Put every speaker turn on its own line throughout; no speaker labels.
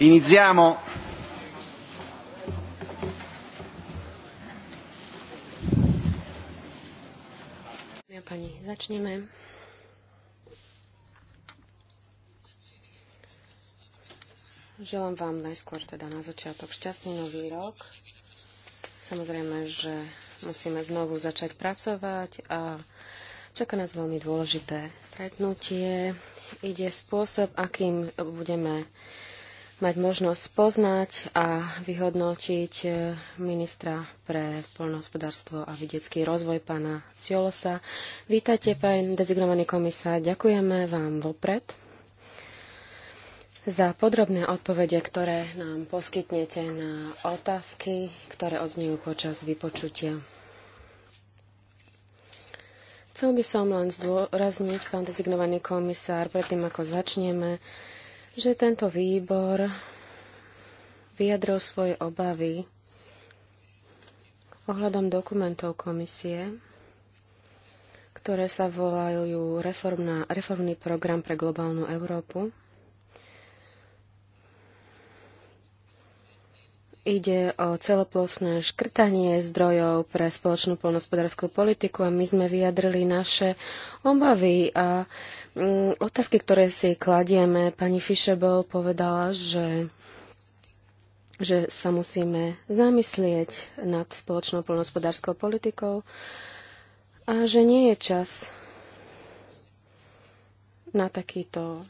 Iniziamo.
Ja pani, začneme. Želám vám najskôr teda na začiatok šťastný nový rok. Samozrejme, že musíme znovu začať pracovať a čaká nás veľmi dôležité stretnutie. Ide spôsob, akým budeme mať možnosť poznať a vyhodnotiť eh, ministra pre poľnohospodárstvo a vidiecký rozvoj pána Ciolosa. Vítajte, pán dezignovaný komisár. Ďakujeme vám vopred za podrobné odpovede, ktoré nám poskytnete na otázky, ktoré odznejú počas vypočutia. Chcel by som len zdôrazniť, pán dezignovaný komisár, predtým ako začneme, že tento výbor vyjadril svoje obavy ohľadom dokumentov komisie, ktoré sa volajú reformná, Reformný program pre globálnu Európu. Ide o celoplosné škrtanie zdrojov pre spoločnú polnospodárskú politiku a my sme vyjadrili naše obavy a mm, otázky, ktoré si kladieme. Pani Fischebel povedala, že že sa musíme zamyslieť nad spoločnou polnospodárskou politikou a že nie je čas na takýto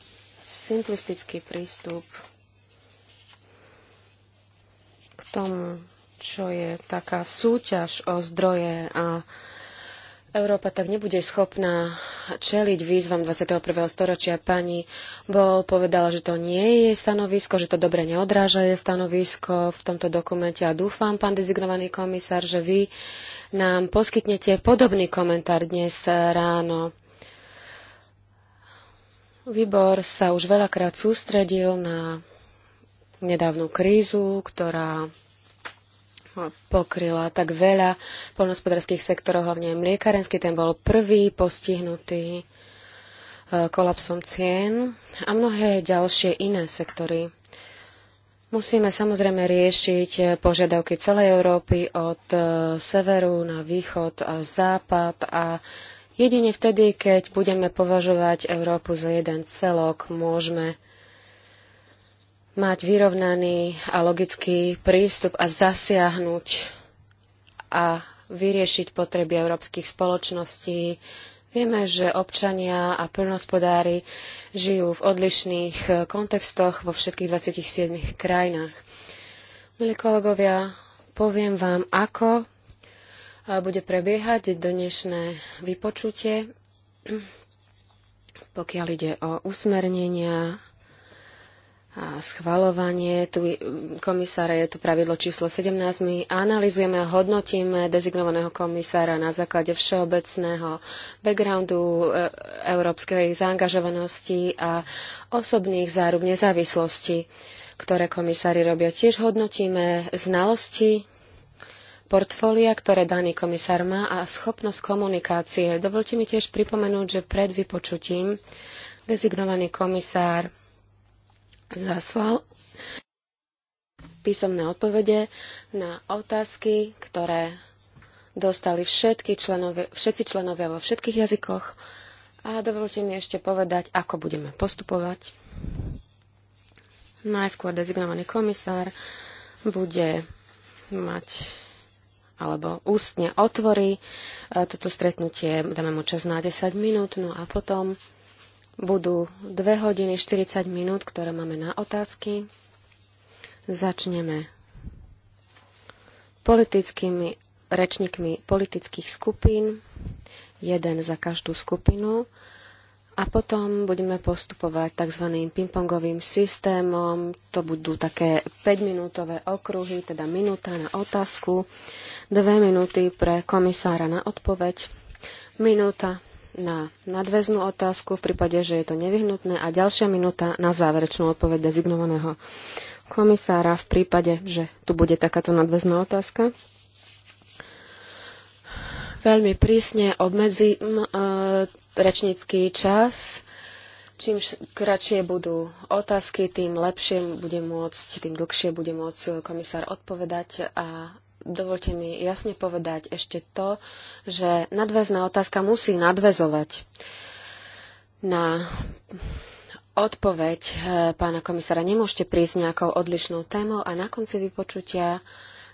simplistický prístup tomu, čo je taká súťaž o zdroje a Európa tak nebude schopná čeliť výzvam 21. storočia. Pani Bol povedala, že to nie je stanovisko, že to dobre neodráža je stanovisko v tomto dokumente a dúfam, pán dezignovaný komisár, že vy nám poskytnete podobný komentár dnes ráno. Výbor sa už veľakrát sústredil na nedávnu krízu, ktorá pokryla tak veľa poľnohospodárských sektorov, hlavne mliekarenský, ten bol prvý postihnutý e, kolapsom cien a mnohé ďalšie iné sektory. Musíme samozrejme riešiť požiadavky celej Európy od e, severu na východ a západ a jedine vtedy, keď budeme považovať Európu za jeden celok, môžeme mať vyrovnaný a logický prístup a zasiahnuť a vyriešiť potreby európskych spoločností. Vieme, že občania a plnospodári žijú v odlišných eh, kontextoch vo všetkých 27 krajinách. Milí kolegovia, poviem vám, ako eh, bude prebiehať dnešné vypočutie, pokiaľ ide o usmernenia a schvalovanie. Tu, um, komisára je tu pravidlo číslo 17. My analizujeme a hodnotíme dezignovaného komisára na základe všeobecného backgroundu e, európskej zaangažovanosti a osobných záruk nezávislosti, ktoré komisári robia. Tiež hodnotíme znalosti portfólia, ktoré daný komisár má a schopnosť komunikácie. Dovolte mi tiež pripomenúť, že pred vypočutím dezignovaný komisár zaslal písomné odpovede na otázky, ktoré dostali všetky členovia, všetci členovia vo všetkých jazykoch. A dovolte mi ešte povedať, ako budeme postupovať. Najskôr dezignovaný komisár bude mať alebo ústne otvorí e, toto stretnutie, dáme mu čas na 10 minút, no a potom budú 2 hodiny 40 minút, ktoré máme na otázky. Začneme politickými rečníkmi politických skupín, jeden za každú skupinu. A potom budeme postupovať tzv. pingpongovým systémom. To budú také 5-minútové okruhy, teda minúta na otázku, dve minúty pre komisára na odpoveď, minúta na nadväznú otázku v prípade, že je to nevyhnutné a ďalšia minúta na záverečnú odpoveď dezignovaného komisára v prípade, že tu bude takáto nadväzná otázka. Veľmi prísne obmedzím e, rečnícky čas. Čím kratšie budú otázky, tým lepšie bude môcť, tým dlhšie bude môcť komisár odpovedať a dovolte mi jasne povedať ešte to, že nadväzná otázka musí nadväzovať na odpoveď eh, pána komisára. Nemôžete prísť nejakou odlišnou témou a na konci vypočutia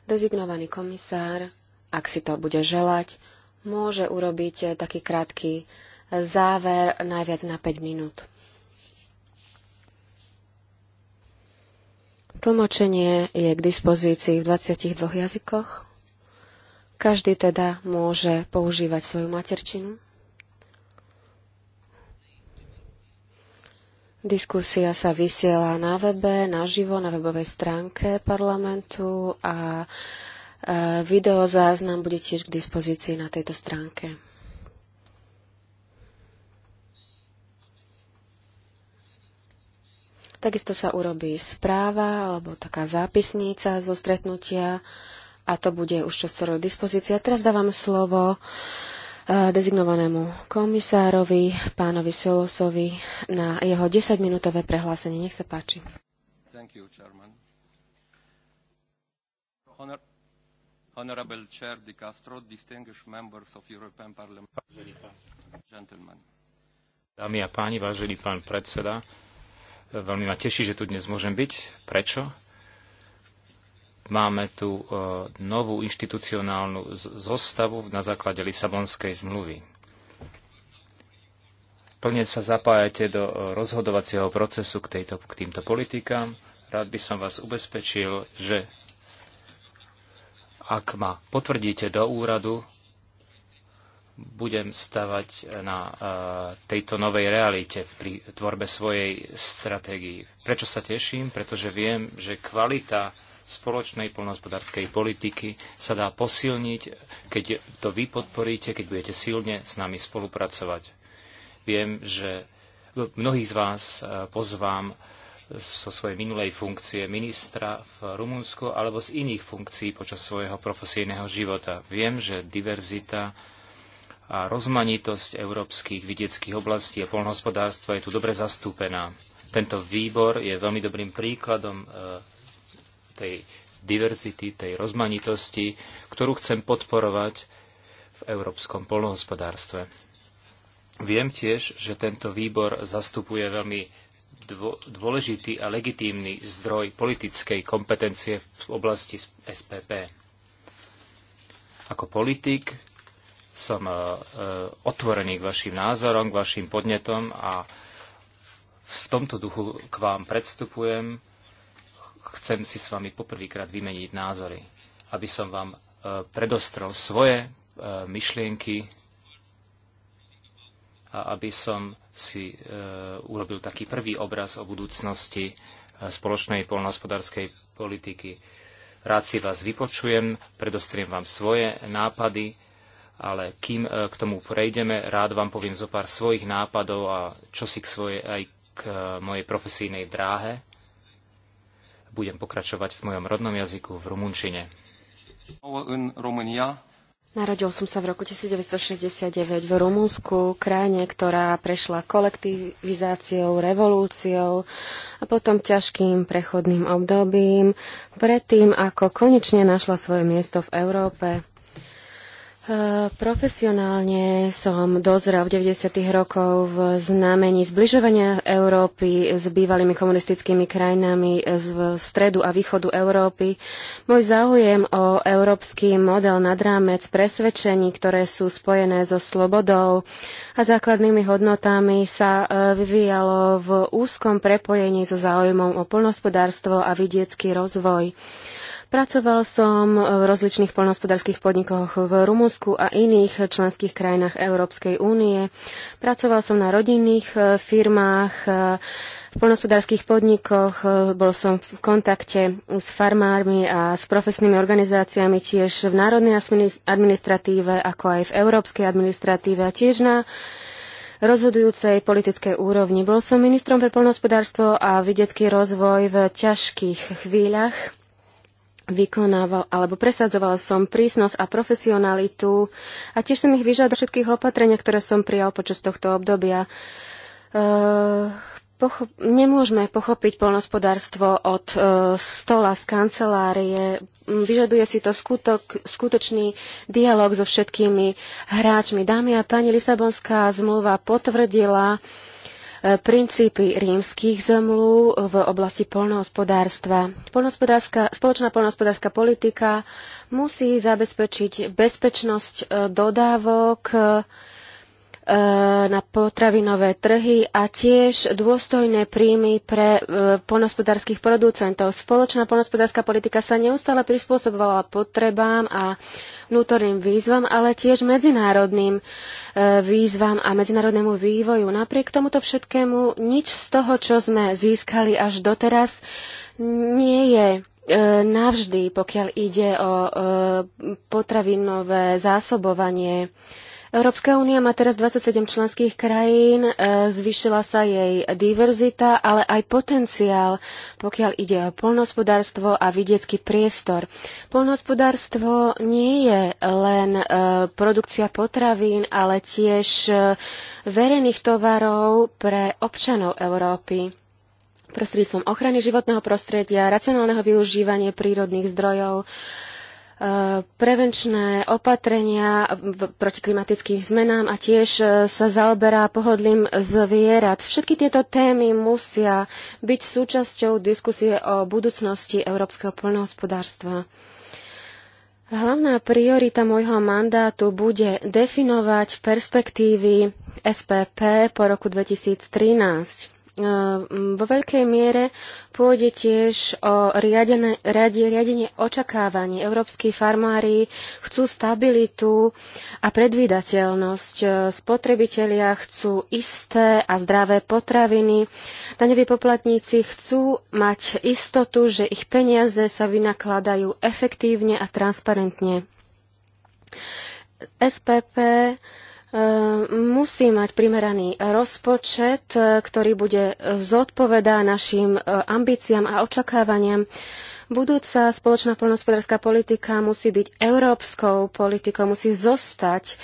dezignovaný komisár, ak si to bude želať, môže urobiť eh, taký krátky záver, najviac na 5 minút. Tlmočenie je k dispozícii v 22 jazykoch. Každý teda môže používať svoju materčinu. Diskusia sa vysiela na webe, naživo, na webovej stránke parlamentu a e, videozáznam bude tiež k dispozícii na tejto stránke. Takisto sa urobí správa alebo taká zápisnica zo stretnutia a to bude už čoskoro dispozícia. Teraz dávam slovo e, dezignovanému komisárovi, pánovi Solosovi, na jeho 10-minútové prehlásenie. Nech sa páči.
Thank you, Chairman. Honor, honorable Chair De Castro, distinguished members of European Parliament, gentlemen.
Dámy a páni, vážený pán predseda, Veľmi ma teší, že tu dnes môžem byť. Prečo? Máme tu e, novú inštitucionálnu zostavu na základe Lisabonskej zmluvy. Plne sa zapájate do e, rozhodovacieho procesu k, tejto, k týmto politikám. Rád by som vás ubezpečil, že ak ma potvrdíte do úradu, budem stavať na e, tejto novej realite v tvorbe svojej stratégii. Prečo sa teším? Pretože viem, že kvalita spoločnej poľnohospodárskej politiky sa dá posilniť, keď to vy podporíte, keď budete silne s nami spolupracovať. Viem, že mnohých z vás e, pozvám zo so svojej minulej funkcie ministra v Rumunsku alebo z iných funkcií počas svojho profesijného života. Viem, že diverzita a rozmanitosť európskych vidieckých oblastí a polnohospodárstva je tu dobre zastúpená. Tento výbor je veľmi dobrým príkladom e, tej diverzity, tej rozmanitosti, ktorú chcem podporovať v európskom polnohospodárstve. Viem tiež, že tento výbor zastupuje veľmi dôležitý a legitímny zdroj politickej kompetencie v oblasti SPP. Ako politik som e, e, otvorený k vašim názorom, k vašim podnetom a v tomto duchu k vám predstupujem. Chcem si s vami poprvýkrát vymeniť názory, aby som vám e, predostrel svoje myšlienky a aby som si urobil taký prvý obraz o budúcnosti spoločnej polnohospodárskej politiky. Rád si vás vypočujem, predostriem vám svoje nápady ale kým e, k tomu prejdeme, rád vám poviem zo pár svojich nápadov a čo si k svojej, aj k e, mojej profesijnej dráhe. Budem pokračovať v mojom rodnom jazyku v rumunčine.
Narodil som sa v roku 1969 v Rumunsku, krajine, ktorá prešla kolektivizáciou, revolúciou a potom ťažkým prechodným obdobím, predtým ako konečne našla svoje miesto v Európe. Eh, profesionálne som dozrel v 90. rokov v znamení zbližovania Európy s bývalými komunistickými krajinami z stredu a východu Európy. Môj záujem o európsky model nad rámec presvedčení, ktoré sú spojené so slobodou a základnými hodnotami, sa eh, vyvíjalo v úzkom prepojení so záujmom o plnospodárstvo a vidiecký rozvoj. Pracoval som v rozličných poľnohospodárskych podnikoch v Rumunsku a iných členských krajinách Európskej únie. Pracoval som na rodinných eh, firmách, eh, v poľnohospodárskych podnikoch, eh, bol som v kontakte s farmármi a s profesnými organizáciami tiež v národnej administratíve, ako aj v európskej administratíve a tiež na rozhodujúcej politickej úrovni. Bol som ministrom pre poľnohospodárstvo a videcký rozvoj v ťažkých chvíľach vykonával alebo presadzoval som prísnosť a profesionalitu a tiež som ich vyžadoval všetkých opatrenia, ktoré som prijal počas tohto obdobia. E, pocho- nemôžeme pochopiť polnospodárstvo od e, stola z kancelárie. Vyžaduje si to skutok, skutočný dialog so všetkými hráčmi. Dámy a páni, Lisabonská zmluva potvrdila E, princípy rímskych zmluv v oblasti polnohospodárstva. spoločná polnohospodárska politika musí zabezpečiť bezpečnosť e, dodávok Eh, na potravinové trhy a tiež dôstojné príjmy pre eh, poľnohospodárskych producentov. Spoločná poľnohospodárska politika sa neustále prispôsobovala potrebám a vnútorným výzvam, ale tiež medzinárodným eh, výzvam a medzinárodnému vývoju. Napriek tomuto všetkému nič z toho, čo sme získali až doteraz, nie je navždy, pokiaľ ide o potravinové zásobovanie Európska únia má teraz 27 členských krajín, e, zvyšila sa jej diverzita, ale aj potenciál, pokiaľ ide o polnohospodárstvo a vidiecký priestor. Polnohospodárstvo nie je len e, produkcia potravín, ale tiež e, verejných tovarov pre občanov Európy prostredstvom ochrany životného prostredia, racionálneho využívania prírodných zdrojov prevenčné opatrenia proti klimatickým zmenám a tiež e, sa zaoberá pohodlím zvierat. Všetky tieto témy musia byť súčasťou diskusie o budúcnosti európskeho poľnohospodárstva. Hlavná priorita môjho mandátu bude definovať perspektívy SPP po roku 2013. Ehm, vo veľkej miere pôjde tiež o riadené, riadie, riadenie očakávaní. Európsky farmári chcú stabilitu a predvídateľnosť. Ehm, spotrebitelia chcú isté a zdravé potraviny. Daňoví poplatníci chcú mať istotu, že ich peniaze sa vynakladajú efektívne a transparentne. SPP Ehm, musí mať primeraný rozpočet, e, ktorý bude zodpovedá našim e, ambíciám a očakávaniam. Budúca spoločná poľnohospodárska politika musí byť európskou politikou, musí zostať e,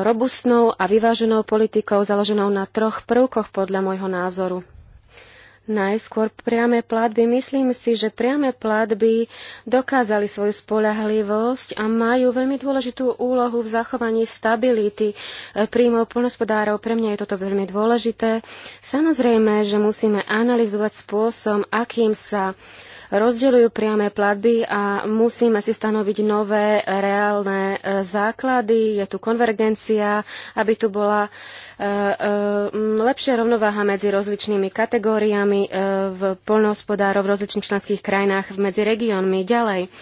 robustnou a vyváženou politikou založenou na troch prvkoch podľa môjho názoru. Najskôr priame platby. Myslím si, že priame platby dokázali svoju spolahlivosť a majú veľmi dôležitú úlohu v zachovaní stability e, príjmov poľnospodárov. Pre mňa je toto veľmi dôležité. Samozrejme, že musíme analyzovať spôsob, akým sa uh, rozdeľujú priame platby a musíme si stanoviť nové reálne e, základy. Je tu konvergencia, aby tu bola e, e, lepšia rovnováha medzi rozličnými kategóriami v poľnohospodárov v rozličných členských krajinách medzi regiónmi ďalej.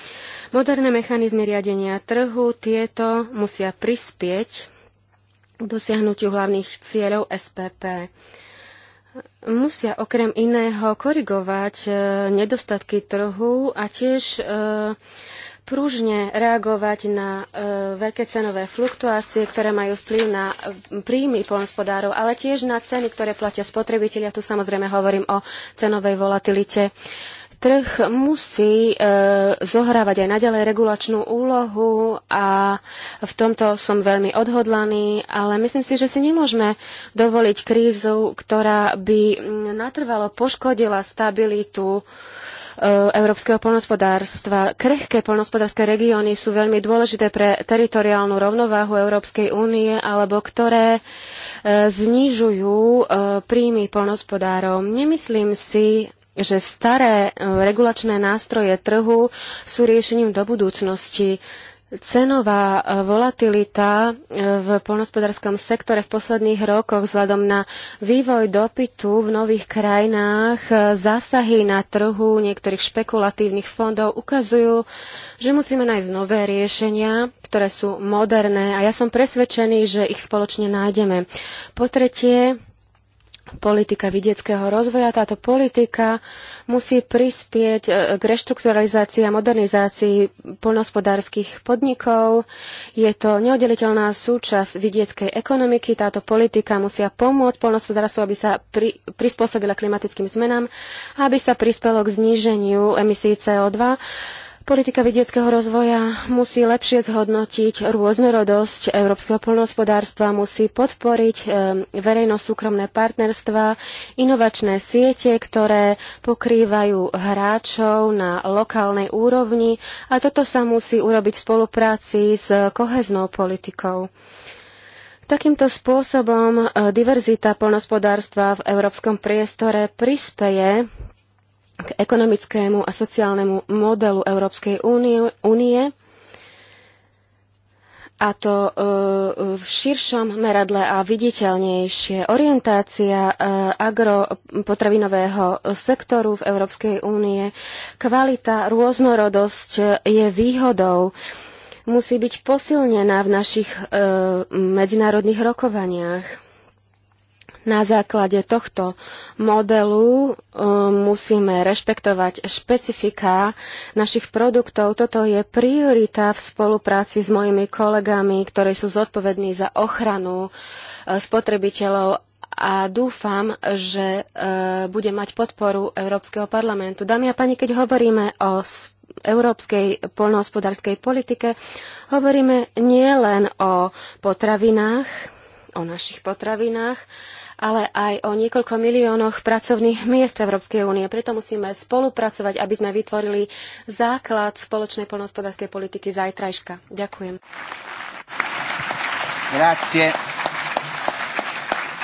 Moderné mechanizmy riadenia trhu tieto musia prispieť k dosiahnutiu hlavných cieľov SPP musia okrem iného korigovať e, nedostatky trhu a tiež e, pružne reagovať na e, veľké cenové fluktuácie, ktoré majú vplyv na e, príjmy poľnospodárov, ale tiež na ceny, ktoré platia spotrebitelia. Tu samozrejme hovorím o cenovej volatilite. E, Trh musí e, zohrávať aj naďalej regulačnú úlohu a v tomto som veľmi odhodlaný, ale myslím si, že si nemôžeme dovoliť krízu, ktorá by natrvalo poškodila stabilitu e, európskeho poľnohospodárstva. Krehké poľnohospodárske regióny sú veľmi dôležité pre teritoriálnu rovnováhu Európskej únie alebo ktoré e, znižujú e, príjmy poľnospodárov. Nemyslím si, že staré e, regulačné nástroje trhu sú riešením do budúcnosti. Cenová e, volatilita e, v polnospodárskom sektore v posledných rokoch vzhľadom na vývoj dopytu v nových krajinách, zásahy na trhu niektorých špekulatívnych fondov ukazujú, že musíme nájsť nové riešenia, ktoré sú moderné a ja som presvedčený, že ich spoločne nájdeme. Po tretie, politika vidieckého rozvoja. Táto politika musí prispieť e, k reštrukturalizácii a modernizácii poľnohospodárskych podnikov. Je to neoddeliteľná súčasť vidieckej ekonomiky. Táto politika musia pomôcť poľnohospodárstvu, aby sa pri, prispôsobila klimatickým zmenám, aby sa prispelo k zníženiu emisí CO2 Politika vidieckého rozvoja musí lepšie zhodnotiť rôznorodosť európskeho poľnohospodárstva, musí podporiť eh, verejno-súkromné partnerstva, inovačné siete, ktoré pokrývajú hráčov na lokálnej úrovni a toto sa musí urobiť v spolupráci s koheznou politikou. Takýmto spôsobom eh, diverzita poľnohospodárstva v európskom priestore prispeje k ekonomickému a sociálnemu modelu Európskej únie, a to e, v širšom meradle a viditeľnejšie. Orientácia e, agropotravinového sektoru v Európskej únie, kvalita, rôznorodosť je výhodou musí byť posilnená v našich e, medzinárodných rokovaniach. Na základe tohto modelu e, musíme rešpektovať špecifiká našich produktov. Toto je priorita v spolupráci s mojimi kolegami, ktorí sú zodpovední za ochranu e, spotrebiteľov a dúfam, že uh, e, bude mať podporu Európskeho parlamentu. Dámy a pani, keď hovoríme o európskej poľnohospodárskej politike, hovoríme nielen o potravinách, o našich potravinách, ale aj o niekoľko miliónoch pracovných miest v Európskej únie. Preto musíme spolupracovať, aby sme vytvorili základ spoločnej poľnohospodárskej politiky zajtrajška. Ďakujem.
Grazie.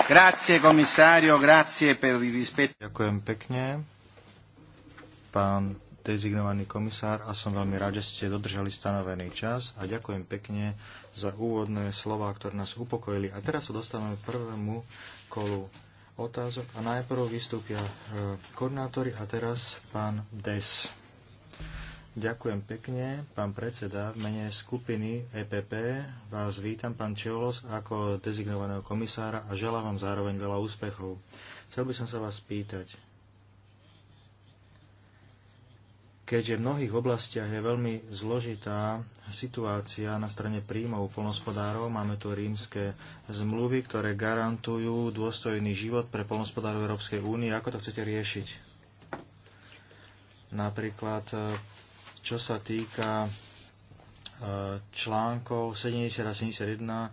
Grazie, komisario, grazie per il rispetto. Ďakujem pekne, pán dezignovaný komisár a som veľmi rád, že ste dodržali stanovený čas a ďakujem pekne za úvodné slova, ktoré nás upokojili. A teraz sa dostávame k prvému školu otázok a najprv vystúpia e, koordinátori a teraz pán Des. Ďakujem pekne, pán predseda. V mene skupiny EPP vás vítam, pán Čiolos, ako dezignovaného komisára a želám vám zároveň veľa úspechov. Chcel by som sa vás spýtať, keďže v mnohých oblastiach je veľmi zložitá situácia na strane príjmov polnospodárov. Máme tu rímske zmluvy, ktoré garantujú dôstojný život pre polnospodárov Európskej únie. Ako to chcete riešiť? Napríklad, e, čo sa týka e, článkov 70 a 71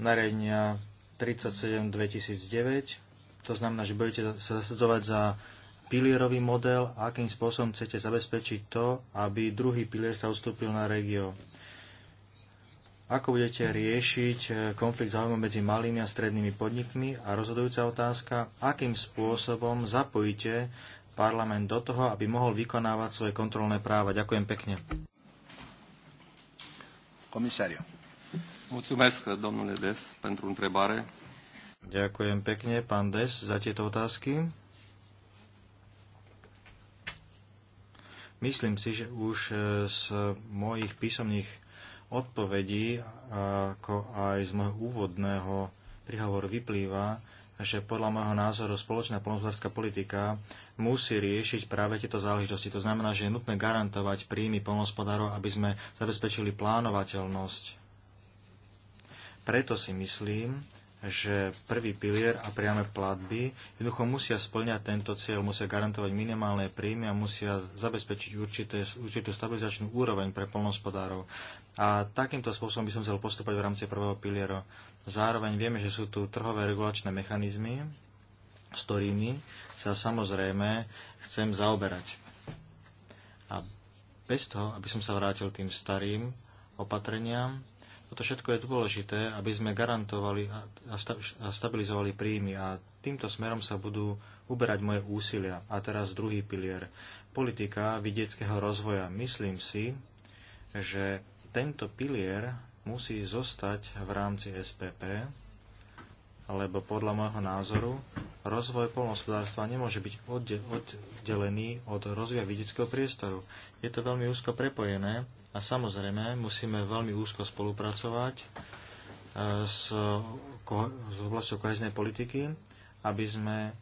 nariadenia 37 2009, to znamená, že budete sa zasadzovať za pilierový model a akým spôsobom chcete zabezpečiť to, aby druhý pilier sa ustúpil na regió. Ako budete riešiť eh, konflikt záujmu medzi malými a strednými podnikmi? A rozhodujúca otázka, akým spôsobom zapojíte parlament do toho, aby mohol vykonávať svoje kontrolné práva? Ďakujem pekne.
Komisario. Mulțumesc, domnule Des, pentru întrebare.
Ďakujem pekne, pán Des, za tieto otázky. Myslím si, že už e, z mojich písomných odpovedí, ako aj z môjho úvodného prihovoru vyplýva, že podľa môjho názoru spoločná polnohospodárska politika musí riešiť práve tieto záležitosti. To znamená, že je nutné garantovať príjmy polnohospodárov, aby sme zabezpečili plánovateľnosť. Preto si myslím, že prvý pilier a priame platby jednoducho musia splňať tento cieľ, musia garantovať minimálne príjmy a musia zabezpečiť určité, určitú stabilizačnú úroveň pre polnospodárov. A takýmto spôsobom by som chcel postupovať v rámci prvého piliera. Zároveň vieme, že sú tu trhové regulačné mechanizmy, s ktorými sa samozrejme chcem zaoberať. A bez toho, aby som sa vrátil tým starým opatreniam, toto všetko je dôležité, aby sme garantovali a stabilizovali príjmy a týmto smerom sa budú uberať moje úsilia. A teraz druhý pilier. Politika vidieckého rozvoja. Myslím si, že tento pilier musí zostať v rámci SPP, lebo podľa môjho názoru rozvoj polnohospodárstva nemôže byť oddelený od rozvoja vidieckého priestoru. Je to veľmi úzko prepojené a samozrejme, musíme veľmi úzko spolupracovať e, s, s oblasťou koheznej politiky, aby sme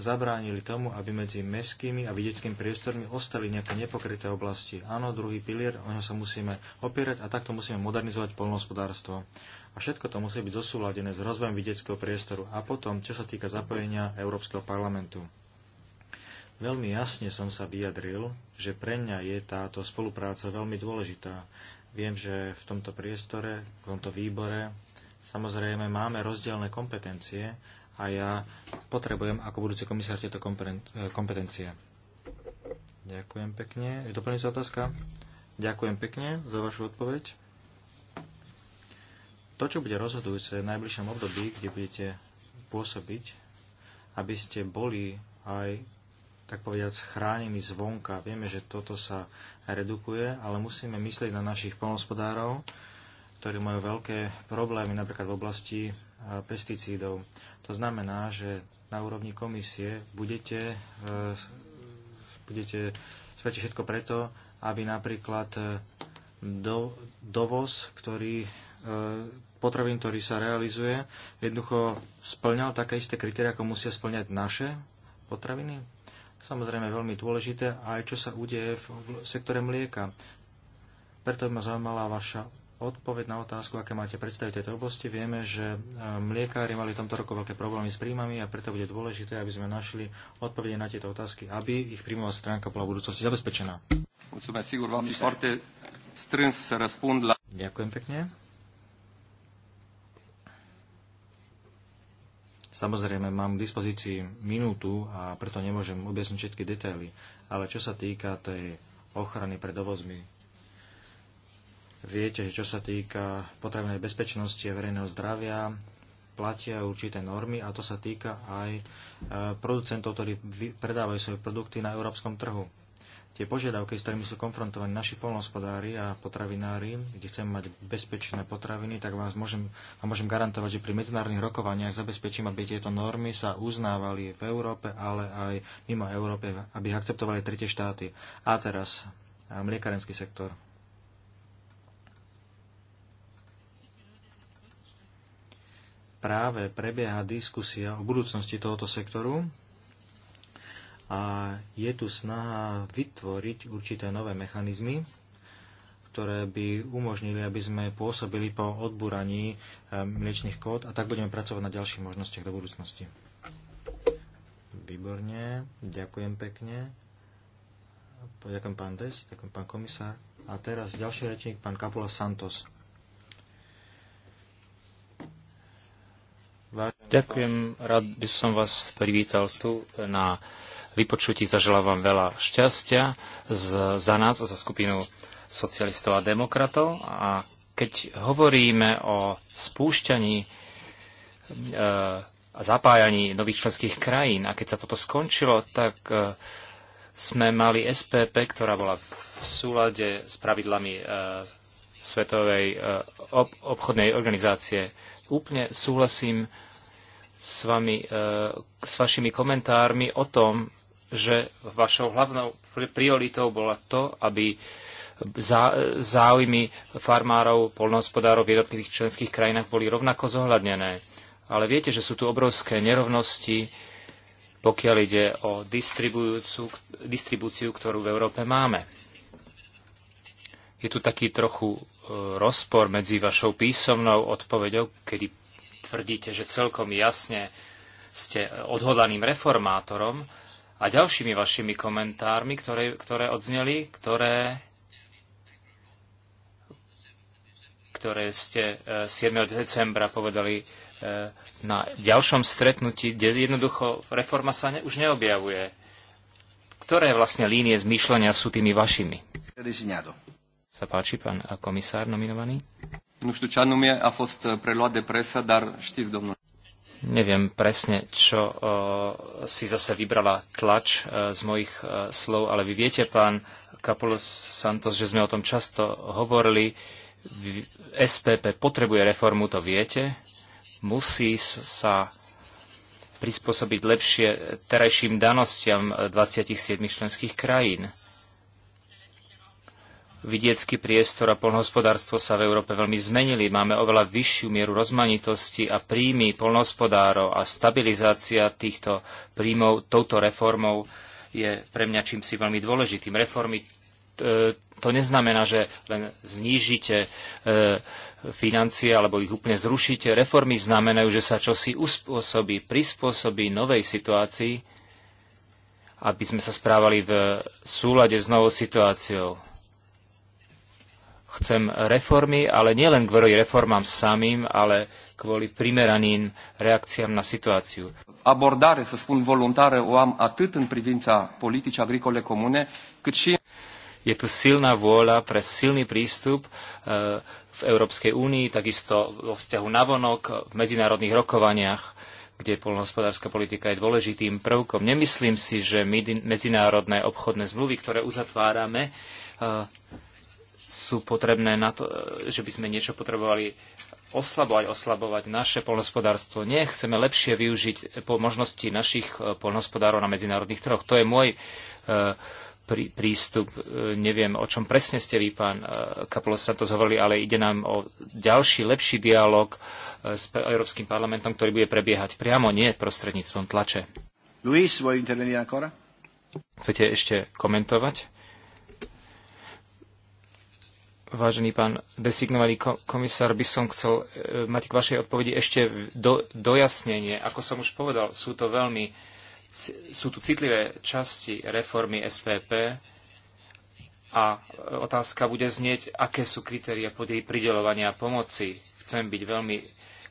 zabránili tomu, aby medzi mestskými a vidieckými priestormi ostali nejaké nepokryté oblasti. Áno, druhý pilier, o ňo sa musíme opierať a takto musíme modernizovať polnohospodárstvo. A všetko to musí byť zosúladené s rozvojom vidieckého priestoru a potom, čo sa týka zapojenia Európskeho parlamentu. Veľmi jasne som sa vyjadril, že pre mňa je táto spolupráca veľmi dôležitá. Viem, že v tomto priestore, v tomto výbore, samozrejme máme rozdielne kompetencie a ja potrebujem ako budúci komisár tieto eh, kompetencie. Ďakujem pekne. Je doplňujúca otázka? Ďakujem pekne za vašu odpoveď. To, čo bude rozhodujúce v najbližšom období, kde budete pôsobiť, aby ste boli aj tak povediať chránení zvonka. Vieme, že toto sa redukuje, ale musíme myslieť na našich polnospodárov, ktorí majú veľké problémy napríklad v oblasti e, pesticídov. To znamená, že na úrovni komisie budete, e, budete spraviť všetko preto, aby napríklad e, do, dovoz, ktorý potravín, ktorý sa realizuje, jednoducho splňal také isté kritéria, ako musia splňať naše potraviny? samozrejme veľmi dôležité aj čo sa udeje v sektore mlieka. Preto by ma zaujímala vaša odpoveď na otázku, aké máte predstavy tejto oblasti. Vieme, že e, mliekári mali v tomto roku veľké problémy s príjmami a preto bude dôležité, aby sme našli odpovede na tieto otázky, aby ich príjmová stránka bola v budúcnosti zabezpečená.
Ďakujem pekne.
Samozrejme, mám k dispozícii minútu a preto nemôžem objasniť všetky detaily. Ale čo sa týka tej ochrany pred dovozmi, viete, že čo sa týka potrebnej bezpečnosti a verejného zdravia, platia určité normy a to sa týka aj eh, producentov, ktorí predávajú svoje produkty na európskom trhu tie požiadavky, s ktorými sú konfrontovaní naši polnohospodári a potravinári, kde chceme mať bezpečné potraviny, tak vám môžem, vám môžem garantovať, že pri medzinárodných rokovaniach zabezpečím, aby tieto normy sa uznávali v Európe, ale aj mimo Európe, aby ich akceptovali tretie štáty. A teraz mliekarenský sektor. Práve prebieha diskusia o budúcnosti tohoto sektoru a je tu snaha vytvoriť určité nové mechanizmy, ktoré by umožnili, aby sme pôsobili po odbúraní e, mliečných kód a tak budeme pracovať na ďalších možnostiach do budúcnosti. Výborne, ďakujem pekne. Ďakujem pán Des, ďakujem pán komisár. A teraz ďalší rečník, pán Kapula Santos.
ďakujem, rád by som vás privítal tu na vypočutí. Zaželám vám veľa šťastia z, za nás a za skupinu socialistov a demokratov. A keď hovoríme o spúšťaní e, a zapájaní nových členských krajín. A keď sa toto skončilo, tak e, sme mali SPP, ktorá bola v súlade s pravidlami e, Svetovej e, ob- obchodnej organizácie. Úplne súhlasím s vami, e, s vašimi komentármi o tom, že vašou hlavnou prioritou bola to, aby záujmy farmárov, polnohospodárov v jednotlivých členských krajinách boli rovnako zohľadnené. Ale viete, že sú tu obrovské nerovnosti, pokiaľ ide o distribúciu, ktorú v Európe máme. Je tu taký trochu e, rozpor medzi vašou písomnou odpoveďou, kedy tvrdíte, že celkom jasne ste odhodlaným reformátorom a ďalšími vašimi komentármi, ktoré, ktoré odzneli, ktoré, ktoré ste 7. E, decembra povedali e, na ďalšom stretnutí, kde jednoducho reforma sa ne, už neobjavuje. Ktoré vlastne línie zmýšľania sú tými vašimi? Sa páči, pán komisár
nominovaný? Nu știu ce anume a fost preluat de presă, dar știți, domnul.
Neviem presne, čo o, e,
si zase vybrala tlač e, z mojich e,
slov, ale vy viete, pán Kapolos Santos, že sme o tom často hovorili. V, SPP potrebuje reformu, to viete. Musí sa prispôsobiť lepšie terajším danostiam 27 členských krajín vidiecký priestor a polnohospodárstvo sa v Európe veľmi zmenili. Máme oveľa vyššiu mieru rozmanitosti a príjmy polnohospodárov a stabilizácia týchto príjmov touto reformou je pre mňa čím si veľmi dôležitým. Reformy e, to neznamená, že len znížite e, financie alebo ich úplne zrušíte. Reformy znamenajú, že sa čosi uspôsobí, prispôsobí novej situácii, aby sme sa správali v súlade s novou situáciou Chcem reformy, ale nielen kvôli reformám samým, ale kvôli primeraným reakciám
na situáciu. Abordare, să spun voluntară, o am atât în privința politicii agricole comune, cât și... Je tu silná vôľa pre silný prístup e,
v Európskej únii, takisto vo vzťahu navonok, v medzinárodných rokovaniach kde poľnohospodárska politika je dôležitým prvkom. Nemyslím si, že medzinárodné obchodné zmluvy, ktoré uzatvárame, e, sú potrebné na to, e, že by sme niečo potrebovali oslabovať, oslabovať naše polnospodárstvo. Nie, chceme lepšie využiť e, po možnosti našich e, polnospodárov na medzinárodných trhoch. To je môj prístup. Neviem, o čom presne ste vy, pán Kapolos, sa to zhovorili, ale ide nám o ďalší, lepší dialog s Európskym parlamentom, ktorý bude prebiehať priamo, nie prostredníctvom tlače.
Luis, intervenir ancora?
Chcete ešte komentovať? vážený pán designovaný komisár, by som chcel e, mať k vašej odpovedi ešte do, dojasnenie. Ako som už povedal, sú to veľmi sú tu citlivé časti reformy SPP a otázka bude znieť, aké sú kritéria prideľovania pomoci. Chcem byť veľmi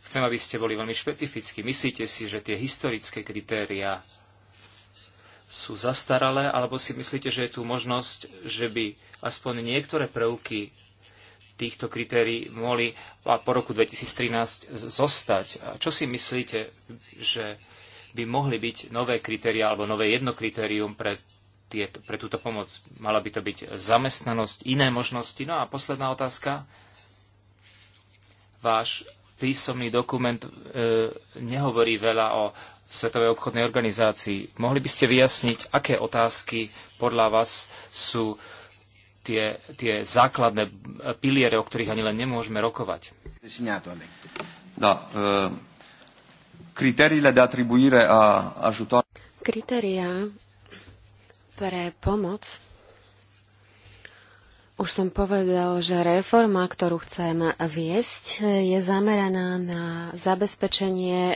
chcem, aby ste boli veľmi špecifickí. Myslíte si, že tie historické kritéria sú zastaralé, alebo si myslíte, že je tu možnosť, že by aspoň niektoré prvky týchto kritérií mohli po roku 2013 zostať. A čo si myslíte, že by mohli byť nové kritéria alebo nové jedno kritérium pre, tieto, pre túto pomoc? Mala by to byť zamestnanosť, iné možnosti? No a posledná otázka. Váš písomný dokument e, nehovorí veľa o Svetovej obchodnej organizácii. Mohli by ste vyjasniť, aké otázky podľa vás sú tie, tie základné piliere, o ktorých
ani len nemôžeme rokovať. Da, e, de a ajutor...
Kritéria pre pomoc už som povedal, že reforma, ktorú chcem viesť, je zameraná na zabezpečenie e,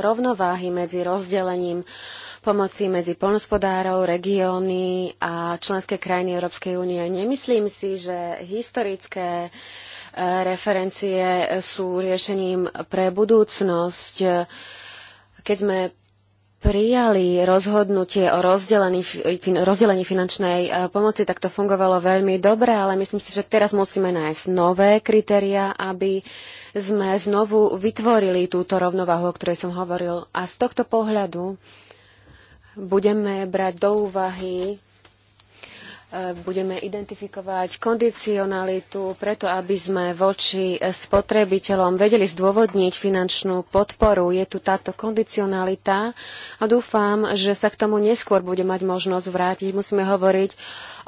rovnováhy medzi rozdelením pomoci medzi poľnospodárov, regióny a členské krajiny Európskej únie. Nemyslím si, že historické e, referencie sú riešením pre budúcnosť. Keď sme prijali rozhodnutie o rozdelení, rozdelení finančnej e, pomoci, tak to fungovalo veľmi dobre, ale myslím si, že teraz musíme nájsť nové kritériá, aby sme znovu vytvorili túto rovnováhu, o ktorej som hovoril. A z tohto pohľadu budeme brať do úvahy, e, budeme identifikovať kondicionalitu preto, aby sme voči spotrebiteľom vedeli zdôvodniť finančnú podporu. Je tu táto kondicionalita a dúfam, že sa k tomu neskôr bude mať možnosť vrátiť. Musíme hovoriť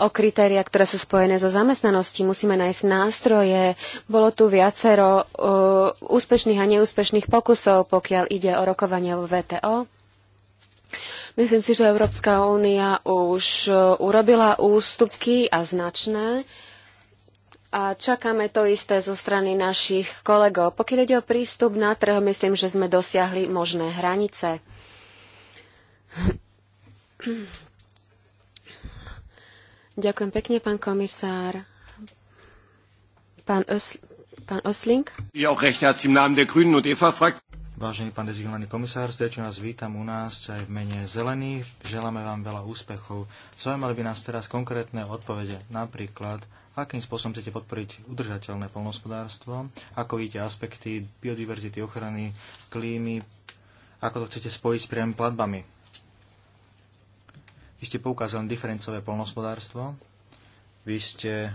o kritériách, ktoré sú spojené so zamestnanosti. Musíme nájsť nástroje. Bolo tu viacero uh, úspešných a neúspešných pokusov, pokiaľ ide o rokovania vo VTO Myslím si, že Európska únia už e, urobila ústupky a značné a čakáme to isté zo strany našich kolegov. Pokiaľ ide o prístup na trh, myslím, že sme dosiahli možné hranice. Ďakujem pekne, pán komisár. Pán, Ös- pán Osling? Ja, auch
recht herzlich im Namen
der Grünen und EVA fragt.
Vážený pán dezignovaný komisár, srdečne vás vítam u nás aj v mene zelených. Želáme vám veľa úspechov. Zaujímali by nás teraz konkrétne odpovede, napríklad, akým spôsobom chcete podporiť udržateľné polnospodárstvo, ako vidíte aspekty biodiverzity, ochrany, klímy, ako to chcete spojiť s priamými platbami. Vy ste poukázali diferencové polnospodárstvo, vy ste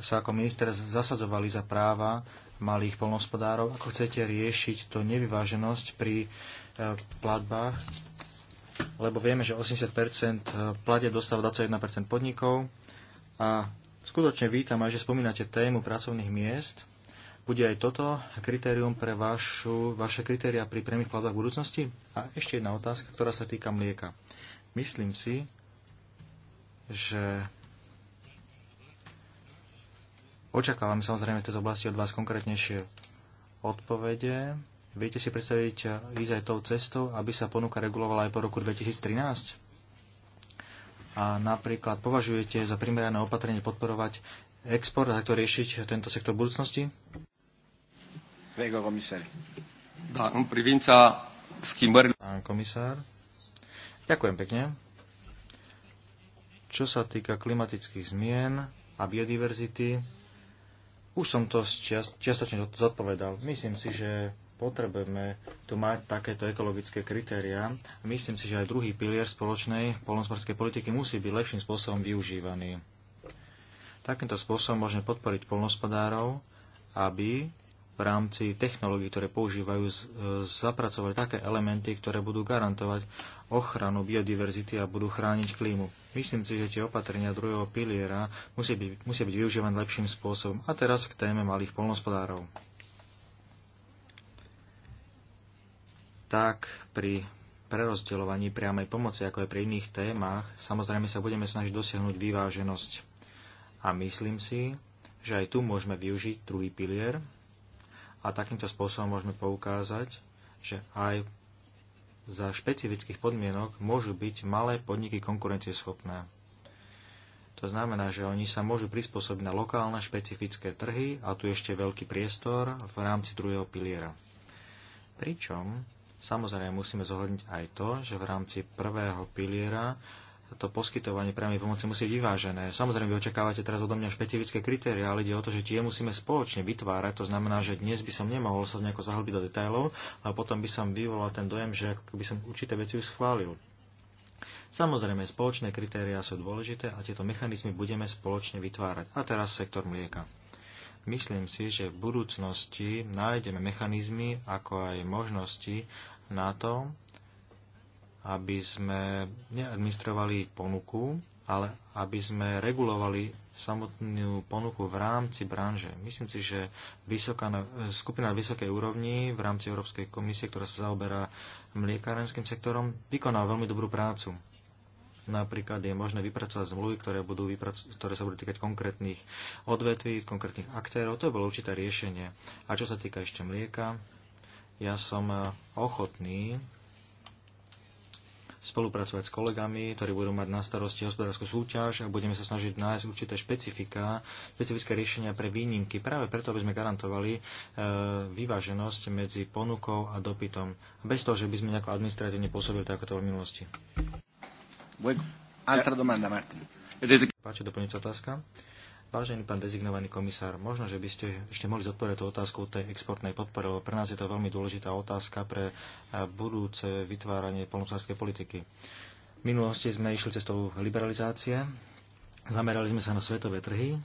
sa ako minister zasadzovali za práva malých polnohospodárov, ako chcete riešiť to nevyváženosť pri e, platbách, lebo vieme, že 80% e, platie dostáva 21% podnikov a skutočne vítam aj, že spomínate tému pracovných miest. Bude aj toto kritérium pre vašu, vaše kritéria pri priemých platbách v budúcnosti? A ešte jedna otázka, ktorá sa týka mlieka. Myslím si, že Očakávam samozrejme v tejto oblasti od vás konkrétnejšie odpovede. Viete si predstaviť e, ísť aj tou cestou, aby sa ponuka regulovala aj po roku 2013? A napríklad považujete za primerané opatrenie podporovať export a takto riešiť tento sektor budúcnosti?
komisár. Pán komisár,
ďakujem pekne. Čo sa týka klimatických zmien a biodiverzity, už som to čiastočne zodpovedal. Myslím si, že potrebujeme tu mať takéto ekologické kritériá. Myslím si, že aj druhý pilier spoločnej polnospodárskej politiky musí byť lepším spôsobom využívaný. Takýmto spôsobom môžeme podporiť polnospodárov, aby v rámci technológií, ktoré používajú, e, zapracovali také elementy, ktoré budú garantovať ochranu biodiverzity a budú chrániť klímu. Myslím si, že tie opatrenia druhého piliera musia byť, musia byť využívané lepším spôsobom. A teraz k téme malých polnospodárov. Tak pri prerozdeľovaní priamej pomoci, ako aj pri iných témach, samozrejme sa budeme snažiť dosiahnuť vyváženosť. A myslím si, že aj tu môžeme využiť druhý pilier a takýmto spôsobom môžeme poukázať, že aj za špecifických podmienok môžu byť malé podniky konkurencieschopné. To znamená, že oni sa môžu prispôsobiť na lokálne špecifické trhy a tu ešte veľký priestor v rámci druhého piliera. Pričom samozrejme musíme zohľadniť aj to, že v rámci prvého piliera to poskytovanie priamej pomoci musí byť vyvážené. Samozrejme, vy očakávate teraz odo mňa špecifické kritéria, ale ide o to, že tie musíme spoločne vytvárať. To znamená, že dnes by som nemohol sa nejako zahlbiť do detailov, ale potom by som vyvolal ten dojem, že ako by som určité veci už schválil. Samozrejme, spoločné kritériá sú dôležité a tieto mechanizmy budeme spoločne vytvárať. A teraz sektor mlieka. Myslím si, že v budúcnosti nájdeme mechanizmy, ako aj možnosti na to, aby sme neadministrovali ponuku, ale aby sme regulovali samotnú ponuku v rámci branže. Myslím si, že vysoká, skupina na vysokej úrovni v rámci Európskej komisie, ktorá sa zaoberá mliekárenským sektorom, vykoná veľmi dobrú prácu. Napríklad je možné vypracovať zmluvy, ktoré, budú vypraco- ktoré sa budú týkať konkrétnych odvetví, konkrétnych aktérov. To bolo určité riešenie. A čo sa týka ešte mlieka, ja som eh, ochotný spolupracovať s kolegami, ktorí budú mať na starosti hospodárskú súťaž a budeme sa snažiť nájsť určité špecifika, špecifické riešenia pre výnimky, práve preto, aby sme garantovali e, vyváženosť medzi ponukou a dopytom. Bez toho, že by sme nejako administratívne pôsobili tak, ako to v minulosti. Bueno, altra domanda, Martin. Páči, doplňujúca otázka. Vážený pán dezignovaný komisár, možno, že by ste ešte mohli zodpovedať tú otázku tej exportnej podpory, lebo pre nás je to veľmi dôležitá otázka pre eh, budúce vytváranie polnospodárskej politiky. V minulosti sme išli cestou liberalizácie, zamerali sme sa na svetové trhy.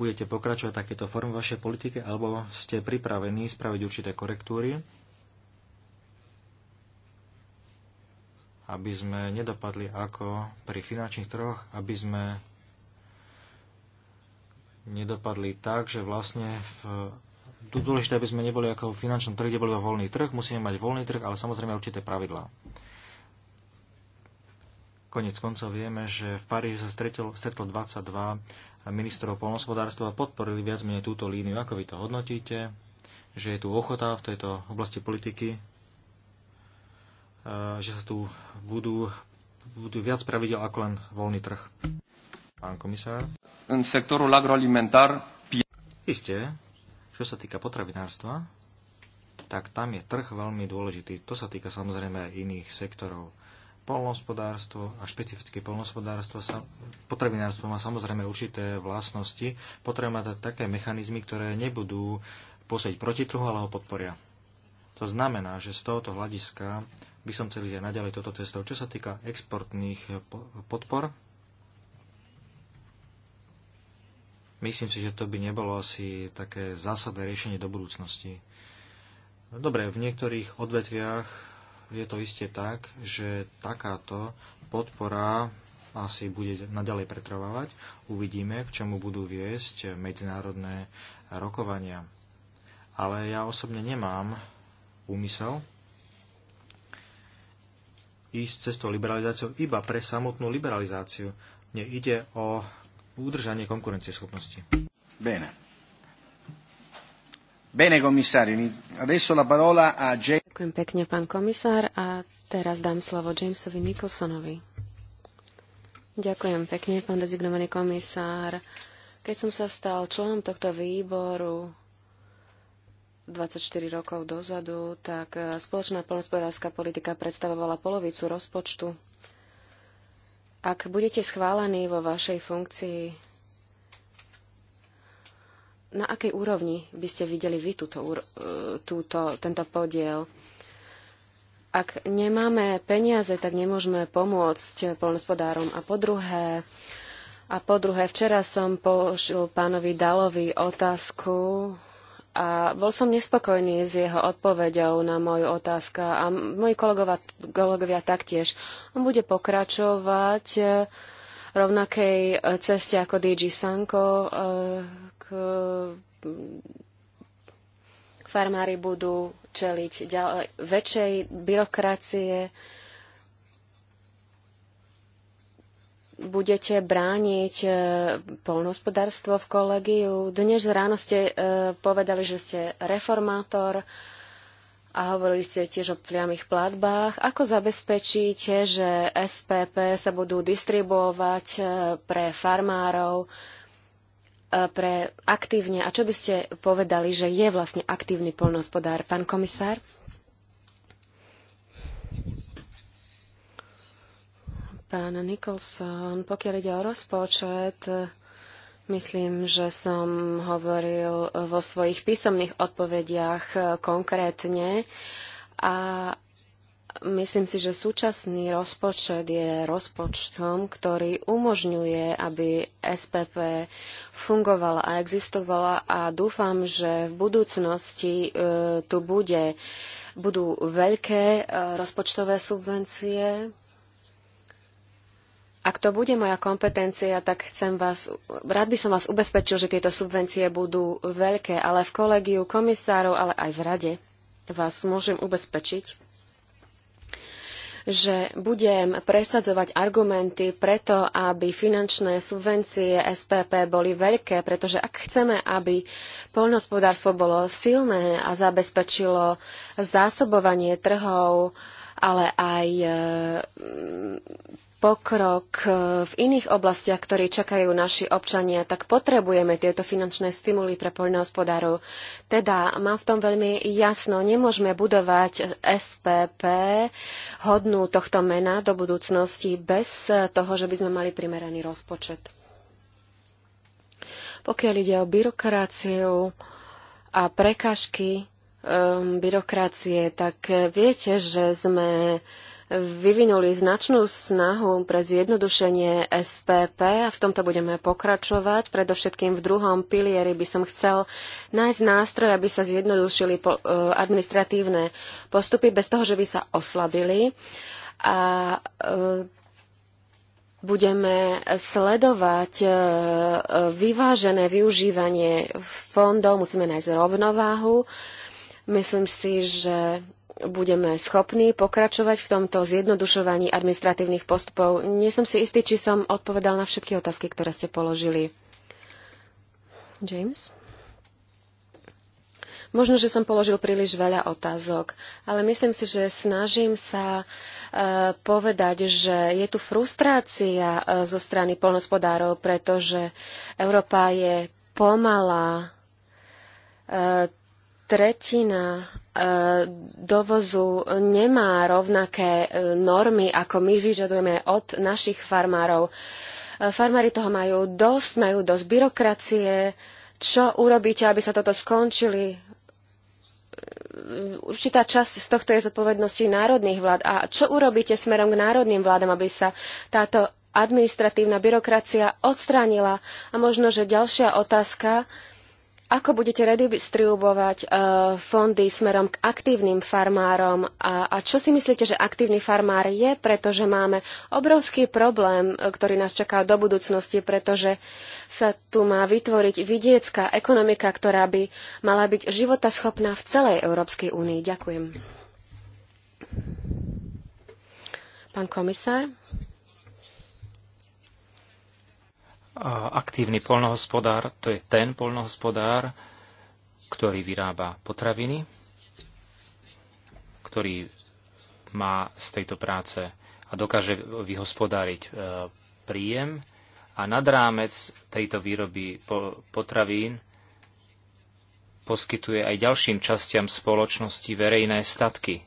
Budete pokračovať takéto formy vašej politike, alebo ste pripravení spraviť určité korektúry, aby sme nedopadli ako pri finančných trhoch, aby sme nedopadli tak, že vlastne v tu dôležité, aby sme neboli ako v finančnom trhu, kde bol voľný trh. Musíme mať voľný trh, ale samozrejme určité pravidlá. Konec koncov vieme, že v Paríži sa stretlo, stretlo 22 ministrov polnospodárstva a podporili viac menej túto líniu. Ako vy to hodnotíte? Že je tu ochota v tejto oblasti politiky? E, že sa tu budú, budú viac pravidel ako len voľný trh? Pán komisár.
Isté, čo sa týka potravinárstva,
tak tam je trh veľmi dôležitý. To sa týka samozrejme aj iných sektorov. Polnohospodárstvo a špecifické polnohospodárstvo sa, potravinárstvo má samozrejme určité vlastnosti. Potrebujeme také mechanizmy, ktoré nebudú pôsobiť proti trhu, ale ho podporia. To znamená, že z tohoto hľadiska by som chcel ísť aj naďalej toto cestou. Čo sa týka exportných podpor, Myslím si, že to by nebolo asi také zásadné riešenie do budúcnosti. No dobre, v niektorých odvetviach je to isté tak, že takáto podpora asi bude naďalej pretrvávať. Uvidíme, k čomu budú viesť medzinárodné rokovania. Ale ja osobne nemám úmysel ísť cestou liberalizáciou iba pre samotnú liberalizáciu. Mne ide o udržanie konkurencieschopnosti.
Bene. Bene, Adesso la parola a James. Ďakujem pekne, pán komisár. A teraz dám slovo Jamesovi Nicholsonovi. Ďakujem pekne, pán dezignovaný komisár. Keď som sa stal členom tohto výboru 24 rokov dozadu, tak spoločná poľnospodárska politika predstavovala polovicu rozpočtu ak budete schválení vo vašej funkcii, na akej úrovni by ste videli vy túto, e, túto, tento podiel? Ak nemáme peniaze, tak nemôžeme pomôcť polnospodárom. A po druhé, a po druhé, včera som pošiel pánovi Dalovi otázku a bol som nespokojný s jeho odpoveďou na moju otázku a moji kolegovia taktiež. On bude pokračovať e, rovnakej e, ceste ako DG Sanko. E, k... Farmári budú čeliť ďalej väčšej byrokracie, budete brániť e, polnohospodárstvo v kolegiu. Dnes ráno ste e, povedali, že ste reformátor a hovorili ste tiež o priamých platbách. Ako zabezpečíte, že SPP sa budú distribuovať e, pre farmárov, pre aktívne? A čo by ste povedali, že je vlastne aktívny polnohospodár, pán komisár? Pán Nicholson, pokiaľ ide o rozpočet, myslím, že som hovoril vo svojich písomných odpovediach eh, konkrétne a myslím si, že súčasný rozpočet je rozpočtom, ktorý umožňuje, aby SPP fungovala a existovala a dúfam, že v budúcnosti e, tu bude, budú veľké e, rozpočtové subvencie ak to bude moja kompetencia, tak chcem vás, rád by som vás ubezpečil, že tieto subvencie budú veľké, ale v kolegiu komisárov, ale aj v rade vás môžem ubezpečiť, že budem presadzovať argumenty preto, aby finančné subvencie SPP boli veľké, pretože ak chceme, aby poľnohospodárstvo bolo silné a zabezpečilo zásobovanie trhov, ale aj pokrok e, v iných oblastiach, ktoré čakajú naši občania, tak potrebujeme tieto finančné stimuly pre poľnohospodárov. Teda mám v tom veľmi jasno, nemôžeme budovať SPP hodnú tohto mena do budúcnosti bez toho, že by sme mali primeraný rozpočet. Pokiaľ ide o byrokraciu a prekažky um, e, byrokracie, tak viete, že sme uh, vyvinuli značnú snahu pre zjednodušenie SPP a v tomto budeme pokračovať. Predovšetkým v druhom pilieri by som chcel nájsť nástroj, aby sa zjednodušili e, administratívne postupy bez toho, že by sa oslabili. A e, budeme sledovať e, vyvážené využívanie fondov, musíme nájsť rovnováhu. Myslím si, že budeme schopní pokračovať v tomto zjednodušovaní administratívnych postupov. Nie som si istý, či som odpovedal na všetky otázky, ktoré ste položili. James? Možno, že som položil príliš veľa otázok, ale myslím si, že snažím sa e, povedať, že je tu frustrácia e, zo strany polnospodárov, pretože Európa je pomalá. E, tretina dovozu nemá rovnaké e, normy, ako my vyžadujeme od našich farmárov. E, farmári toho majú dosť, majú dosť byrokracie. Čo urobíte, aby sa toto skončili? E, určitá časť z tohto je zodpovednosti národných vlád. A čo urobíte smerom k národným vládam, aby sa táto administratívna byrokracia odstránila? A možno, že ďalšia otázka, ako budete redistribuovať uh, fondy smerom k aktívnym farmárom a, a čo si myslíte, že aktívny farmár je, pretože máme obrovský problém, e, ktorý nás čaká do budúcnosti, pretože sa tu má vytvoriť vidiecká ekonomika, ktorá by mala byť životaschopná v celej Európskej únii. Ďakujem. Pán komisár.
A aktívny polnohospodár to je ten polnohospodár, ktorý vyrába potraviny, ktorý má z tejto práce a dokáže vyhospodáriť e, príjem a nad rámec tejto výroby potravín poskytuje aj ďalším častiam spoločnosti verejné statky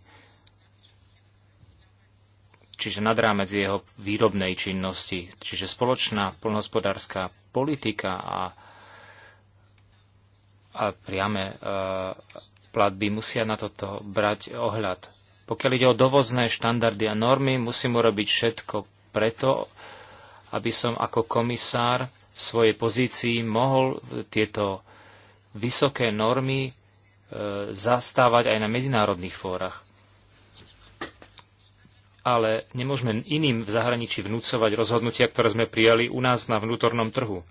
čiže nad rámec jeho výrobnej činnosti. Čiže spoločná polnohospodárska politika a, a priame e, platby musia na toto brať ohľad. Pokiaľ ide o dovozné štandardy a normy, musím urobiť všetko preto, aby som ako komisár v svojej pozícii mohol tieto vysoké normy e, zastávať aj na medzinárodných fórach ale nemôžeme iným v zahraničí vnúcovať rozhodnutia, ktoré sme prijali u nás na vnútornom trhu.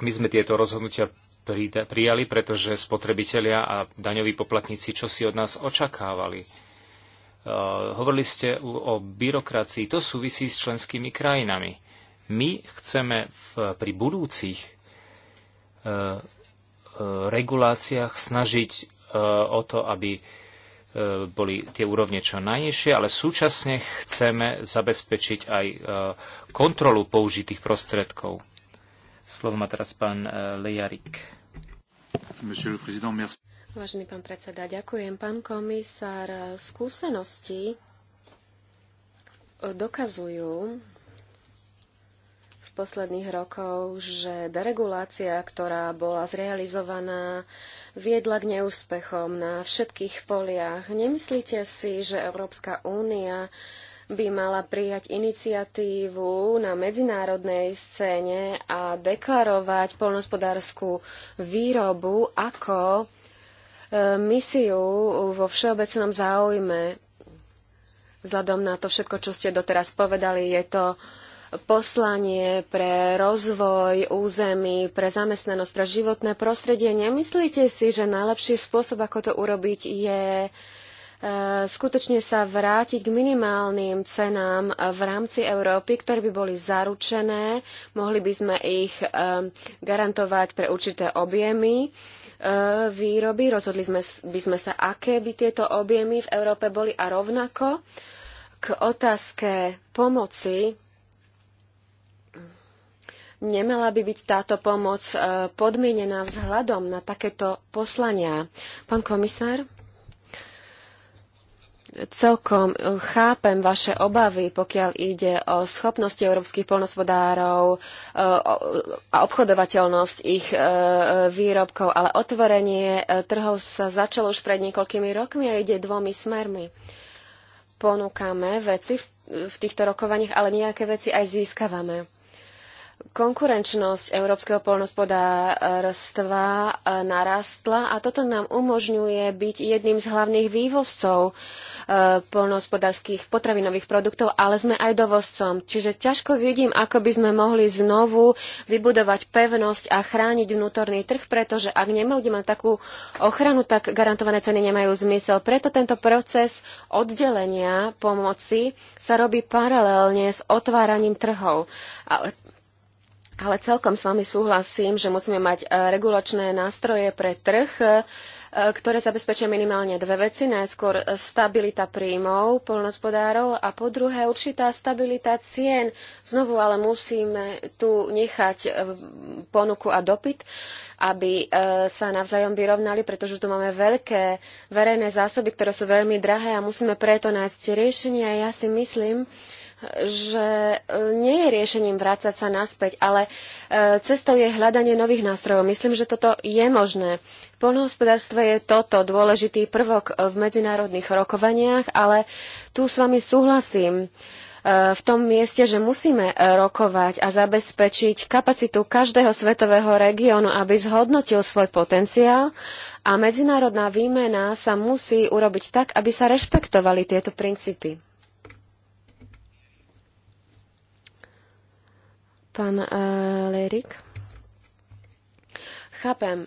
My sme tieto rozhodnutia prijali, pretože spotrebitelia a daňoví poplatníci čo si od nás očakávali. Uh, hovorili ste o byrokracii. To súvisí s členskými krajinami. My chceme v, pri budúcich uh, uh, reguláciách snažiť o to, aby E, boli tie úrovne čo najnižšie, ale súčasne chceme zabezpečiť aj e, kontrolu použitých prostredkov. Slovo má teraz pán e, Lejarik.
Vážený pán predseda, ďakujem. Pán komisár, skúsenosti dokazujú, posledných rokov, že deregulácia, ktorá bola zrealizovaná, viedla k neúspechom na všetkých poliach. Nemyslíte si, že Európska únia by mala prijať iniciatívu na medzinárodnej scéne a deklarovať polnospodárskú výrobu ako e, misiu vo všeobecnom záujme. Vzhľadom na to všetko, čo ste doteraz povedali, je to poslanie pre rozvoj území, pre zamestnanosť, pre životné prostredie. Nemyslíte si, že najlepší spôsob, ako to urobiť, je e, skutočne sa vrátiť k minimálnym cenám v rámci Európy, ktoré by boli zaručené. Mohli by sme ich e, garantovať pre určité objemy e, výroby. Rozhodli sme, by sme sa, aké by tieto objemy v Európe boli a rovnako k otázke pomoci Nemala by byť táto pomoc e, podmienená vzhľadom na takéto poslania. Pán komisár? Celkom e, chápem vaše obavy, pokiaľ ide o schopnosti európskych poľnospodárov e, a obchodovateľnosť ich výrobkov, ale otvorenie trhov sa začalo už pred niekoľkými rokmi a ide dvomi smermi. Ponúkame veci v týchto rokovaniach, ale nejaké veci aj získavame Konkurenčnosť európskeho polnospodárstva e, narastla a toto nám umožňuje byť jedným z hlavných vývozcov e, polnospodárských potravinových produktov, ale sme aj dovozcom. Čiže ťažko vidím, ako by sme mohli znovu vybudovať pevnosť a chrániť vnútorný trh, pretože ak nebudeme mať takú ochranu, tak garantované ceny nemajú zmysel. Preto tento proces oddelenia pomoci sa robí paralelne s otváraním trhov. Ale ale celkom s vami súhlasím, že musíme mať e, regulačné nástroje pre trh, e, ktoré zabezpečia minimálne dve veci. Najskôr e, stabilita príjmov poľnohospodárov a po druhé určitá stabilita cien. Znovu ale musíme tu nechať ponuku a dopyt, aby sa navzájom vyrovnali, pretože tu máme veľké verejné zásoby, ktoré sú veľmi drahé a musíme preto nájsť riešenie. Ja si myslím, že e, nie je riešením vrácať sa naspäť, ale e, cestou je hľadanie nových nástrojov. Myslím, že toto je možné. V polnohospodárstve je toto dôležitý prvok v medzinárodných rokovaniach, ale tu s vami súhlasím e, v tom mieste, že musíme rokovať a zabezpečiť kapacitu každého svetového regiónu, aby zhodnotil svoj potenciál a medzinárodná výmena sa musí urobiť tak, aby sa rešpektovali tieto princípy. Pán eh, Lerik, chápem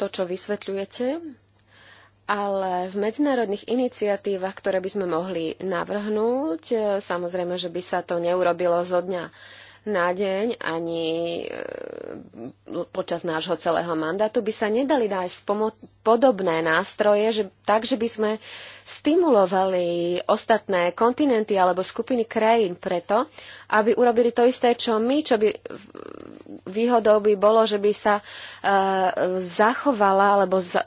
to, čo vysvetľujete, ale v medzinárodných iniciatívach, ktoré by sme mohli navrhnúť, eh, samozrejme, že by sa to neurobilo zo dňa na deň ani eh, počas nášho celého mandátu by sa nedali nájsť podobné nástroje, že, tak, že by sme stimulovali ostatné kontinenty alebo skupiny krajín preto, aby urobili to isté, čo my, čo by výhodou by bolo, že by sa e, zachovala alebo za, e,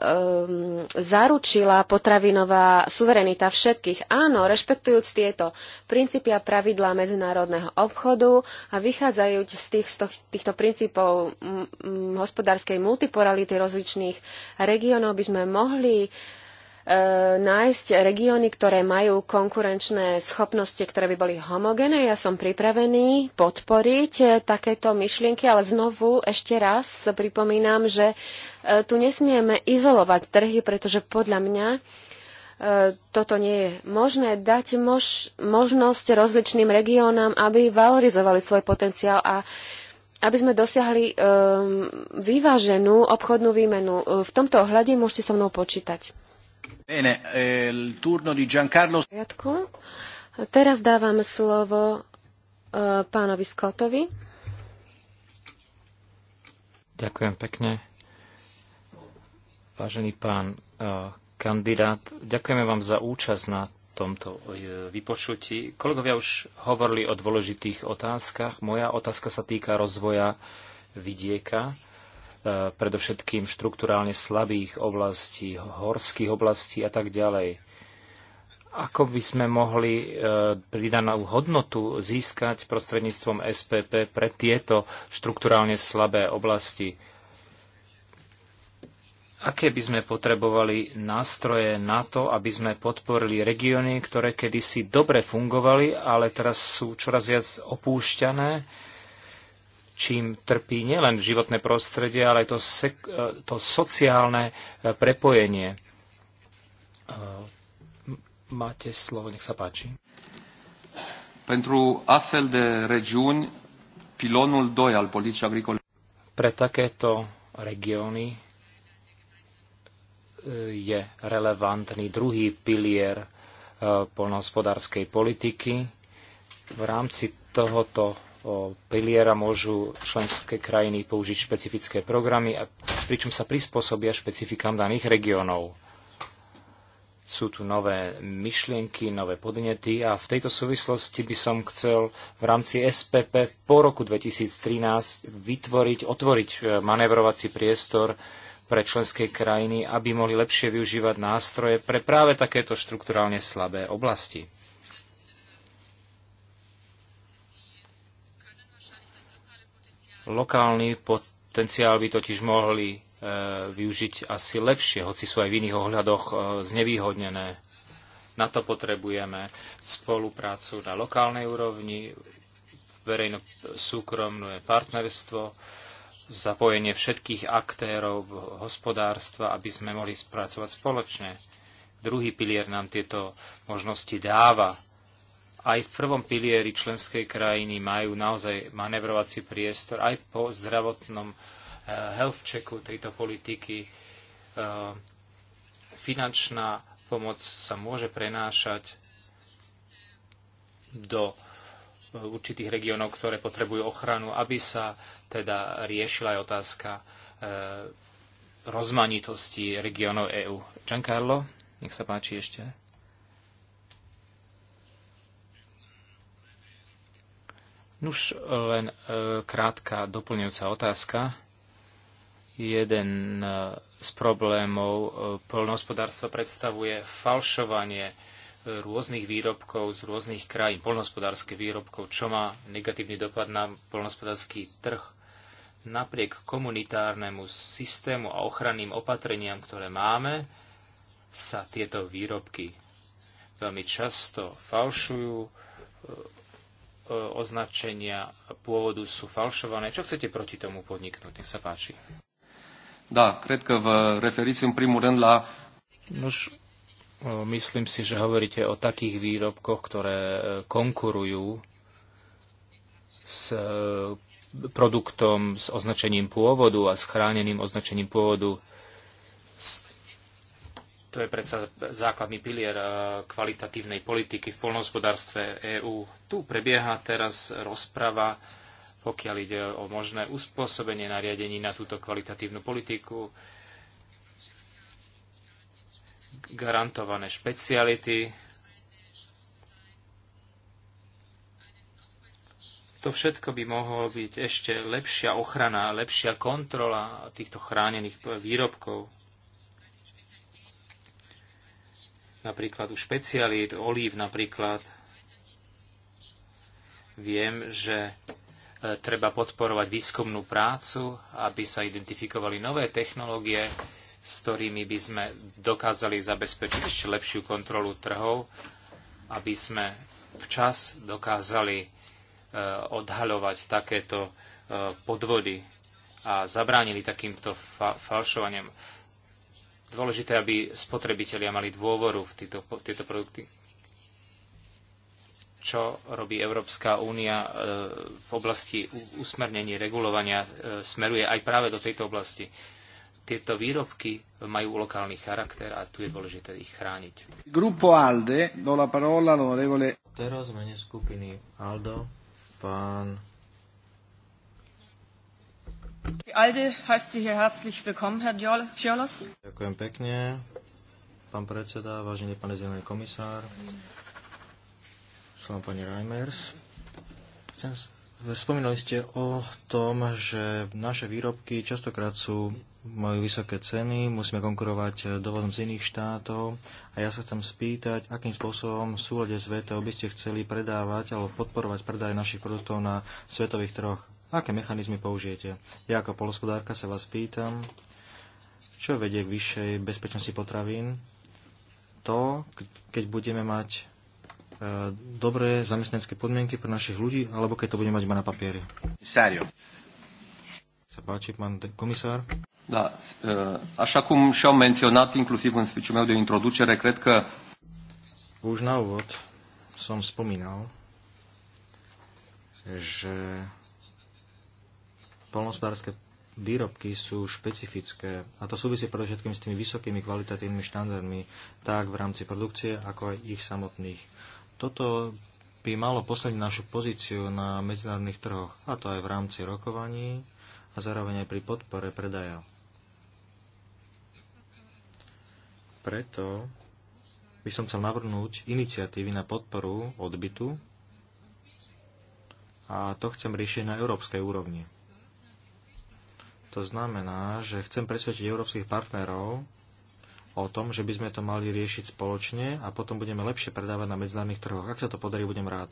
zaručila potravinová suverenita všetkých. Áno, rešpektujúc tieto princípy a pravidlá medzinárodného obchodu a vychádzajúc z, tých, z týchto princípov m, m, hospodárskej multiporality rozličných regiónov by sme mohli e, E, nájsť regióny, ktoré majú konkurenčné schopnosti, ktoré by boli homogénne. Ja som pripravený podporiť e, takéto myšlienky, ale znovu ešte raz pripomínam, že e, tu nesmieme izolovať trhy, pretože podľa mňa toto nie je možné, dať mož, možnosť rozličným regiónom, aby valorizovali svoj potenciál a aby sme dosiahli um, vyváženú obchodnú výmenu. V tomto ohľade môžete so mnou počítať.
Bene, eh, il turno di Giancarlo...
Teraz dávam slovo eh, pánovi Scottovi.
Ďakujem pekne. Vážený pán eh, kandidát, ďakujeme vám za účasť na tomto vypočutí. Kolegovia už hovorili o dôležitých otázkach. Moja otázka sa týka rozvoja vidieka. Eh, predovšetkým štruktúrálne slabých oblastí, horských oblastí a tak ďalej. Ako by sme mohli eh, pridanú hodnotu získať prostredníctvom SPP pre tieto štruktúrálne slabé oblasti? Aké by sme potrebovali nástroje na to, aby sme podporili regióny, ktoré kedysi dobre fungovali, ale teraz sú čoraz viac opúšťané? čím trpí nielen životné prostredie, ale aj to, e, to sociálne e, prepojenie. E, máte slovo, nech sa páči.
Pentru astfel de regiuni, pilonul 2 al politicii agricole.
Pre takéto
regióny
je relevantný druhý pilier polnohospodárskej politiky. V rámci tohoto piliera môžu členské krajiny použiť špecifické programy, pričom sa prispôsobia špecifikám daných regiónov. Sú tu nové myšlienky, nové podnety a v tejto súvislosti by som chcel v rámci SPP po roku 2013 vytvoriť, otvoriť e, manevrovací priestor pre členské krajiny, aby mohli lepšie využívať nástroje pre práve takéto štrukturálne slabé oblasti. Lokálny potenciál by totiž mohli e, využiť asi lepšie, hoci sú aj v iných ohľadoch e, znevýhodnené. Na to potrebujeme spoluprácu na lokálnej úrovni, verejno-súkromné partnerstvo, zapojenie všetkých aktérov hospodárstva, aby sme mohli spracovať spoločne. Druhý pilier nám tieto možnosti dáva aj v prvom pilieri členskej krajiny majú naozaj manevrovací priestor aj po zdravotnom eh, health checku tejto politiky. Eh, finančná pomoc sa môže prenášať do eh, určitých regiónov, ktoré potrebujú ochranu, aby sa teda riešila aj otázka rozmanitosti regiónov EÚ. Giancarlo, nech sa páči ešte. Nuž len e, krátka doplňujúca otázka. Jeden e, z problémov e, poľnohospodárstva predstavuje falšovanie rôznych výrobkov z rôznych krajín, poľnohospodárskych výrobkov, čo má negatívny dopad na poľnohospodársky trh. Napriek komunitárnemu systému a ochranným opatreniam, ktoré máme, sa tieto výrobky veľmi často falšujú, E, označenia pôvodu sú falšované. Čo chcete proti tomu
podniknúť? Nech sa páči. Da, cred că vă referiți în primul rând la...
Nož, e, myslím si, že hovoríte o takých výrobkoch, ktoré e, konkurujú s produktom s označením pôvodu a s chráneným označením pôvodu. S to je predsa základný pilier eh, kvalitatívnej politiky v polnohospodárstve EÚ. Tu prebieha teraz rozprava, pokiaľ ide o možné uspôsobenie nariadení na túto kvalitatívnu politiku, garantované špeciality. To všetko by mohlo byť ešte lepšia ochrana, lepšia kontrola týchto chránených výrobkov napríklad u špecialít, olív napríklad. Viem, že e, treba podporovať výskumnú prácu, aby sa identifikovali nové technológie, s ktorými by sme dokázali zabezpečiť ešte lepšiu kontrolu trhov, aby sme včas dokázali e, odhaľovať takéto e, podvody a zabránili takýmto fa- falšovaniam. Dôležité, aby spotrebitelia mali dôvoru v tieto, tieto produkty. Čo robí Európska únia e, v oblasti usmernení regulovania, e, smeruje aj práve do tejto oblasti. Tieto výrobky majú lokálny charakter a tu je dôležité ich chrániť.
Grupo Alde, do la parola l'onorevole. Teraz mene skupiny Aldo, pán
Alde, heißt Sie hier herzlich willkommen, Herr Fiolos.
Ďakujem pekne, pán predseda, vážený pán zelený komisár, slám pani Reimers. Chcem, spomínali ste o tom, že naše výrobky častokrát sú majú vysoké ceny, musíme konkurovať eh, dovozom z iných štátov a ja sa chcem spýtať, akým spôsobom v súlade s VTO by ste chceli predávať alebo podporovať predaj našich produktov na svetových troch Aké mechanizmy použijete? Ja ako polospodárka sa vás pýtam, čo vedie k vyššej bezpečnosti potravín? To, keď budeme mať e, dobré zamestnanecké podmienky pre našich ľudí, alebo keď to budeme mať iba na papieri.
Sério. Sa
páči, pán komisár.
Da, e, așa cum și au menționat inclusiv în speciul meu de introducere, cred că...
Už na úvod som spomínal, že polnospodárske výrobky sú špecifické a to súvisí predovšetkým s tými vysokými kvalitatívnymi štandardmi, tak v rámci produkcie, ako aj ich samotných. Toto by malo posledniť našu pozíciu na medzinárodných trhoch, a to aj v rámci rokovaní a zároveň aj pri podpore predaja. Preto by som chcel navrhnúť iniciatívy na podporu odbytu a to chcem riešiť na európskej úrovni. To znamená, že chcem presvedčiť európskych partnerov o tom, že by sme to mali riešiť spoločne a potom budeme lepšie predávať na medzinárodných trhoch. Ak sa to podarí, budem rád.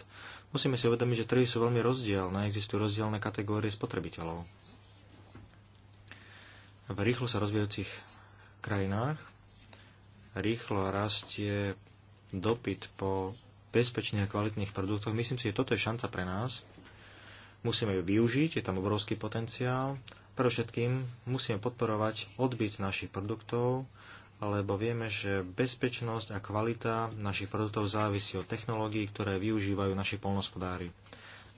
Musíme si uvedomiť, že trhy sú veľmi rozdielne, existujú rozdielne kategórie spotrebiteľov. V rýchlo sa rozvíjajúcich krajinách rýchlo rastie dopyt po bezpečných a kvalitných produktoch. Myslím si, že toto je šanca pre nás, Musíme ju využiť, je tam obrovský potenciál. Pre všetkým musíme podporovať odbyt našich produktov, lebo vieme, že bezpečnosť a kvalita našich produktov závisí od technológií, ktoré využívajú naši polnospodári.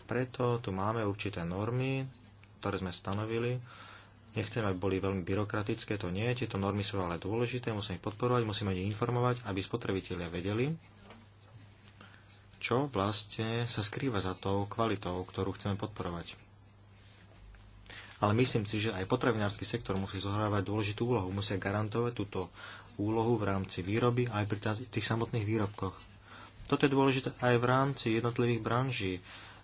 Preto tu máme určité normy, ktoré sme stanovili. Nechcem, aby boli veľmi byrokratické, to nie. Tieto normy sú ale dôležité, musíme ich podporovať, musíme ich informovať, aby spotrebitelia vedeli, čo vlastne sa skrýva za tou kvalitou, ktorú chceme podporovať. Ale myslím si, že aj potravinársky sektor musí zohrávať dôležitú úlohu, musia garantovať túto úlohu v rámci výroby aj pri tých samotných výrobkoch. Toto je dôležité aj v rámci jednotlivých branží.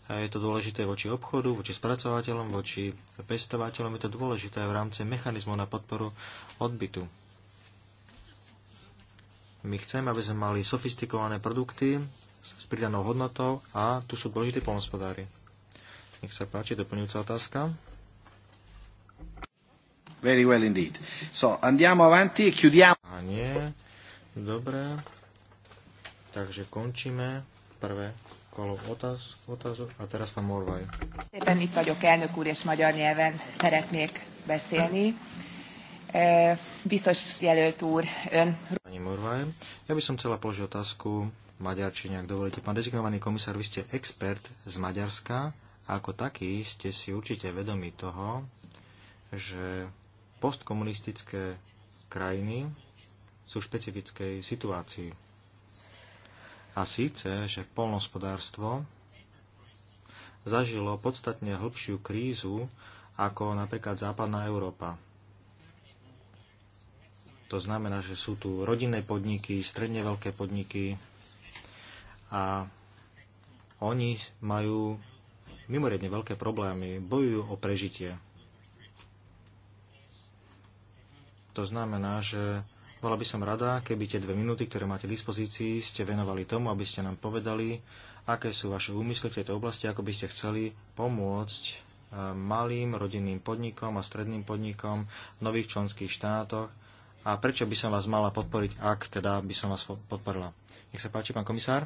Je to dôležité voči obchodu, voči spracovateľom, voči pestovateľom. Je to dôležité aj v rámci mechanizmov na podporu odbytu. My chceme, aby sme mali sofistikované produkty, s pridanou hodnotou a tu sú dôležití polnospodári. Nech sa páči, doplňujúca otázka. Very well indeed. So, andiamo avanti e chiudiamo. A nie. Dobre. Takže končíme prvé kolo otáz, otázok. A teraz pán Morvaj.
Éppen itt vagyok, elnök úr, és magyar nyelven szeretnék beszélni. E, biztos jelölt úr, ön... Pani
Morvaj, ja by som chcela položiť otázku maďarčine, ak dovolíte. Pán dezignovaný komisár, vy ste expert z Maďarska a ako taký ste si určite vedomi toho, že postkomunistické krajiny sú v špecifickej situácii. A síce, že polnospodárstvo zažilo podstatne hĺbšiu krízu ako napríklad západná Európa. To znamená, že sú tu rodinné podniky, stredne veľké podniky, a oni majú mimoriadne veľké problémy, bojujú o prežitie. To znamená, že bola by som rada, keby tie dve minúty, ktoré máte v dispozícii, ste venovali tomu, aby ste nám povedali, aké sú vaše úmysly v tejto oblasti, ako by ste chceli pomôcť eh, malým rodinným podnikom a stredným podnikom v nových členských štátoch a prečo by som vás mala podporiť, ak teda by som vás podporila. Nech sa páči, pán komisár.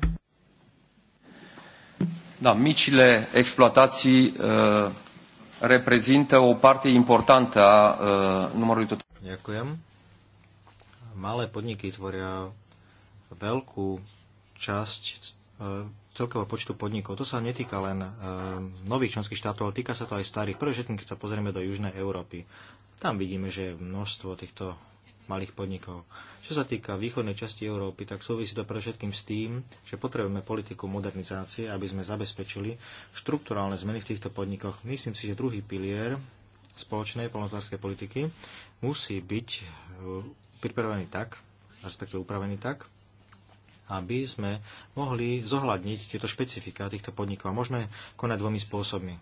Da, micile exploatații uh, reprezintă o parte importantă a uh, numărului total. Ďakujem.
Malé podniky tvoria veľkú časť uh, celkového počtu podnikov. To sa netýka len uh, nových členských štátov, ale týka sa to aj starých. Prvé všetkým, keď sa pozrieme do Južnej Európy. Tam vidíme, že je množstvo týchto malých podnikov. Čo sa týka východnej časti Európy, tak súvisí to predovšetkým s tým, že potrebujeme politiku modernizácie, aby sme zabezpečili štruktúrálne zmeny v týchto podnikoch. Myslím si, že druhý pilier spoločnej polnospodárskej politiky musí byť e, pripravený tak, respektíve upravený tak, aby sme mohli zohľadniť tieto špecifika týchto podnikov. A môžeme konať dvomi spôsobmi.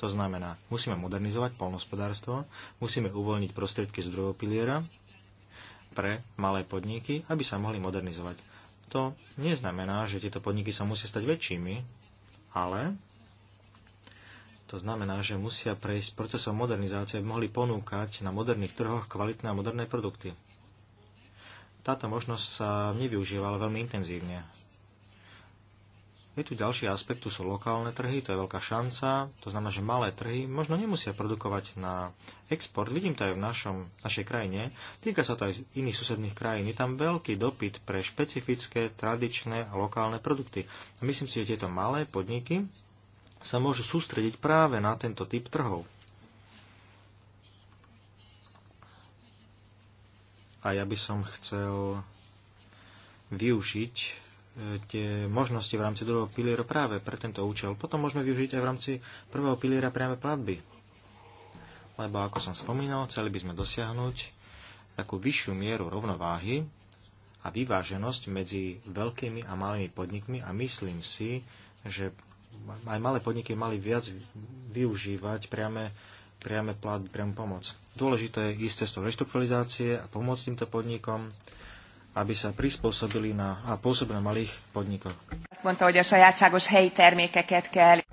To znamená, musíme modernizovať polnospodárstvo, musíme uvoľniť prostriedky z druhého piliera pre malé podniky, aby sa mohli modernizovať. To neznamená, že tieto podniky sa musia stať väčšími, ale to znamená, že musia prejsť procesom modernizácie, aby mohli ponúkať na moderných trhoch kvalitné a moderné produkty. Táto možnosť sa nevyužívala veľmi intenzívne je tu ďalší aspekt, tu sú lokálne trhy, to je veľká šanca, to znamená, že malé trhy možno nemusia produkovať na export, vidím to aj v našom, našej krajine, týka sa to aj iných susedných krajín, je tam veľký dopyt pre špecifické, tradičné a lokálne produkty. A myslím si, že tieto malé podniky sa môžu sústrediť práve na tento typ trhov. A ja by som chcel využiť tie možnosti v rámci druhého piliera práve pre tento účel. Potom môžeme využiť aj v rámci prvého piliera priame platby. Lebo ako som spomínal, chceli by sme dosiahnuť takú vyššiu mieru rovnováhy a vyváženosť medzi veľkými a malými podnikmi a myslím si, že aj malé podniky mali viac využívať priame, priame plat, priamu pomoc. Dôležité je ísť cestou reštrukturalizácie a pomôcť týmto podnikom aby sa prispôsobili na, a pôsobili na malých podnikoch.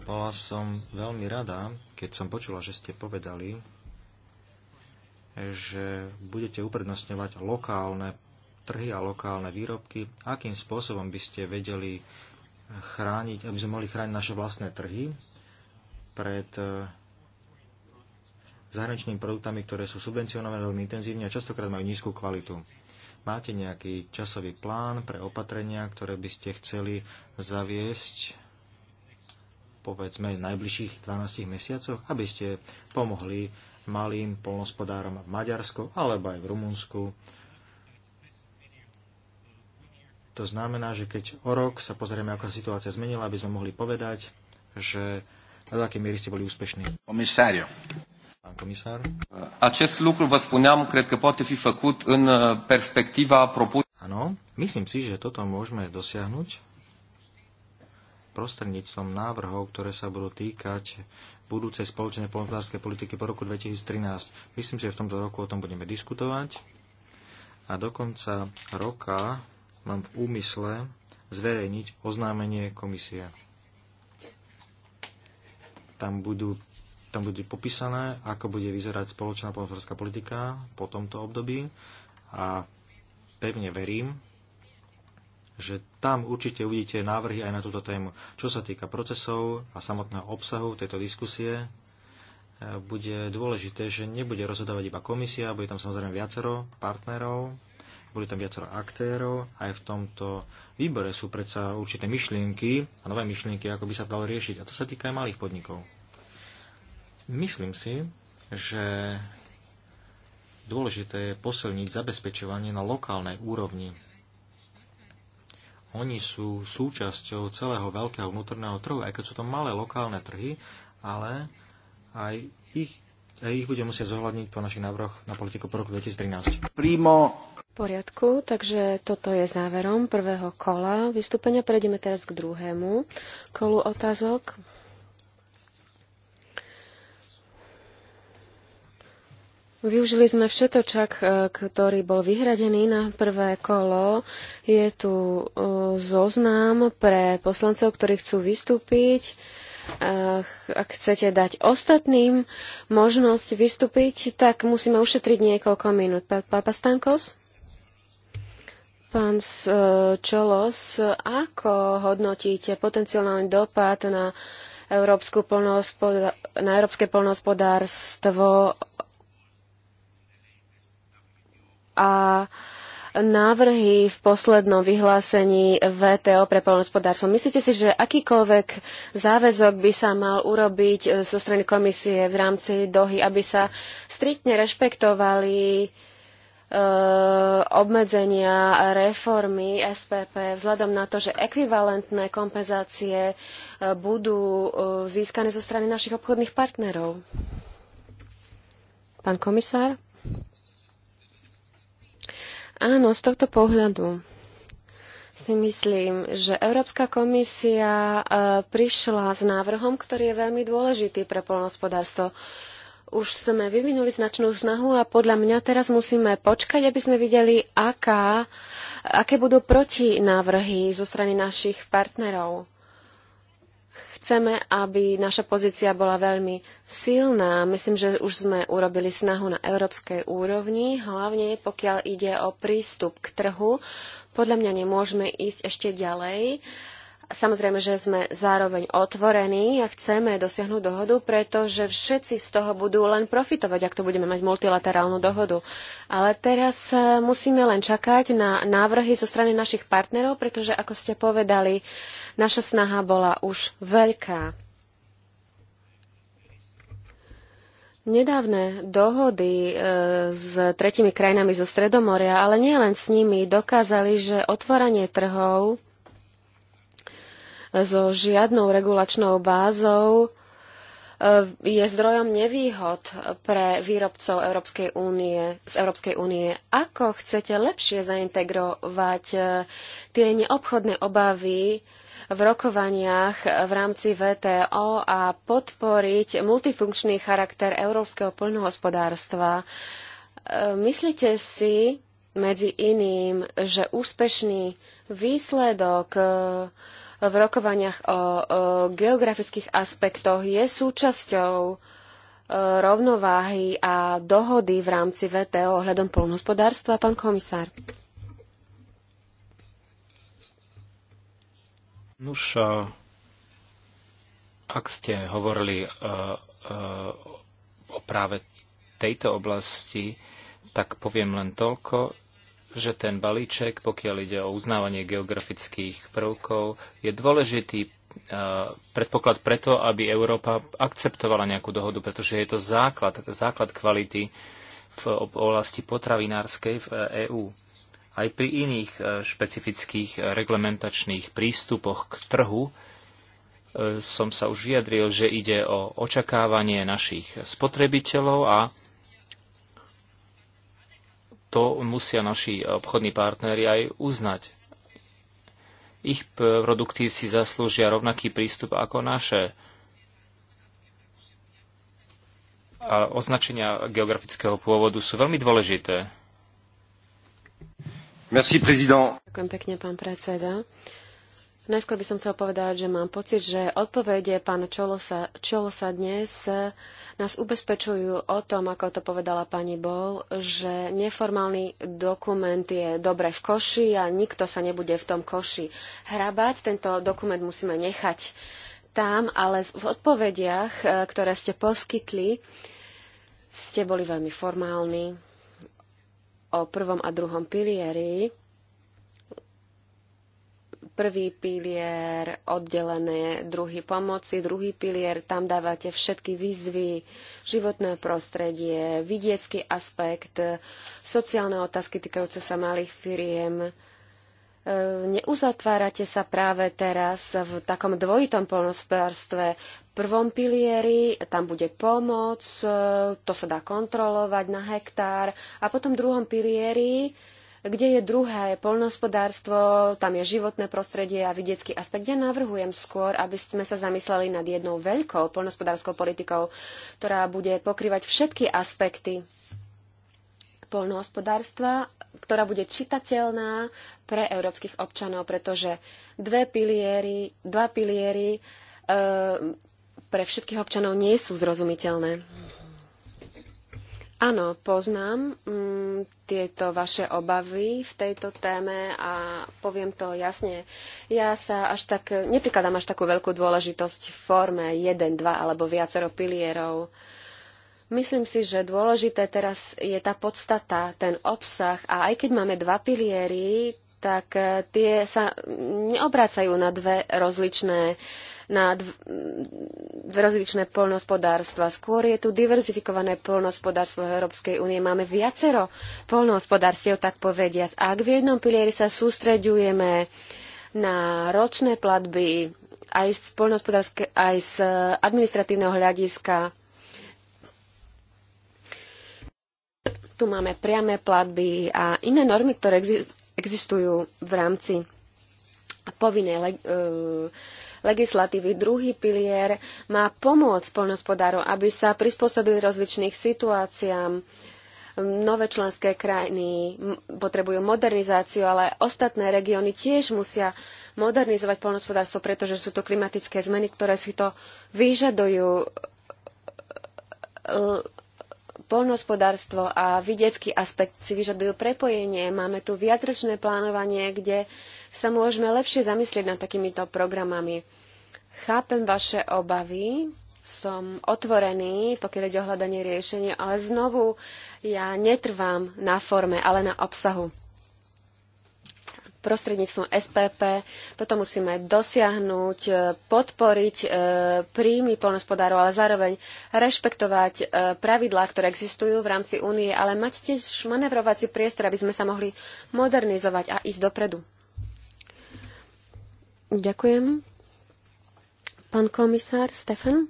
Bola som veľmi rada, keď som počula, že ste povedali, že budete uprednostňovať lokálne trhy a lokálne výrobky. Akým spôsobom by ste vedeli chrániť, aby sme mohli chrániť naše vlastné trhy pred eh, zahraničnými produktami, ktoré sú subvencionované veľmi intenzívne a častokrát majú nízku kvalitu. Máte nejaký časový plán pre opatrenia, ktoré by ste chceli zaviesť povedzme v najbližších 12 mesiacoch, aby ste pomohli malým polnospodárom v Maďarsku alebo aj v Rumunsku. To znamená, že keď o rok sa pozrieme, ako situácia zmenila, aby sme mohli povedať, že na aké miery ste boli úspešní. Komisario. Pán komisár.
Acest lucru, vă spuneam, cred că poate fi făcut în uh, perspectiva propus... Áno, myslím si, že toto môžeme dosiahnuť prostredníctvom
návrhov, ktoré sa budú týkať budúcej spoločnej polnospodárskej politiky po roku 2013. Myslím si, že v tomto roku o tom budeme diskutovať a do konca roka mám v úmysle zverejniť oznámenie komisie. Tam budú tam bude popísané, ako bude vyzerať spoločná polnospodárska politika po tomto období a pevne verím, že tam určite uvidíte návrhy aj na túto tému. Čo sa týka procesov a samotného obsahu tejto diskusie, e, bude dôležité, že nebude rozhodovať iba komisia, bude tam samozrejme viacero partnerov, bude tam viacero aktérov, aj v tomto výbore sú predsa určité myšlienky a nové myšlienky, ako by sa dalo riešiť. A to sa týka aj malých podnikov. Myslím si, že dôležité je posilniť zabezpečovanie na lokálnej úrovni. Oni sú súčasťou celého veľkého vnútorného trhu, aj keď sú to malé lokálne trhy, ale aj ich, aj ich budeme musieť zohľadniť po našich návrhoch na politiku po roku 2013.
Primo. V poriadku, takže toto je záverom prvého kola vystúpenia. Prejdeme teraz k druhému kolu otázok. Využili sme všetočak, e, ktorý bol vyhradený na prvé kolo. Je tu e, zoznam pre poslancov, ktorí chcú vystúpiť. E, ak chcete dať ostatným možnosť vystúpiť, tak musíme ušetriť niekoľko minút. Pápa Stankos? Pán Čolos, ako hodnotíte potenciálny dopad na, európsku na európske polnohospodárstvo a návrhy v poslednom vyhlásení VTO pre poľnohospodárstvo. Myslíte si, že akýkoľvek záväzok by sa mal urobiť eh, zo strany komisie v rámci dohy, aby sa striktne rešpektovali e, obmedzenia reformy SPP vzhľadom na to, že ekvivalentné kompenzácie eh, budú získané zo strany našich obchodných partnerov. Pán komisár? Áno, z tohto pohľadu si myslím, že Európska komisia e, prišla s návrhom, ktorý je veľmi dôležitý pre poľnohospodárstvo. Už sme vyvinuli značnú snahu a podľa mňa teraz musíme počkať, aby sme videli, aká, aké budú protinávrhy zo strany našich partnerov. Chceme, aby naša pozícia bola veľmi silná. Myslím, že už sme urobili snahu na európskej úrovni, hlavne pokiaľ ide o prístup k trhu. Podľa mňa nemôžeme ísť ešte ďalej. Uh, Samozrejme, že sme zároveň otvorení a chceme dosiahnuť dohodu, pretože všetci z toho budú len profitovať, ak to budeme mať multilaterálnu dohodu. Ale teraz e, musíme len čakať na návrhy zo strany našich partnerov, pretože, ako ste povedali, naša snaha bola už veľká. Nedávne dohody e, s tretimi krajinami zo Stredomoria, ale nielen s nimi, dokázali, že otvorenie trhov so žiadnou regulačnou bázou e, je zdrojom nevýhod pre výrobcov Európskej únie, z Európskej únie. Ako chcete lepšie zaintegrovať e, tie neobchodné obavy v rokovaniach v rámci VTO a podporiť multifunkčný charakter európskeho poľnohospodárstva? E, myslíte si medzi iným, že úspešný výsledok v rokovaniach o, geografických aspektoch je súčasťou e, rovnováhy a dohody v rámci VTO ohľadom polnohospodárstva, pán komisár?
Nuž, e, ak ste hovorili e, o práve tejto oblasti, tak poviem len toľko, že ten balíček, pokiaľ ide o uznávanie geografických prvkov, je dôležitý e, predpoklad preto, aby Európa akceptovala nejakú dohodu, pretože je to základ, základ kvality v oblasti potravinárskej v EÚ. E Aj pri iných e, špecifických reglementačných prístupoch k trhu som sa už vyjadril, že ide o očakávanie našich spotrebiteľov a to musia naši obchodní partnery aj uznať. Ich produkty si zaslúžia rovnaký prístup ako naše. A označenia geografického pôvodu sú veľmi dôležité. Merci,
prezident.
Ďakujem pekne, pán predseda. Najskôr by som chcel povedať, že mám pocit, že odpovede pána Čolosa, Čolosa dnes nás ubezpečujú o tom, ako to povedala pani Bol, že neformálny dokument je dobre v koši a nikto sa nebude v tom koši hrabať. Tento dokument musíme nechať tam, ale v odpovediach, e, ktoré ste poskytli, ste boli veľmi formálni o prvom a druhom pilieri prvý pilier oddelené, druhý pomoci, druhý pilier, tam dávate všetky výzvy, životné prostredie, vidiecký aspekt, sociálne otázky týkajúce sa malých firiem. E, neuzatvárate sa práve teraz v takom dvojitom polnospodárstve. V prvom pilieri tam bude pomoc, e, to sa dá kontrolovať na hektár a potom v druhom pilieri kde je druhé poľnohospodárstvo, tam je životné prostredie a vidiecký aspekt. Ja navrhujem skôr, aby sme sa zamysleli nad jednou veľkou poľnohospodárskou politikou, ktorá bude pokrývať všetky aspekty poľnohospodárstva, ktorá bude čitateľná pre európskych občanov, pretože dve piliery, dva piliery e, pre všetkých občanov nie sú zrozumiteľné. Áno, poznám mm, tieto vaše obavy v tejto téme a poviem to jasne. Ja sa až tak, neprikladám až takú veľkú dôležitosť v forme 1, 2 alebo viacero pilierov. Myslím si, že dôležité teraz je tá podstata, ten obsah a aj keď máme dva piliery, tak eh, tie sa neobrácajú na dve rozličné uh, na mm, rozličné poľnohospodárstva. Skôr je tu diverzifikované poľnohospodárstvo Európskej únie. Máme viacero poľnohospodárstiev, tak povediac. ak v jednom pilieri sa sústreďujeme na ročné platby aj z, aj z administratívneho hľadiska, tu máme priame platby a iné normy, ktoré existujú v rámci povinnej e, legislatívy. Druhý pilier má pomôcť poľnohospodárom, aby sa prispôsobili rozličných situáciám. Nové členské krajiny potrebujú modernizáciu, ale ostatné regióny tiež musia modernizovať poľnohospodárstvo, pretože sú to klimatické zmeny, ktoré si to vyžadujú polnohospodárstvo a vidiecký aspekt si vyžadujú prepojenie. Máme tu viacročné plánovanie, kde sa môžeme lepšie zamyslieť nad takýmito programami. Chápem vaše obavy, som otvorený, pokiaľ ide o hľadanie riešenia, ale znovu ja netrvám na forme, ale na obsahu prostredníctvom SPP. Toto musíme dosiahnuť, e, podporiť e, príjmy polnospodárov, ale zároveň rešpektovať e, pravidlá, ktoré existujú v rámci únie, ale mať tiež manevrovací priestor, aby sme sa mohli modernizovať a ísť dopredu. Ďakujem. Pán komisár Stefan,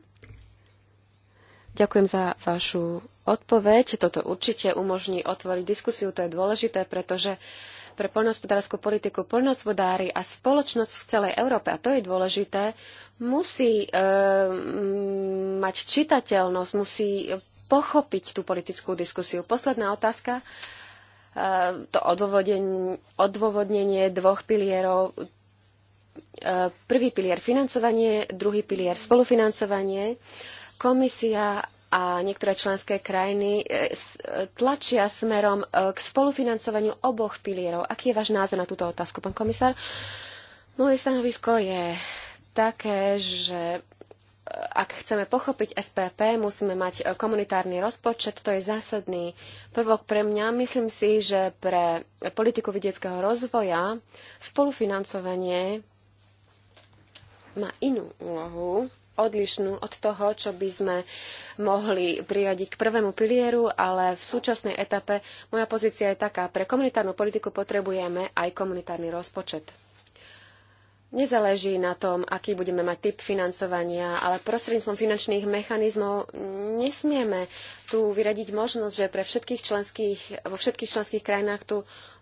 ďakujem za vašu odpoveď. Toto určite umožní otvoriť diskusiu, to je dôležité, pretože uh, pre poľnohospodárskú politiku poľnohospodári a spoločnosť v celej Európe, a to je dôležité, musí e, mať čitateľnosť, musí pochopiť tú politickú diskusiu. Posledná otázka, e, to odôvodnenie, dvoch pilierov. E, prvý pilier financovanie, druhý pilier spolufinancovanie. Komisia a niektoré členské krajiny e, e, tlačia smerom e, k spolufinancovaniu oboch pilierov. Aký je váš názor na túto otázku, pán komisár? Moje stanovisko je také, že ak chceme pochopiť SPP, musíme mať komunitárny rozpočet, to je zásadný prvok pre mňa. Myslím si, že pre politiku vidieckého rozvoja spolufinancovanie má inú úlohu odlišnú od toho, čo by sme mohli priradiť k prvému pilieru, ale v súčasnej etape moja pozícia je taká, pre komunitárnu politiku potrebujeme aj komunitárny rozpočet. Nezáleží na tom, aký budeme mať typ financovania, ale prostredníctvom finančných mechanizmov nesmieme tu vyradiť možnosť, že pre všetkých členských, vo všetkých členských krajinách tu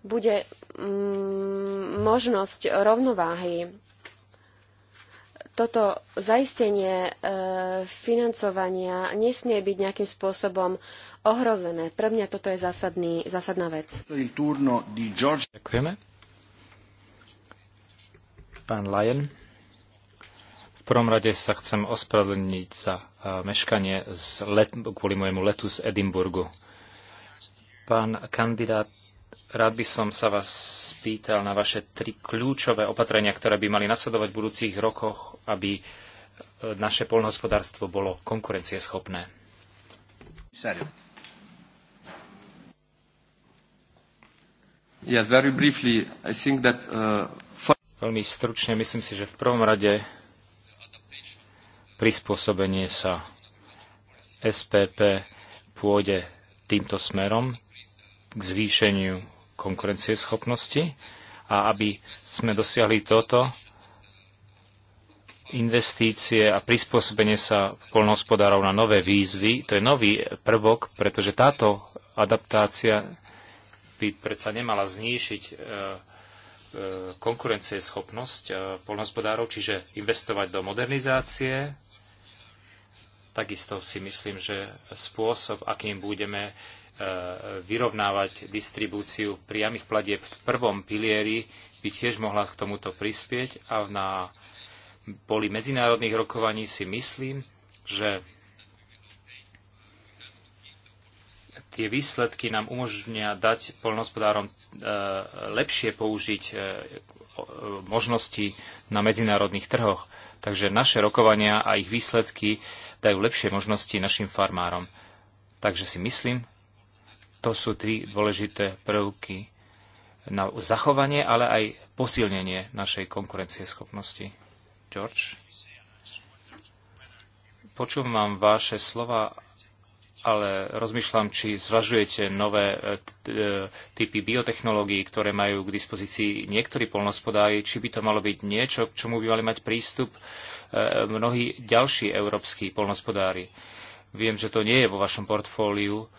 bude mm, možnosť rovnováhy toto zaistenie e, financovania nesmie byť nejakým spôsobom ohrozené. Pre mňa toto je zásadný, zásadná vec.
Ďakujeme. Pán Lajen. V prvom rade sa chcem ospravedlniť za e, meškanie z let, kvôli môjmu letu z Edimburgu. Pán kandidát Rád by som sa vás spýtal na vaše tri kľúčové opatrenia, ktoré by mali nasledovať v budúcich rokoch, aby e, naše poľnohospodárstvo bolo konkurencieschopné.
Yes, briefly,
that, uh... Veľmi stručne, myslím si, že v prvom rade prispôsobenie sa SPP pôjde týmto smerom, k zvýšeniu konkurencieschopnosti a aby sme dosiahli toto, investície a prispôsobenie sa poľnohospodárov na nové výzvy, to je nový prvok, pretože táto adaptácia by predsa nemala znížiť e, e konkurencieschopnosť e, poľnohospodárov, čiže investovať do modernizácie. Takisto si myslím, že spôsob, akým budeme vyrovnávať distribúciu priamých platieb v prvom pilieri by tiež mohla k tomuto prispieť a na poli medzinárodných rokovaní si myslím, že tie výsledky nám umožnia dať poľnohospodárom e, lepšie použiť e, možnosti na medzinárodných trhoch. Takže naše rokovania a ich výsledky dajú lepšie možnosti našim farmárom. Takže si myslím, to sú tri dôležité prvky na zachovanie, ale aj posilnenie našej konkurencieschopnosti. George? Počúvam vaše slova, ale rozmýšľam, či zvažujete nové e, e, typy biotechnológií, ktoré majú k dispozícii niektorí polnospodári, či by to malo byť niečo, k čomu by mali mať prístup e, mnohí ďalší európsky polnospodári. Viem, že to nie je vo vašom portfóliu,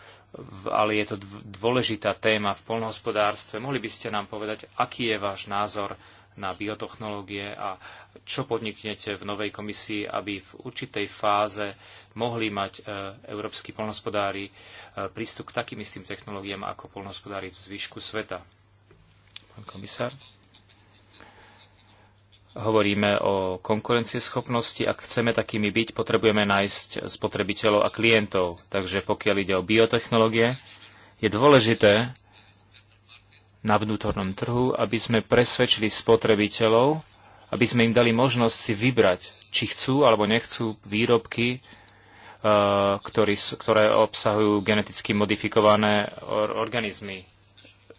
ale je to dôležitá téma v polnohospodárstve. Mohli by ste nám povedať, aký je váš názor na biotechnológie a čo podniknete v novej komisii, aby v určitej fáze mohli mať e, európsky polnohospodári e, prístup k takým istým technológiám ako polnohospodári v zvyšku sveta. Pán komisár hovoríme o konkurencieschopnosti. Ak chceme takými byť, potrebujeme nájsť spotrebiteľov a klientov. Takže pokiaľ ide o biotechnológie, je dôležité na vnútornom trhu, aby sme presvedčili spotrebiteľov, aby sme im dali možnosť si vybrať, či chcú alebo nechcú výrobky, eh, ktorý, ktoré obsahujú geneticky modifikované organizmy.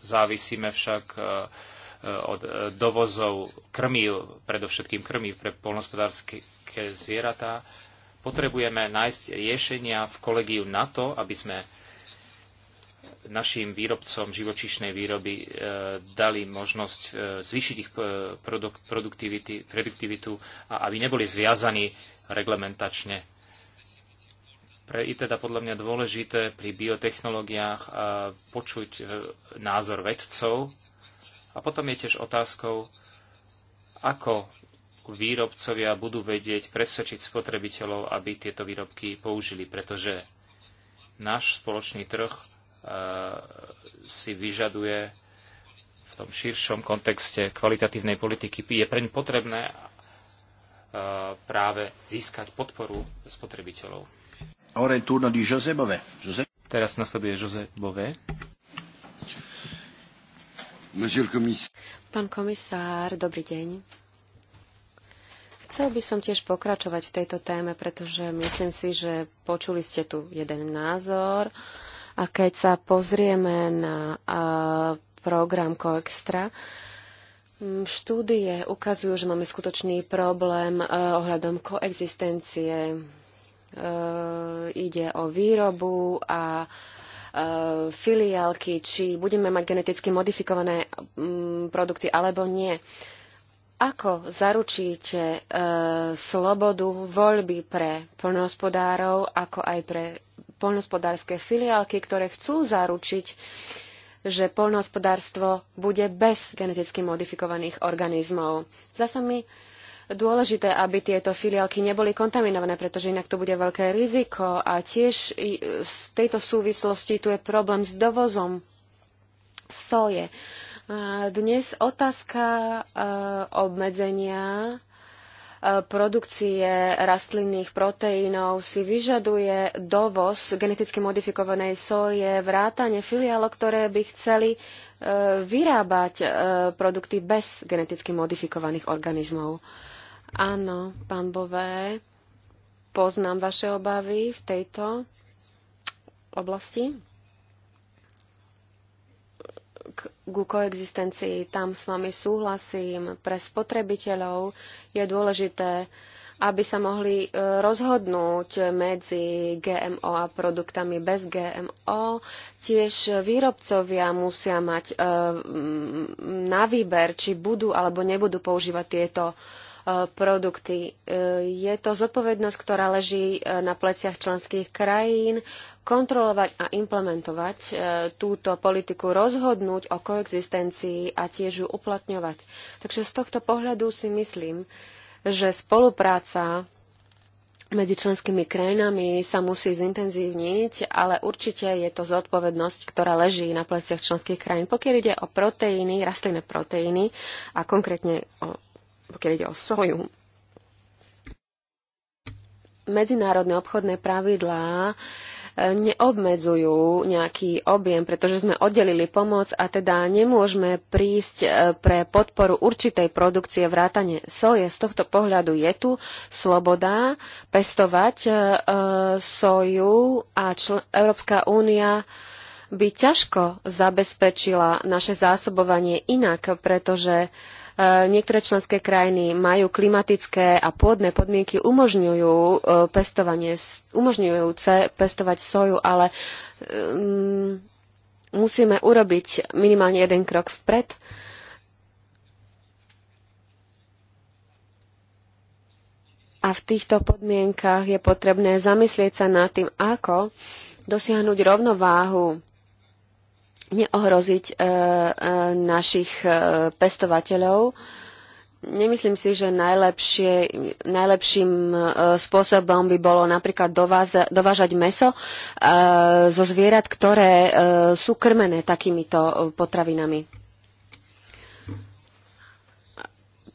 Závisíme však uh, Eh, od eh, dovozov krmív, predovšetkým krmív pre polnospodárske zvieratá. Potrebujeme nájsť riešenia v kolegiu na to, aby sme našim výrobcom živočišnej výroby eh, dali možnosť zvýšiť ich produktivitu a aby neboli zviazaní reglementačne. Pre i teda podľa mňa dôležité pri biotechnológiách počuť názor vedcov, a potom je tiež otázkou, ako výrobcovia budú vedieť presvedčiť spotrebiteľov, aby tieto výrobky použili, pretože náš spoločný trh e, si vyžaduje v tom širšom kontexte kvalitatívnej politiky. Je preň potrebné e, práve získať podporu spotrebiteľov. Teraz nasleduje Jose Bové.
Pán komisár, dobrý deň. Chcel by som tiež pokračovať v tejto téme, pretože myslím si, že počuli ste tu jeden názor a keď sa pozrieme na program Coextra, štúdie ukazujú, že máme skutočný problém e, ohľadom koexistencie. E, ide o výrobu a Eh, filiálky, či budeme mať geneticky modifikované mm, produkty alebo nie. Ako zaručíte eh, slobodu voľby pre poľnohospodárov, ako aj pre poľnohospodárske filiálky, ktoré chcú zaručiť, že poľnohospodárstvo bude bez geneticky modifikovaných organizmov. Zdá sa mi, dôležité, aby tieto filiálky neboli kontaminované, pretože inak to bude veľké riziko. A tiež e, v tejto súvislosti tu je problém s dovozom soje. Dnes otázka e, obmedzenia e, produkcie rastlinných proteínov si vyžaduje dovoz geneticky modifikovanej soje, vrátane filiálok, ktoré by chceli vyrábať produkty bez geneticky modifikovaných organizmov. Áno, pán Bové, poznám vaše obavy v tejto oblasti ku koexistencii. Tam s vami súhlasím. Pre spotrebiteľov je dôležité, aby sa mohli e, rozhodnúť medzi GMO a produktami bez GMO. Tiež výrobcovia musia mať e, na výber, či budú alebo nebudú používať tieto E, produkty. E, je to zodpovednosť, ktorá leží e, na pleciach členských krajín kontrolovať a implementovať túto politiku, rozhodnúť o koexistencii a tiež ju uplatňovať. Takže z tohto pohľadu si myslím, že spolupráca medzi členskými krajinami sa musí zintenzívniť, ale určite je to zodpovednosť, ktorá leží na pleciach členských krajín. Pokiaľ ide o proteíny, rastlinné proteíny a konkrétne o pokiaľ ide o soju. Medzinárodné obchodné pravidlá e, neobmedzujú nejaký objem, pretože sme oddelili pomoc a teda nemôžeme prísť e, pre podporu určitej produkcie vrátane soje. Z tohto pohľadu je tu sloboda pestovať e, soju a Európska únia by ťažko zabezpečila naše zásobovanie inak, pretože E, niektoré členské krajiny majú klimatické a pôdne podmienky umožňujú e, pestovanie, umožňujúce pestovať soju, ale um, musíme urobiť minimálne jeden krok vpred. A v týchto podmienkach je potrebné zamyslieť sa nad tým, ako dosiahnuť rovnováhu neohroziť e, e, našich e, pestovateľov. Nemyslím si, že najlepšie, najlepším spôsobom by bolo napríklad dováza, dovážať meso zo zvierat, ktoré sú krmené takýmito potravinami.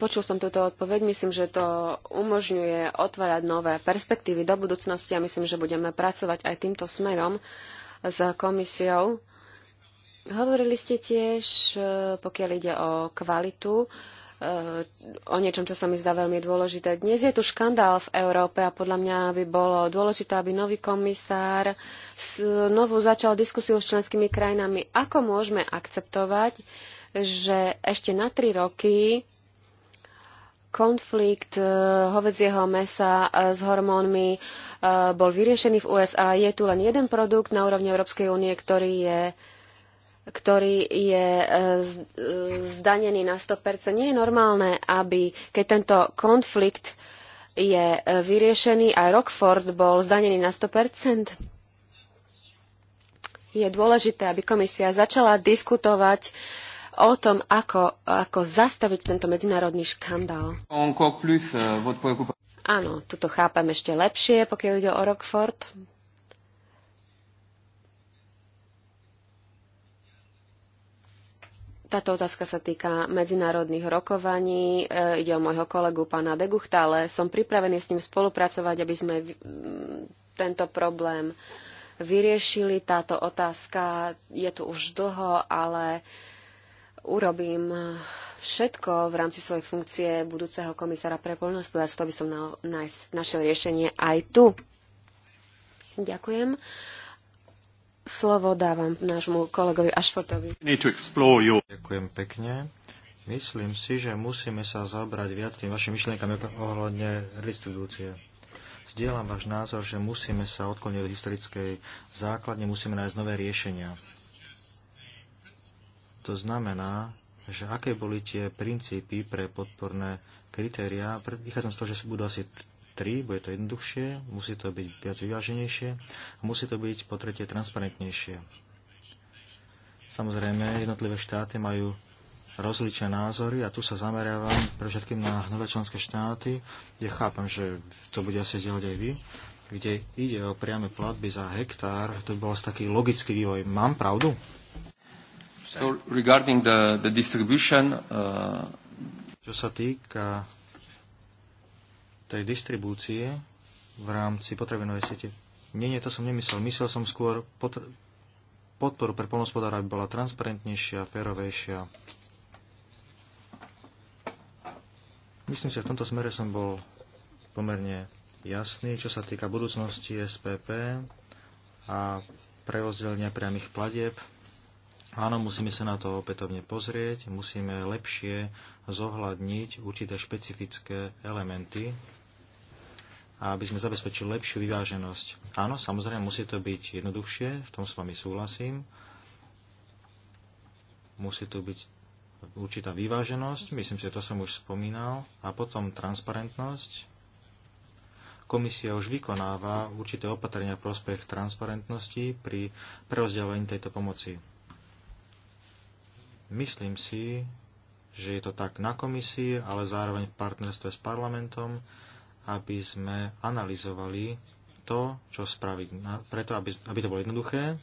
Počul som túto odpoveď, myslím, že to umožňuje otvárať nové perspektívy do budúcnosti a myslím, že budeme pracovať aj týmto smerom s komisiou Hovorili ste tiež, e, pokiaľ ide o kvalitu, e, o niečom, čo sa mi zdá veľmi dôležité. Dnes je tu škandál v Európe a podľa mňa by bolo dôležité, aby nový komisár znovu začal diskusiu s členskými krajinami, ako môžeme akceptovať, že ešte na tri roky konflikt e, hovedzieho mesa s hormónmi bol vyriešený v USA. Je tu len jeden produkt na úrovni Európskej únie, ktorý je ktorý je e, e, zdanený na 100%. Nie je normálne, aby keď tento konflikt je e, vyriešený, aj Rockford bol zdanený na 100%. Je dôležité, aby komisia začala diskutovať o tom, ako, ako zastaviť tento medzinárodný škandál.
Euh,
Áno, tuto chápem ešte lepšie, pokiaľ ide o Rockford. Táto otázka sa týka medzinárodných rokovaní. E, ide o môjho kolegu pána Deguchta, ale som pripravený s ním spolupracovať, aby sme tento problém vyriešili. Táto otázka je tu už dlho, ale urobím všetko v rámci svojej funkcie budúceho komisára pre poľnohospodárstvo, aby som na, na, našiel riešenie aj tu. Ďakujem. Slovo dávam nášmu kolegovi Ašfotovi.
Ďakujem pekne. Myslím si, že musíme sa zabrať viac tým vašim myšlienkami ohľadne restitúcie. Zdieľam váš názor, že musíme sa odkloniť od historickej základne, musíme nájsť nové riešenia. To znamená, že aké boli tie princípy pre podporné kritériá, vychádzam z toho, že sú budú asi 3, bude to jednoduchšie, musí to byť viac vyváženejšie a musí to byť po tretie transparentnejšie. Samozrejme, jednotlivé štáty majú rozličné názory a tu sa zameriavam pre všetkým na nové členské štáty, kde chápem, že to bude asi zdieľať aj vy, kde ide o priame platby za hektár. To bol taký logický vývoj. Mám pravdu?
So regarding the, the distribution, uh... Čo sa týka tej distribúcie
v rámci potravinovej siete. Nie, nie, to som nemyslel. Myslel som skôr potr- podporu pre polnospodára, aby bola transparentnejšia, férovejšia. Myslím si, že v tomto smere som bol pomerne jasný, čo sa týka budúcnosti SPP a prerozdiel priamých pladeb. Áno, musíme sa na to opätovne pozrieť, musíme lepšie zohľadniť určité špecifické elementy a aby sme zabezpečili lepšiu vyváženosť. Áno, samozrejme, musí to byť jednoduchšie, v tom s vami súhlasím. Musí tu byť určitá vyváženosť, myslím si, že to som už spomínal, a potom transparentnosť. Komisia už vykonáva určité opatrenia prospech transparentnosti pri prerozdeľovaní tejto pomoci. Myslím si, že je to tak na komisii, ale zároveň v partnerstve s parlamentom, aby sme analyzovali to, čo spraviť, preto aby, aby to bolo jednoduché,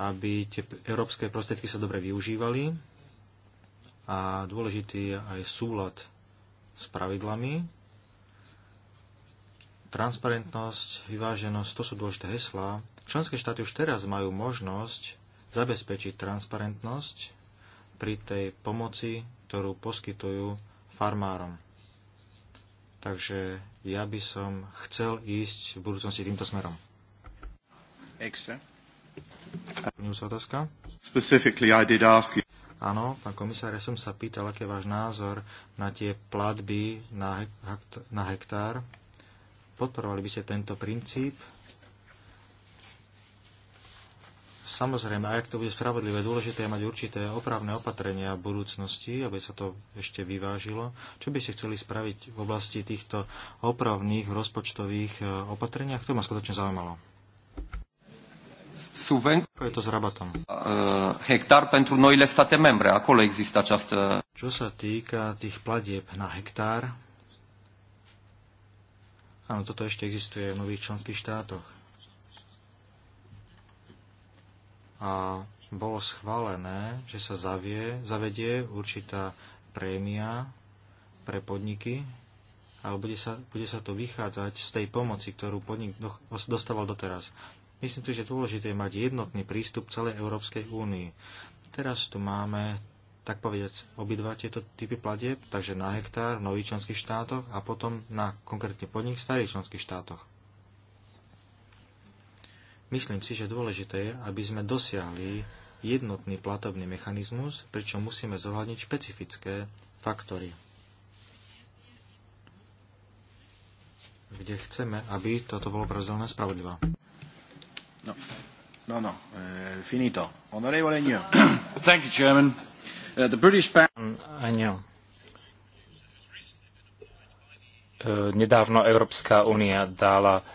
aby tie európske prostriedky sa dobre využívali a dôležitý je aj súlad s pravidlami. Transparentnosť, vyváženosť, to sú dôležité heslá. Členské štáty už teraz majú možnosť zabezpečiť transparentnosť pri tej pomoci, ktorú poskytujú farmárom. Takže ja by som chcel ísť v budúcnosti týmto smerom. Extra. otázka? Specifically I did ask you. Áno, pán komisár, ja som sa pýtal, aký je váš názor na tie platby na, hekt- na hektár. Podporovali by ste tento princíp Samozrejme, aj ak to bude spravodlivé, dôležité je mať určité opravné opatrenia v budúcnosti, aby sa to ešte vyvážilo. Čo by ste chceli spraviť v oblasti týchto opravných rozpočtových eh, opatreniach? To ma skutočne zaujímalo.
Suven... Ako je to s rabatom? Eh, hektár pentru noile state membre. Acolo există această...
Čo sa týka tých platieb na hektár, áno, toto ešte existuje v nových členských štátoch. a bolo schválené, že sa zavie, zavedie určitá prémia pre podniky, ale bude sa, bude sa to vychádzať z tej pomoci, ktorú podnik dostával doteraz. Myslím si, že je dôležité mať jednotný prístup celej Európskej únii. Teraz tu máme tak povediať, obidva tieto typy platieb, takže na hektár v nových členských štátoch a potom na konkrétne podnik v starých členských štátoch. Myslím si, že dôležité je, aby sme dosiahli jednotný platobný mechanizmus, pričom musíme zohľadniť špecifické faktory. Kde chceme, aby toto bolo prevzelené spravodlivé. No, no, no. Uh, finito. Honorevole Agnew. Thank you, Chairman. Uh, the British eh,
Nedávno Európska únia dala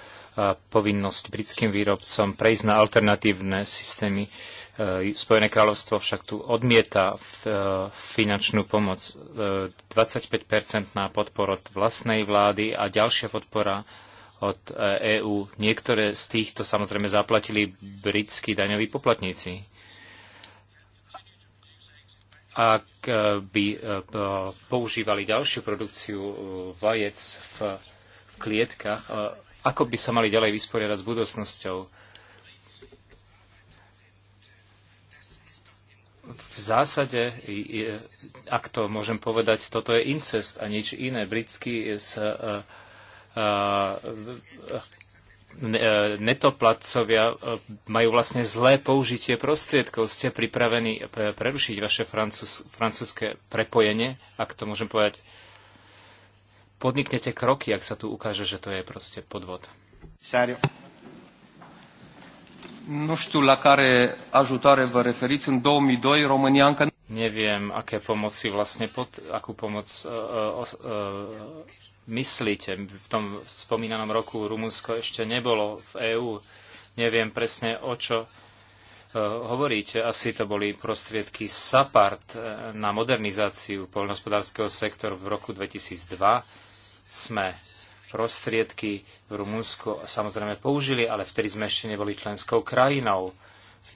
povinnosť britským výrobcom prejsť na alternatívne systémy. E, Spojené kráľovstvo však tu odmieta e, finančnú pomoc. 25-percentná e, podpora od vlastnej vlády a ďalšia podpora od EÚ. Niektoré z týchto samozrejme zaplatili britskí daňoví poplatníci. Ak by používali ďalšiu produkciu vajec v klietkach, ako by sa mali ďalej vysporiadať s budúcnosťou. V zásade, ak to môžem povedať, toto je incest a nič iné. Britský sa, e, e, e, netoplatcovia majú vlastne zlé použitie prostriedkov. Ste pripravení prerušiť vaše francúz, francúzske prepojenie, ak to môžem povedať podniknete kroky, ak sa tu ukáže, že to je proste podvod? Sário.
Nu știu la care ajutare vă referiți. În 2002 România încă... Neviem, aké pomoci vlastne, pod,
akú pomoc uh, uh, uh, myslíte. V tom spomínanom roku Rumunsko ešte nebolo v EÚ. Neviem presne, o čo e, hovoríte. Asi to boli prostriedky SAPART e, na modernizáciu poľnohospodárskeho sektoru v roku 2002 sme prostriedky v Rumunsku samozrejme použili, ale vtedy sme ešte neboli členskou krajinou.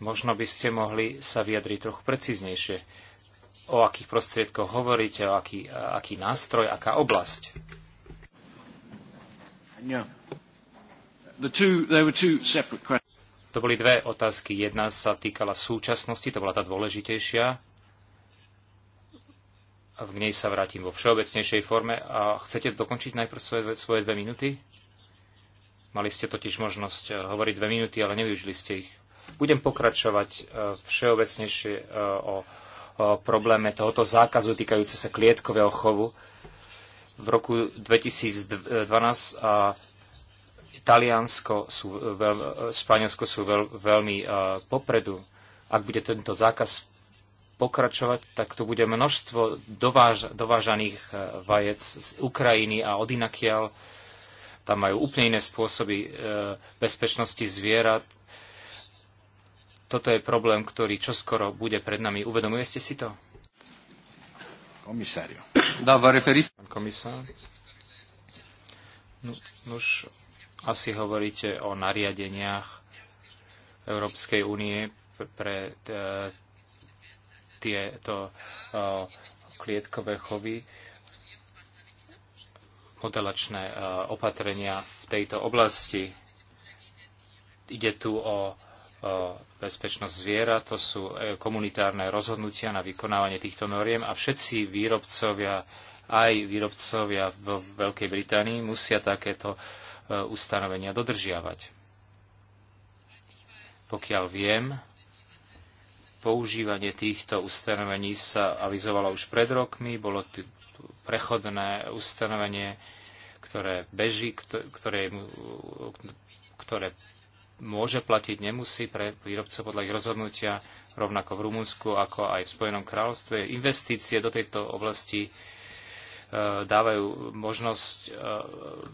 Možno by ste mohli sa vyjadriť trochu precíznejšie. O akých prostriedkoch hovoríte, o aký, aký nástroj, aká oblasť? To boli dve otázky. Jedna sa týkala súčasnosti, to bola tá dôležitejšia, k nej sa vrátim vo všeobecnejšej forme. A chcete dokončiť najprv svoje, svoje dve minúty? Mali ste totiž možnosť eh, hovoriť dve minúty, ale nevyužili ste ich. Budem pokračovať eh, všeobecnejšie eh, o, o probléme tohoto zákazu týkajúce sa klietkového chovu. V roku 2012 a Taliansko sú, veľ, Španielsko sú veľ, veľmi popredu. Ak bude tento zákaz pokračovať, tak tu bude množstvo dováž, dovážaných e, vajec z Ukrajiny a inakiaľ, Tam majú úplne iné spôsoby e, bezpečnosti zvierat. Toto je problém, ktorý čoskoro bude pred nami. Uvedomuje ste si to? Komisario.
Dáva referís. Pán komisár. No, už
asi hovoríte o nariadeniach Európskej únie pre e, tieto klietkové chovy modelačné opatrenia v tejto oblasti. Ide tu o bezpečnosť zviera, to sú e, komunitárne rozhodnutia na vykonávanie týchto noriem a všetci výrobcovia, aj výrobcovia v Veľkej Británii musia takéto e, ustanovenia dodržiavať. Pokiaľ viem, Používanie týchto ustanovení sa avizovalo už pred rokmi, bolo tu prechodné ustanovenie, ktoré beží, ktoré, ktoré môže platiť, nemusí pre výrobcov podľa ich rozhodnutia, rovnako v Rumunsku, ako aj v Spojenom kráľovstve. Investície do tejto oblasti e, dávajú možnosť e,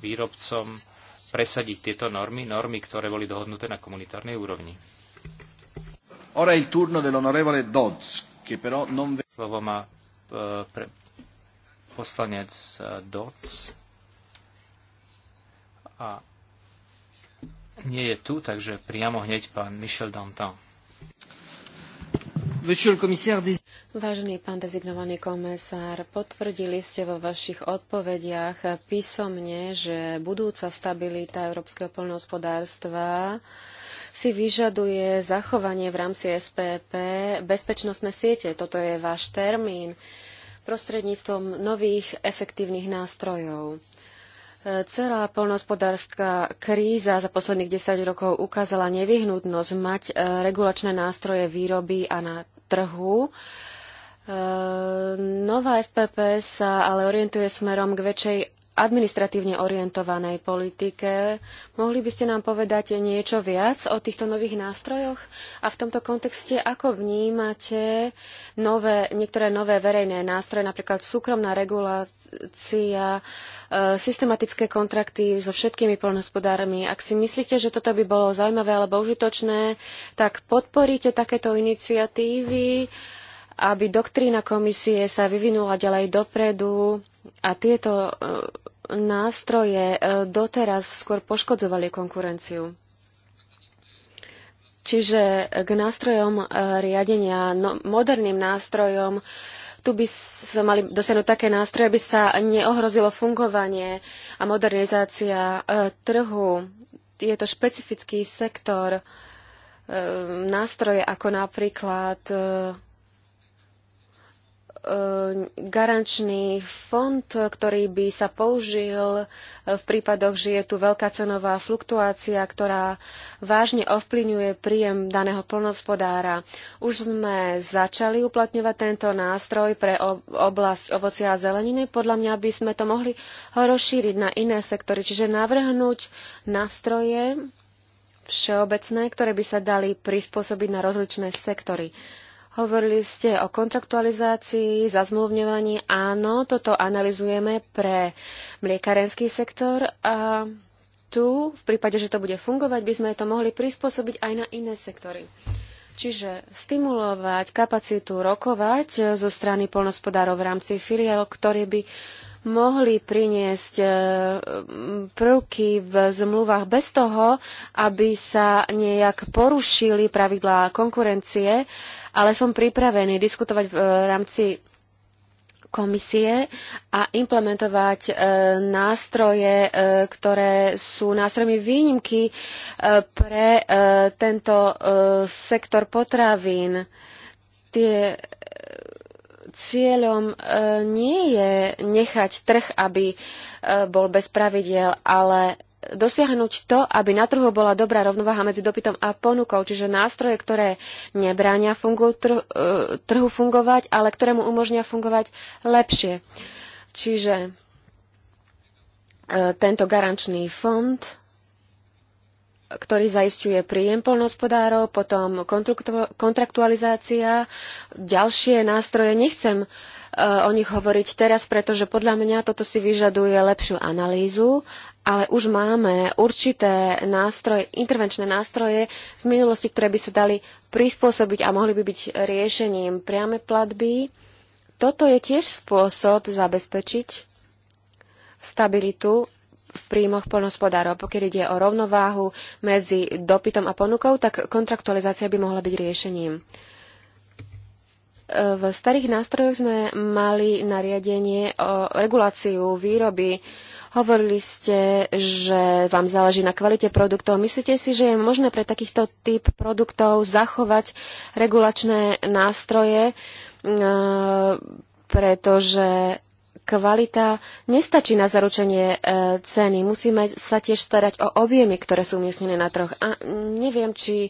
výrobcom presadiť tieto normy, normy, ktoré boli dohodnuté na komunitárnej úrovni.
Ora è il turno dell'onorevole Dodds, che però non... Slovo má uh, pre...
poslanec uh, Dodds. A nie je tu, takže priamo hneď pán Michel Dantin.
Vážený pán dezignovaný komisár, potvrdili ste vo vašich odpovediach písomne, že budúca stabilita európskeho poľnohospodárstva si vyžaduje zachovanie v rámci SPP bezpečnostné siete. Toto je váš termín prostredníctvom nových efektívnych nástrojov. E, celá poľnohospodárska kríza za posledných 10 rokov ukázala nevyhnutnosť mať e, regulačné nástroje výroby a na trhu. E, nová SPP sa ale orientuje smerom k väčšej administratívne orientovanej politike. Mohli by ste nám povedať niečo viac o týchto nových nástrojoch? A v tomto kontexte, ako vnímate nové, niektoré nové verejné nástroje, napríklad súkromná regulácia, e, systematické kontrakty so všetkými poľnohospodármi. Ak si myslíte, že toto by bolo zaujímavé alebo užitočné, tak podporíte takéto iniciatívy, aby doktrína komisie sa vyvinula ďalej dopredu a tieto e, nástroje e, doteraz skôr poškodzovali konkurenciu. Čiže k nástrojom e, riadenia, no, moderným nástrojom, tu by sa mali dosiahnuť také nástroje, aby sa neohrozilo fungovanie a modernizácia e, trhu. Je to špecifický sektor, nástroje ako napríklad E, garančný fond, ktorý by sa použil e, v prípadoch, že je tu veľká cenová fluktuácia, ktorá vážne ovplyvňuje príjem daného plnohospodára. Už sme začali uplatňovať tento nástroj pre oblasť ovocia a zeleniny. Podľa mňa by sme to mohli rozšíriť na iné sektory, čiže navrhnúť nástroje všeobecné, ktoré by sa dali prispôsobiť na rozličné sektory. Hovorili ste o kontraktualizácii, zazmluvňovaní. Áno, toto analizujeme pre mliekarenský sektor a tu, v prípade, že to bude fungovať, by sme to mohli prispôsobiť aj na iné sektory. Čiže stimulovať kapacitu rokovať zo strany polnospodárov v rámci filiál, ktorí by mohli priniesť e, prvky v zmluvách bez toho, aby sa nejak porušili pravidlá konkurencie ale som pripravený diskutovať v e, rámci komisie a implementovať e, nástroje, e, ktoré sú nástrojmi výnimky e, pre e, tento e, sektor potravín. Tie, e, cieľom e, nie je nechať trh, aby e, bol bez pravidiel, ale dosiahnuť to, aby na trhu bola dobrá rovnováha medzi dopytom a ponukou, čiže nástroje, ktoré nebránia fungu, trhu, e, trhu fungovať, ale ktoré mu umožnia fungovať lepšie. Čiže e, tento garančný fond, ktorý zaisťuje príjem polnohospodárov, potom kontraktualizácia, ďalšie nástroje. Nechcem e, o nich hovoriť teraz, pretože podľa mňa toto si vyžaduje lepšiu analýzu ale už máme určité nástroje, intervenčné nástroje z minulosti, ktoré by sa dali prispôsobiť a mohli by byť riešením priame platby. Toto je tiež spôsob zabezpečiť stabilitu v príjmoch poľnohospodárov. Pokiaľ ide o rovnováhu medzi dopytom a ponukou, tak kontraktualizácia by mohla byť riešením. V starých nástrojoch sme mali nariadenie o reguláciu výroby Hovorili ste, že vám záleží na kvalite produktov. Myslíte si, že je možné pre takýchto typ produktov zachovať regulačné nástroje, e, pretože kvalita nestačí na zaručenie e, ceny. Musíme sa tiež starať o objemy, ktoré sú umiestnené na troch. A neviem, či e,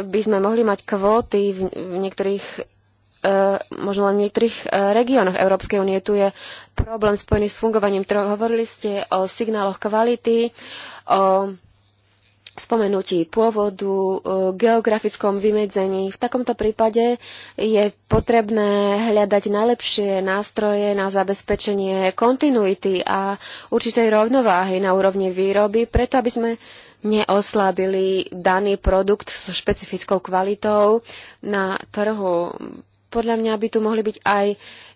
by sme mohli mať kvóty v, v niektorých Eh, možno len v niektorých eh, regiónoch Európskej únie. Tu je problém spojený s fungovaním trhu. Hovorili ste o signáloch kvality, o spomenutí pôvodu, geografickom vymedzení. V takomto prípade je potrebné hľadať najlepšie nástroje na zabezpečenie kontinuity a určitej rovnováhy na úrovni výroby, preto aby sme neoslabili daný produkt so špecifickou kvalitou na trhu podľa mňa by tu mohli byť aj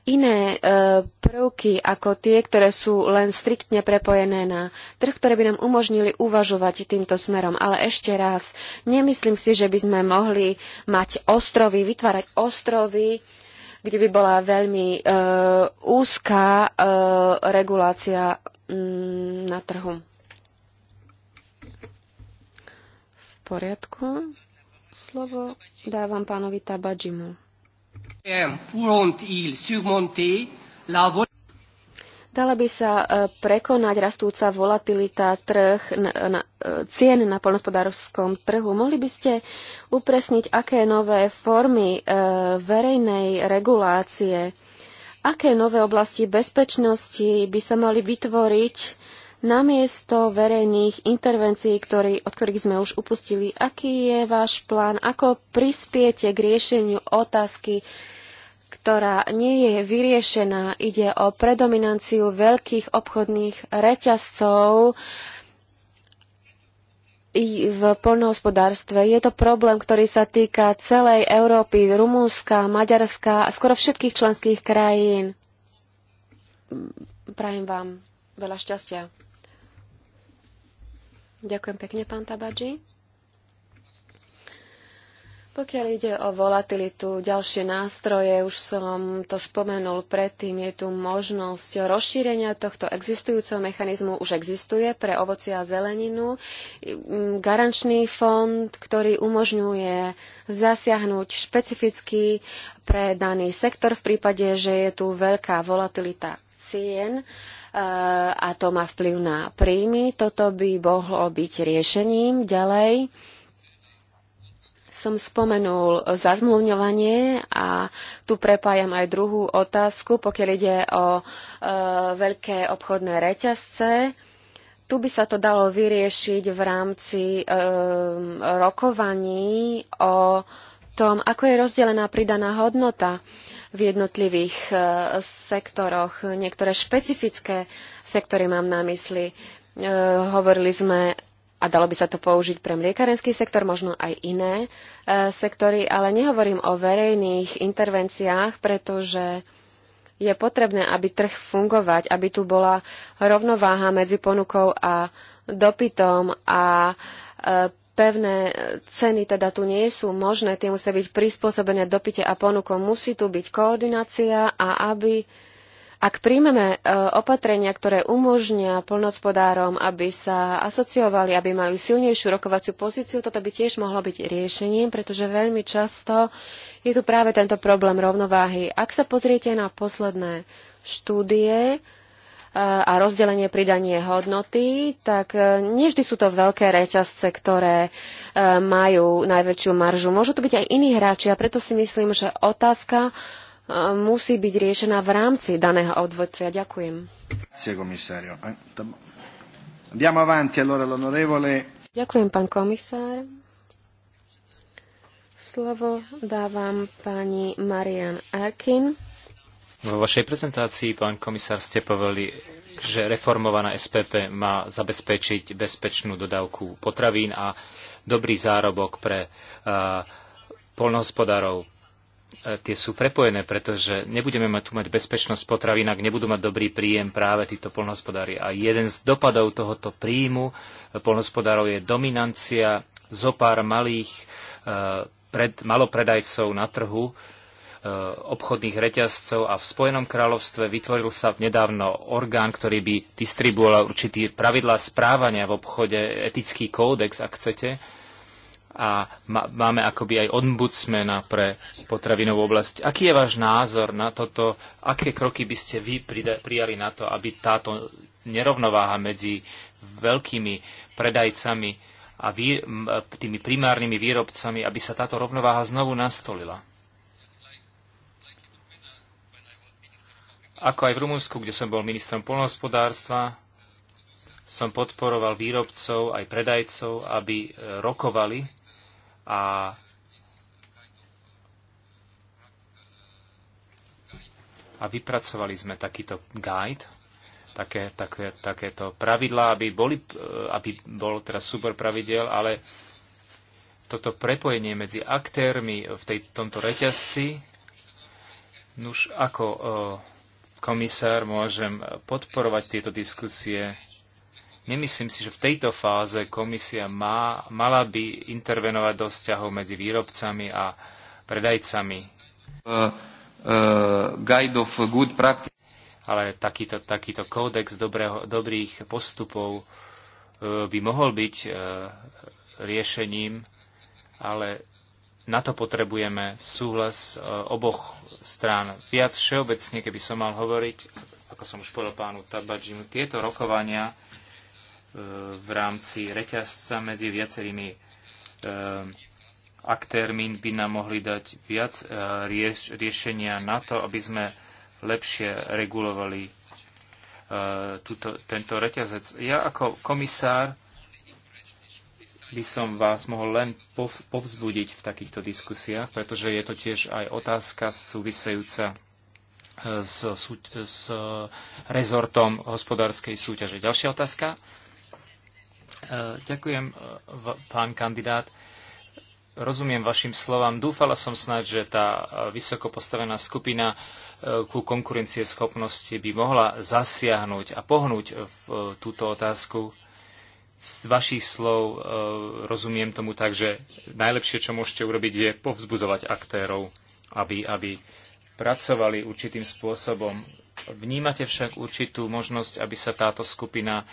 iné e, prvky ako tie, ktoré sú len striktne prepojené na trh, ktoré by nám umožnili uvažovať týmto smerom. Ale ešte raz, nemyslím si, že by sme mohli mať ostrovy, vytvárať ostrovy, kde by bola veľmi e, úzká e, regulácia m, mm, na trhu. V poriadku. Slovo dávam pánovi Tabadžimu. Dala by sa e, prekonať rastúca volatilita trh na, na, e, cien na polnospodárskom trhu. Mohli by ste upresniť, aké nové formy e, verejnej regulácie, aké nové oblasti bezpečnosti by sa mali vytvoriť namiesto verejných intervencií, ktorý, od ktorých sme už upustili? Aký je váš plán? Ako prispiete k riešeniu otázky ktorá nie je vyriešená. Ide o predominanciu veľkých obchodných reťazcov v poľnohospodárstve. Je to problém, ktorý sa týka celej Európy, Rumúnska, Maďarska a skoro všetkých členských krajín. Prajem vám veľa šťastia. Ďakujem pekne, pán Tabadži. Pokiaľ ide o volatilitu, ďalšie nástroje, už som to spomenul predtým, je tu možnosť rozšírenia tohto existujúceho mechanizmu, už existuje pre ovoci a zeleninu. Mm, garančný fond, ktorý umožňuje zasiahnuť špecificky pre daný sektor v prípade, že je tu veľká volatilita cien e, a to má vplyv na príjmy. Toto by mohlo byť riešením ďalej som spomenul zazmluvňovanie a tu prepájam aj druhú otázku, pokiaľ ide o e, veľké obchodné reťazce. Tu by sa to dalo vyriešiť v rámci e, rokovaní o tom, ako je rozdelená pridaná hodnota v jednotlivých e, sektoroch. Niektoré špecifické sektory mám na mysli. E, hovorili sme a dalo by sa to použiť pre mliekarenský sektor, možno aj iné e, sektory, ale nehovorím o verejných intervenciách, pretože je potrebné, aby trh fungovať, aby tu bola rovnováha medzi ponukou a dopytom a e, pevné ceny teda tu nie sú možné, tie musia byť prispôsobené dopite a ponukom. Musí tu byť koordinácia a aby ak príjmeme e, opatrenia, ktoré umožnia plnospodárom, aby sa asociovali, aby mali silnejšiu rokovaciu pozíciu, toto by tiež mohlo byť riešením, pretože veľmi často je tu práve tento problém rovnováhy. Ak sa pozriete na posledné štúdie, e, a rozdelenie pridanie hodnoty, tak e, nevždy sú to veľké reťazce, ktoré majú najväčšiu maržu. Môžu to byť aj iní hráči a preto si myslím, že otázka musí byť riešená v rámci daného odvetvia. Ďakujem.
Eh,
Ďakujem, pán komisár. Slovo dávam pani Marian Arkin.
Vo vašej prezentácii, pán komisár, ste povedali, že reformovaná SPP má zabezpečiť bezpečnú dodávku potravín a dobrý zárobok pre uh, eh, polnohospodárov. E, tie sú prepojené, pretože nebudeme mať tu mať bezpečnosť potravín, ak nebudú mať dobrý príjem práve títo polnospodári. A jeden z dopadov tohoto príjmu e, polnospodárov je dominancia zopár malých e, pred, malopredajcov na trhu, obchodných reťazcov a v Spojenom kráľovstve vytvoril sa nedávno orgán, ktorý by distribuoval určité pravidlá správania v obchode, etický kódex, ak chcete, a máme akoby aj ombudsmena pre potravinovú oblasť. Aký je váš názor na toto? Aké kroky by ste vy prijali na to, aby táto nerovnováha medzi veľkými predajcami a vý, tými primárnymi výrobcami, aby sa táto rovnováha znovu nastolila? Ako aj v Rumunsku, kde som bol ministrom polnohospodárstva, som podporoval výrobcov aj predajcov, aby rokovali a a vypracovali sme takýto guide, také, také, takéto pravidlá, aby, boli, e, aby bol teraz súbor pravidel, ale toto prepojenie medzi aktérmi v tej, tomto reťazci, už ako e, komisár môžem podporovať tieto diskusie Nemyslím si, že v tejto fáze komisia má, mala by intervenovať do vzťahov medzi výrobcami a predajcami.
Uh, uh, Ale
takýto, takýto kódex dobrého, dobrých postupov uh, by mohol byť uh, riešením, ale na to potrebujeme súhlas uh, oboch strán. Viac všeobecne, keby som mal hovoriť, ako som už povedal pánu Tabadžimu, tieto rokovania v rámci reťazca medzi viacerými eh, aktérmi by nám mohli dať viac eh, rieš, riešenia na to, aby sme lepšie regulovali eh, túto, tento reťazec. Ja ako komisár by som vás mohol len povzbudiť v takýchto diskusiách, pretože je to tiež aj otázka súvisejúca s, s, s rezortom hospodárskej súťaže. Ďalšia otázka Eh, ďakujem, eh, pán kandidát. Rozumiem vašim slovám. Dúfala som snad, že tá eh, vysoko postavená skupina ku konkurencie schopnosti by mohla zasiahnuť a pohnúť v túto otázku. Z vašich slov rozumiem tomu tak, že najlepšie, čo môžete urobiť, je povzbudovať aktérov, aby, aby pracovali určitým spôsobom. Vnímate však určitú možnosť, aby sa táto skupina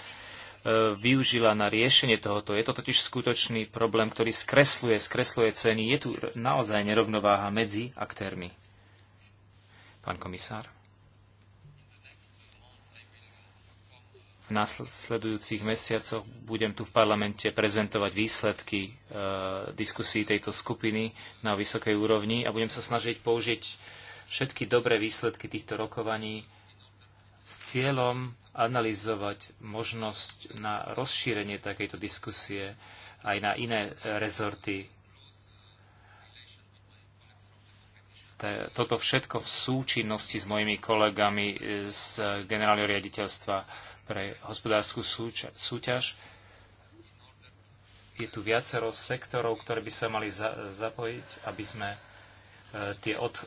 využila na riešenie tohoto. Je to totiž skutočný problém, ktorý skresluje, skresluje ceny. Je tu naozaj nerovnováha medzi aktérmi. Pán komisár. V následujúcich mesiacoch budem tu v parlamente prezentovať výsledky e, diskusí tejto skupiny na vysokej úrovni a budem sa snažiť použiť všetky dobré výsledky týchto rokovaní s cieľom analyzovať možnosť na rozšírenie takejto diskusie aj na iné rezorty. Toto všetko v súčinnosti s mojimi kolegami z generálneho riaditeľstva pre hospodárskú súťaž. Je tu viacero sektorov, ktoré by sa mali zapojiť, aby sme E, tie od, e,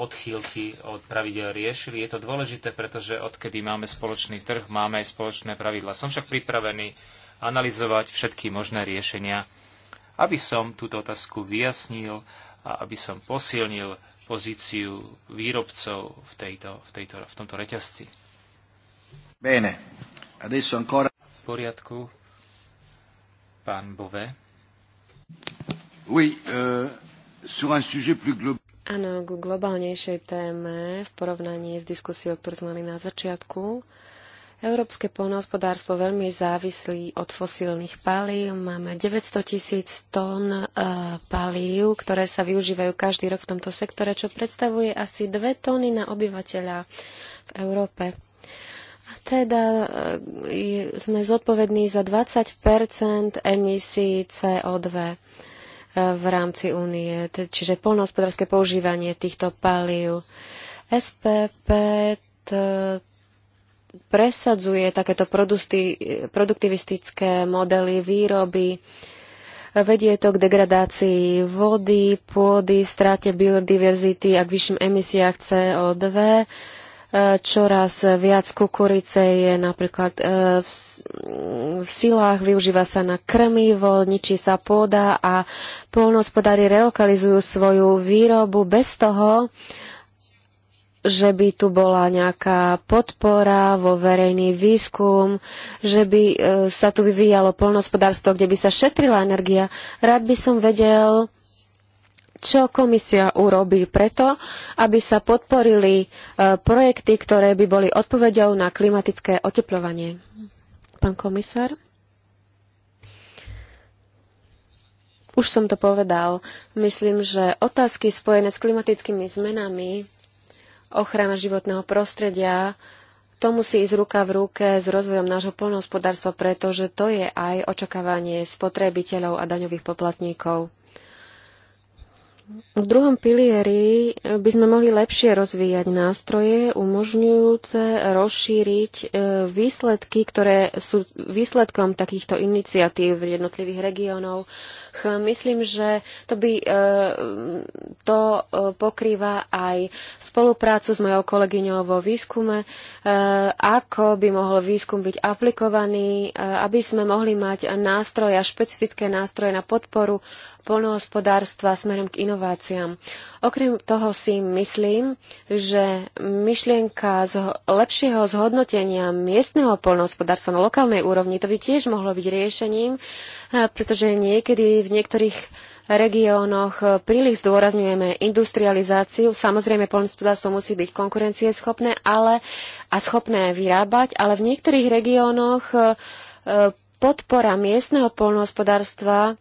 odchýlky od pravidel riešili. Je to dôležité, pretože odkedy máme spoločný trh, máme aj spoločné pravidla. Som však pripravený analyzovať všetky možné riešenia, aby som túto otázku vyjasnil a aby som posilnil pozíciu výrobcov v, tejto, v, tejto, v tomto reťazci.
Bene. Adesso ancora... V
poriadku. Pán Bove. Oui, uh...
Áno, k globálnejšej téme v porovnaní s diskusiou, ktorú sme mali na začiatku. Európske poľnohospodárstvo veľmi závislí od fosílnych palív. Máme 900 tisíc tón e, palív, ktoré sa využívajú každý rok v tomto sektore, čo predstavuje asi 2 tóny na obyvateľa v Európe. A teda e, sme zodpovední za 20 emisí CO2 v rámci únie, čiže polnohospodárske používanie týchto palív. SPP presadzuje takéto produktivistické modely výroby, vedie to k degradácii vody, pôdy, strate biodiverzity a k vyšším emisiách CO2 Čoraz viac kukurice je napríklad e, v, v silách, využíva sa na krmivo, ničí sa pôda a polnohospodári relokalizujú svoju výrobu bez toho, že by tu bola nejaká podpora vo verejný výskum, že by e, sa tu vyvíjalo polnohospodárstvo, kde by sa šetrila energia. Rád by som vedel, čo komisia urobí preto, aby sa podporili e, projekty, ktoré by boli odpovedou na klimatické oteplovanie. Pán komisár? Už som to povedal. Myslím, že otázky spojené s klimatickými zmenami, ochrana životného prostredia, to musí ísť ruka v ruke s rozvojom nášho poľnohospodárstva, pretože to je aj očakávanie spotrebiteľov a daňových poplatníkov. V druhom pilieri by sme mohli lepšie rozvíjať nástroje umožňujúce rozšíriť e, výsledky, ktoré sú výsledkom takýchto iniciatív jednotlivých regiónov. Myslím, že to, by, e, to e, pokrýva aj spoluprácu s mojou kolegyňou vo výskume, ako by mohol výskum byť aplikovaný, aby sme mohli mať nástroje, špecifické nástroje na podporu polnohospodárstva smerom k inováciám. Okrem toho si myslím, že myšlienka z lepšieho zhodnotenia miestneho polnohospodárstva na lokálnej úrovni, to by tiež mohlo byť riešením, pretože niekedy v niektorých regiónoch príliš zdôrazňujeme industrializáciu. Samozrejme, poľnohospodárstvo musí byť konkurencieschopné ale, a schopné vyrábať, ale v niektorých regiónoch e, podpora miestneho poľnohospodárstva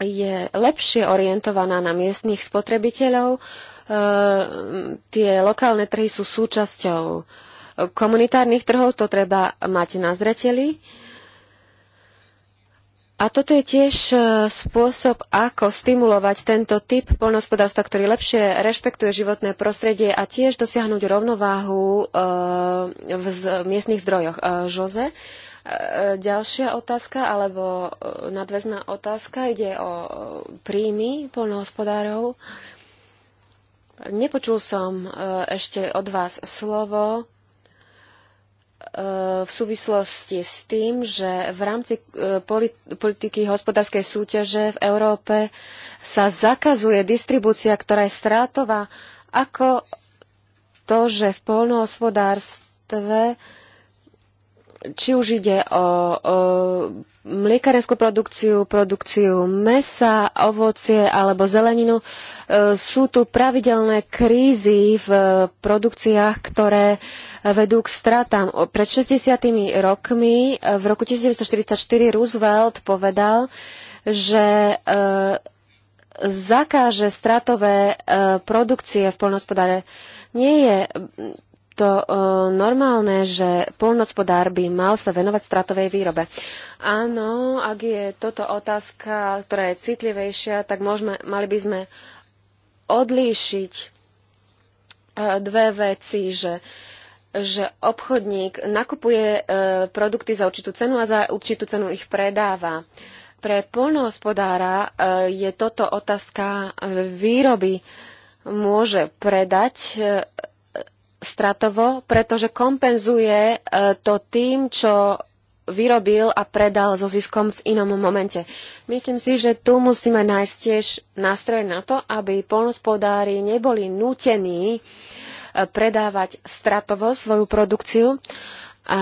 je lepšie orientovaná na miestných spotrebiteľov. E, tie lokálne trhy sú súčasťou komunitárnych trhov, to treba mať na zreteli. A toto je tiež e, spôsob, ako stimulovať tento typ poľnohospodárstva, ktorý lepšie rešpektuje životné prostredie a tiež dosiahnuť rovnováhu e, v miestnych zdrojoch. E, Jose, E, ďalšia otázka, alebo e, nadväzná otázka, ide o príjmy polnohospodárov. Nepočul som e, ešte od vás slovo v súvislosti s tým, že v rámci politiky hospodárskej súťaže v Európe sa zakazuje distribúcia, ktorá je strátová, ako to, že v poľnohospodárstve či už ide o, o mliekarenskú produkciu, produkciu mesa, ovocie alebo zeleninu, e, sú tu pravidelné krízy v produkciách, ktoré vedú k stratám. Pred 60 rokmi, e, v roku 1944, Roosevelt povedal, že e, zakáže stratové produkcie v poľnohospodáre. Nie je to e, normálne, že polnospodár by mal sa venovať stratovej výrobe? Áno, ak je toto otázka, ktorá je citlivejšia, tak môžeme, mali by sme odlíšiť e, dve veci, že že obchodník nakupuje e, produkty za určitú cenu a za určitú cenu ich predáva. Pre poľnohospodára je toto otázka výroby. Môže predať stratovo, pretože kompenzuje e, to tým, čo vyrobil a predal so ziskom v inom momente. Myslím si, že tu musíme nájsť tiež nástroje na to, aby polnospodári neboli nútení e, predávať stratovo svoju produkciu, a,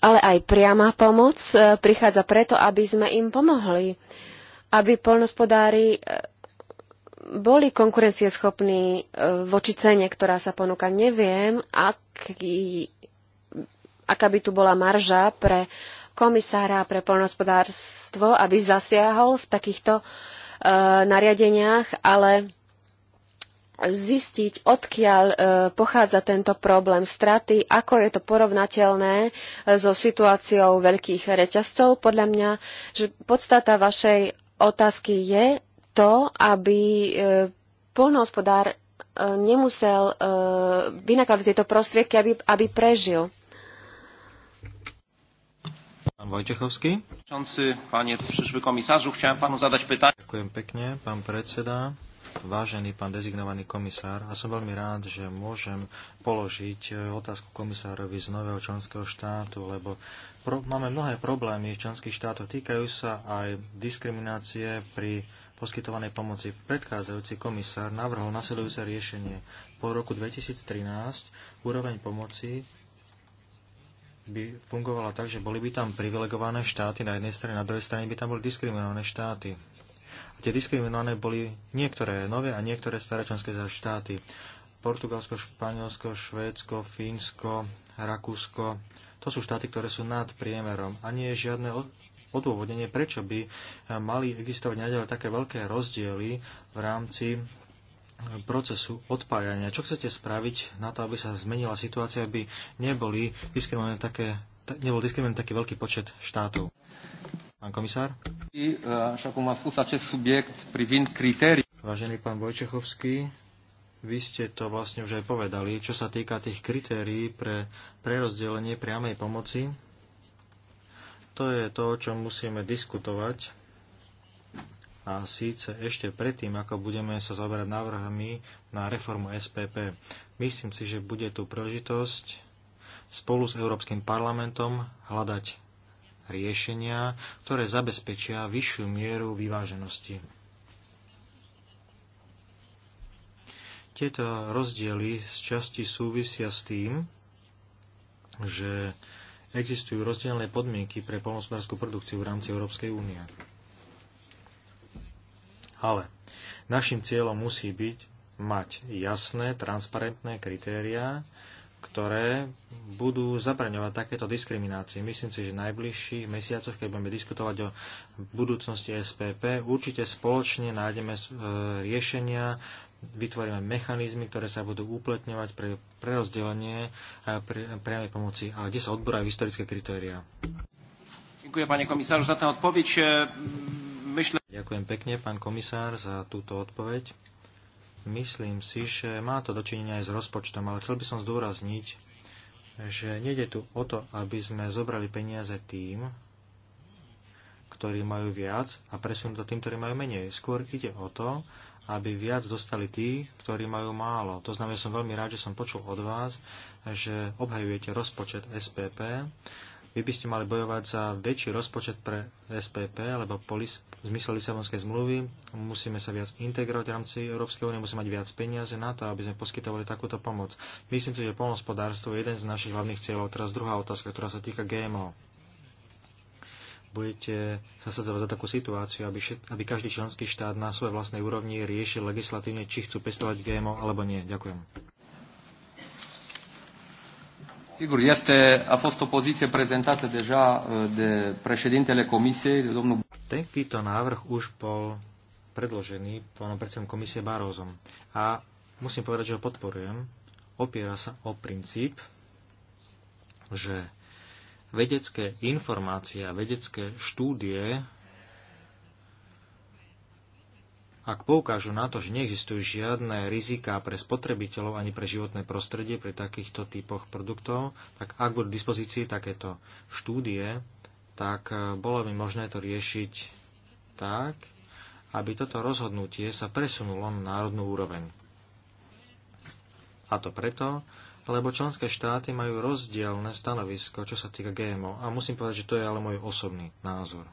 ale aj priama pomoc e, prichádza preto, aby sme im pomohli, aby polnospodári boli konkurencieschopní e, voči cene, ktorá sa ponúka. Neviem, aký, aká by tu bola marža pre komisára pre poľnohospodárstvo, aby zasiahol v takýchto e, nariadeniach, ale zistiť, odkiaľ e, pochádza tento problém straty, ako je to porovnateľné e, so situáciou veľkých reťazcov. Podľa mňa, že podstata vašej otázky je, to, aby e, polnohospodár e, nemusel e, vynakladať tieto prostriedky, aby, aby prežil.
Pán Vojtechovský.
pytanie. Ďakujem
pekne, pán predseda. Vážený pán dezignovaný komisár, a som veľmi rád, že môžem položiť otázku komisárovi z nového členského štátu, lebo pro, máme mnohé problémy v členských štátoch. Týkajú sa aj diskriminácie pri poskytovanej pomoci. Predchádzajúci komisár navrhol nasledujúce riešenie. Po roku 2013 úroveň pomoci by fungovala tak, že boli by tam privilegované štáty na jednej strane, na druhej strane by tam boli diskriminované štáty. A tie diskriminované boli niektoré nové a niektoré staré členské štáty. Portugalsko, Španielsko, Švédsko, Fínsko, Rakúsko. To sú štáty, ktoré sú nad priemerom a nie je žiadne odôvodnenie, prečo by eh, mali existovať naďalej také veľké rozdiely v rámci eh, procesu odpájania. Čo chcete spraviť na to, aby sa zmenila situácia, aby neboli diskriminované také, nebol diskriminovaný taký veľký počet štátov? Pán komisár?
Eh, Vážený
pán Vojčechovský, vy ste to vlastne už aj povedali, čo sa týka tých kritérií pre prerozdelenie priamej pomoci to je to, o čom musíme diskutovať. A síce ešte predtým, ako budeme sa zaoberať návrhmi na reformu SPP. Myslím si, že bude tu príležitosť spolu s Európskym parlamentom hľadať riešenia, ktoré zabezpečia vyššiu mieru vyváženosti. Tieto rozdiely z časti súvisia s tým, že existujú rozdielne podmienky pre polnospodárskú produkciu v rámci Európskej únie. Ale našim cieľom musí byť mať jasné, transparentné kritériá, ktoré budú zabraňovať takéto diskriminácie. Myslím si, že v najbližších mesiacoch, keď budeme diskutovať o budúcnosti SPP, určite spoločne nájdeme e, riešenia vytvoríme mechanizmy, ktoré sa budú upletňovať pre prerozdelenie a pre, pomoci, a kde sa odborajú historické kritéria. Ďakujem, pane komisáru, za tá odpoveď. E, myšle... Ďakujem pekne, pán komisár, za túto odpoveď. Myslím si, že má to dočinenie aj s rozpočtom, ale chcel by som zdôrazniť, že nejde tu o to, aby sme zobrali peniaze tým, ktorí majú viac a presunú to tým, ktorí majú menej. Skôr ide o to, aby viac dostali tí, ktorí majú málo. To znamená, že som veľmi rád, že som počul od vás, že obhajujete rozpočet SPP. Vy by ste mali bojovať za väčší rozpočet pre SPP, lebo po zmysle Lisabonskej zmluvy musíme sa viac integrovať v rámci Európskej únie, musíme mať viac peniaze na to, aby sme poskytovali takúto pomoc. Myslím si, že polnospodárstvo je jeden z našich hlavných cieľov. Teraz druhá otázka, ktorá sa týka GMO budete sa sadzovať za takú situáciu, aby, šet, aby každý členský štát na svojej vlastnej úrovni riešil legislatívne, či chcú pestovať GMO alebo nie. Ďakujem.
Sigur, este, a fost o poziție prezentată deja e, de președintele Comisiei, de domnul...
Takýto návrh už bol predložený pánom predsedom Komisie Barózom. A musím povedať, že ho podporujem. Opiera sa o princíp, že vedecké informácie a vedecké štúdie, ak poukážu na to, že neexistujú žiadne riziká pre spotrebiteľov ani pre životné prostredie pri takýchto typoch produktov, tak ak budú k dispozícii takéto štúdie, tak e, bolo by možné to riešiť tak, aby toto rozhodnutie sa presunulo na národnú úroveň. A to preto, lebo členské štáty majú rozdielne stanovisko, čo sa týka GMO. A musím povedať, že to je ale môj osobný názor.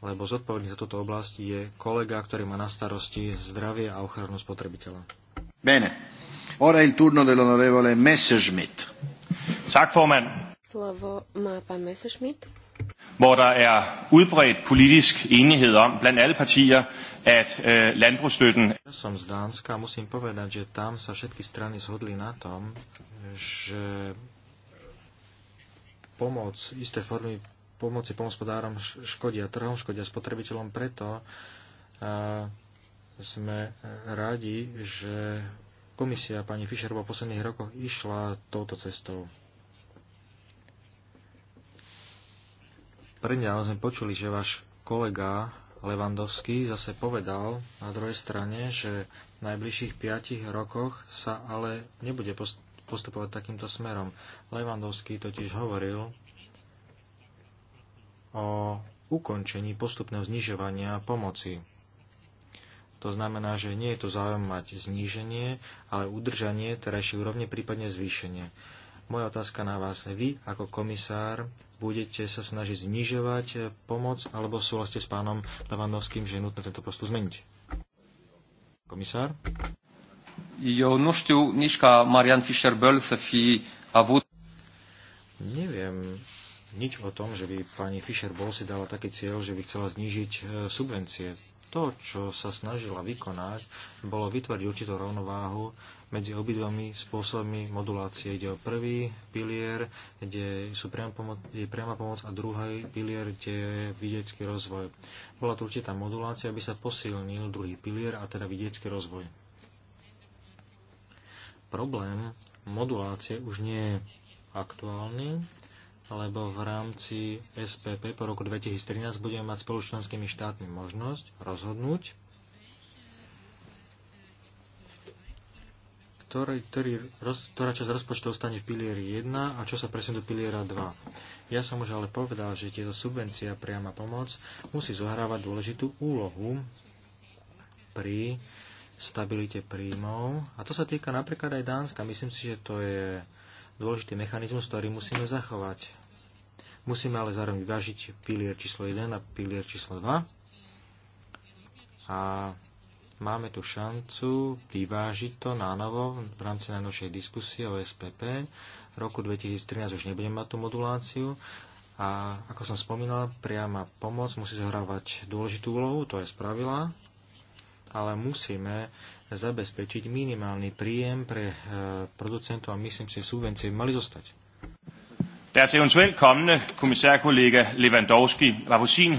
Lebo zodpovedný za túto oblasť je kolega, ktorý má na starosti zdravie a ochranu spotrebiteľa.
Bene. Ora il
turno dell'onorevole Messerschmidt. Tak,
Slovo má pán Messerschmidt
hvor der er udbredt politisk enighed om blandt alle partier,
at uh, landbrugsstøtten...
Ja som z Dánska, musím povedať, že tam sa všetky strany zhodli na tom, že pomoc, isté formy pomoci pomospodárom škodia trhom, škodia spotrebiteľom, preto uh, sme radi, že komisia pani Fischer po posledných rokoch išla touto cestou. predňa sme počuli, že váš kolega Levandovský zase povedal na druhej strane, že v najbližších 5 rokoch sa ale nebude postupovať takýmto smerom. Levandovský totiž hovoril o ukončení postupného znižovania pomoci. To znamená, že nie je to záujem mať zníženie, ale udržanie terajšej úrovne, prípadne zvýšenie. Moja otázka na vás. Vy ako komisár budete sa snažiť znižovať pomoc alebo súhlasíte s pánom Levandovským, že je nutné tento postup zmeniť?
Komisár. Jo, no știu nici Marian Fischer-Böll fi avut... Neviem nič o
tom, že by pani Fischer-Böll si dala taký cieľ, že by chcela znížiť e, subvencie. To, čo sa snažila vykonať, bolo vytvoriť určitú rovnováhu medzi obidvomi spôsobmi modulácie. Ide o prvý pilier, kde sú priama pomoc, je priama pomoc a druhý pilier, kde je vidiecký rozvoj. Bola tu určitá modulácia, aby sa posilnil druhý pilier a teda vidiecký rozvoj. Problém modulácie už nie je aktuálny, lebo v rámci SPP po roku 2013 budeme mať spolu členskými štátmi možnosť rozhodnúť, ktorý, ktorý, roz, ktorá časť rozpočtu ostane v pilieri 1 a čo sa presne do piliera 2. Ja som už ale povedal, že tieto subvencia priama pomoc musí zohrávať dôležitú úlohu pri stabilite príjmov. A to sa týka napríklad aj Dánska. Myslím si, že to je dôležitý mechanizmus, ktorý musíme zachovať. Musíme ale zároveň vyvážiť pilier číslo 1 a pilier číslo 2. A máme tu šancu vyvážiť to na novo v rámci najnovšej diskusie o SPP. V roku 2013 už nebudeme mať tú moduláciu a ako som spomínal, priama pomoc musí zohrávať dôležitú úlohu, to je spravila, ale musíme zabezpečiť minimálny príjem pre e, producentov a myslím si, že subvencie mali zostať. Deres er eventuelt kommende
kommissærkollega Lewandowski var på sin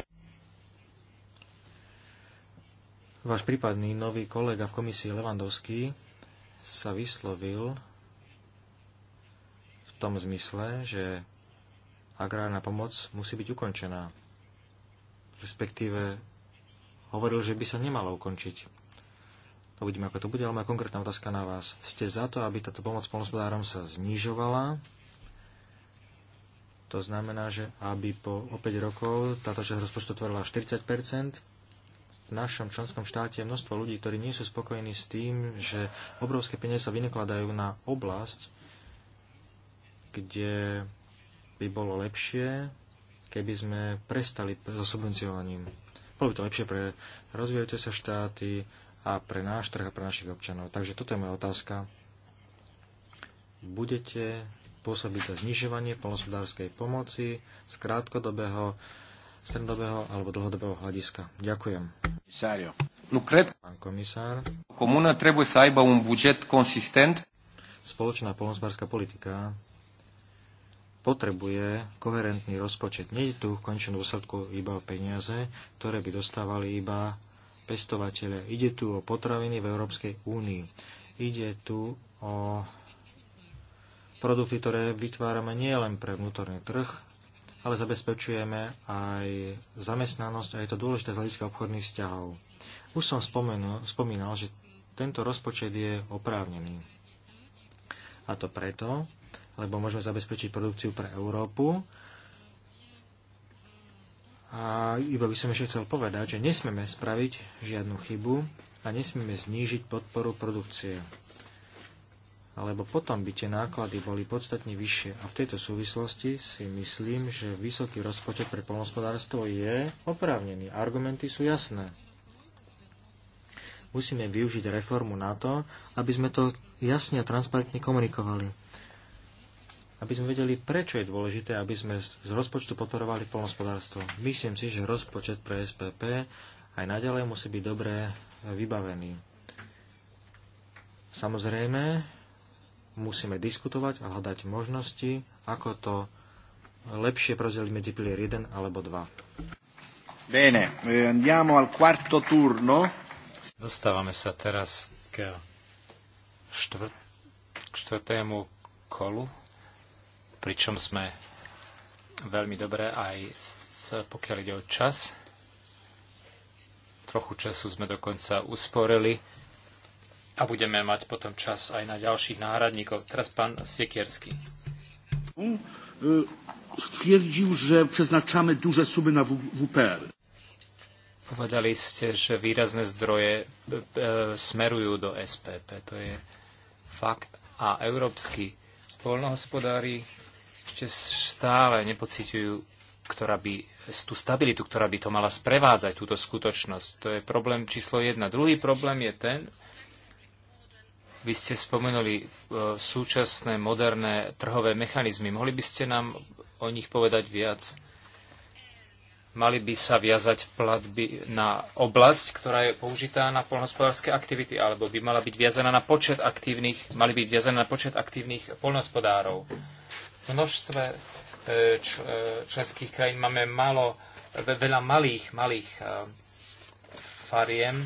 váš prípadný nový kolega v komisii Levandovský sa vyslovil v tom zmysle, že agrárna pomoc musí byť ukončená. Respektíve hovoril, že by sa nemala ukončiť. Uvidíme, ako to bude, ale moja konkrétna otázka na vás. Ste za to, aby táto pomoc polnospodárom sa znižovala? To znamená, že aby po 5 rokov táto časť rozpočtu tvorila 40 v našom členskom štáte je množstvo ľudí, ktorí nie sú spokojení s tým, že obrovské peniaze sa vynakladajú na oblasť, kde by bolo lepšie, keby sme prestali so subvenciovaním. Bolo by to lepšie pre rozvíjajúce sa štáty a pre náš trh a pre našich občanov. Takže toto je moja otázka. Budete pôsobiť za znižovanie polnospodárskej pomoci z krátkodobého strednodobého alebo dlhodobého hľadiska. Ďakujem. No, Pán
komisár. Komuna trebuje sa iba un um budžet konsistent.
Spoločná polnospárska politika potrebuje koherentný rozpočet. Nie je tu v končnom dôsledku iba o peniaze, ktoré by dostávali iba pestovateľe. Ide tu o potraviny v Európskej únii. Ide tu o produkty, ktoré vytvárame nielen pre vnútorný trh, ale zabezpečujeme aj zamestnanosť a je to dôležité z hľadiska obchodných vzťahov. Už som spomenul, spomínal, že tento rozpočet je oprávnený. A to preto, lebo môžeme zabezpečiť produkciu pre Európu. A iba by som ešte chcel povedať, že nesmieme spraviť žiadnu chybu a nesmieme znížiť podporu produkcie alebo potom by tie náklady boli podstatne vyššie. A v tejto súvislosti si myslím, že vysoký rozpočet pre polnospodárstvo je oprávnený. Argumenty sú jasné. Musíme využiť reformu na to, aby sme to jasne a transparentne komunikovali. Aby sme vedeli, prečo je dôležité, aby sme z rozpočtu podporovali polnospodárstvo. Myslím si, že rozpočet pre SPP aj naďalej musí byť dobre vybavený. Samozrejme, musíme diskutovať a hľadať možnosti, ako to lepšie prozdeliť medzi pilier 1 alebo 2. Bene, eh, andiamo al quarto turno.
Dostávame sa teraz k, k štvrtému kolu, pričom sme veľmi dobré aj s, pokiaľ ide o čas. Trochu času sme dokonca usporili a budeme mať potom čas aj na ďalších náhradníkov. Teraz pán Siekierský. E, stwierdził, že przeznaczamy duže sumy na WPR. Povedali ste, že výrazné zdroje e, e, smerujú do SPP. To je fakt. A európsky polnohospodári ešte stále nepocitujú, ktorá by, tú stabilitu, ktorá by to mala sprevádzať, túto skutočnosť. To je problém číslo jedna. Druhý problém je ten, vy ste spomenuli e, súčasné moderné trhové mechanizmy. Mohli by ste nám o nich povedať viac? Mali by sa viazať platby na oblasť, ktorá je použitá na polnohospodárske aktivity, alebo by mala byť viazaná na počet aktívnych, mali byť viazaná na počet aktívnych polnohospodárov. V množstve e, e, členských krajín máme malo, veľa malých, malých fariem,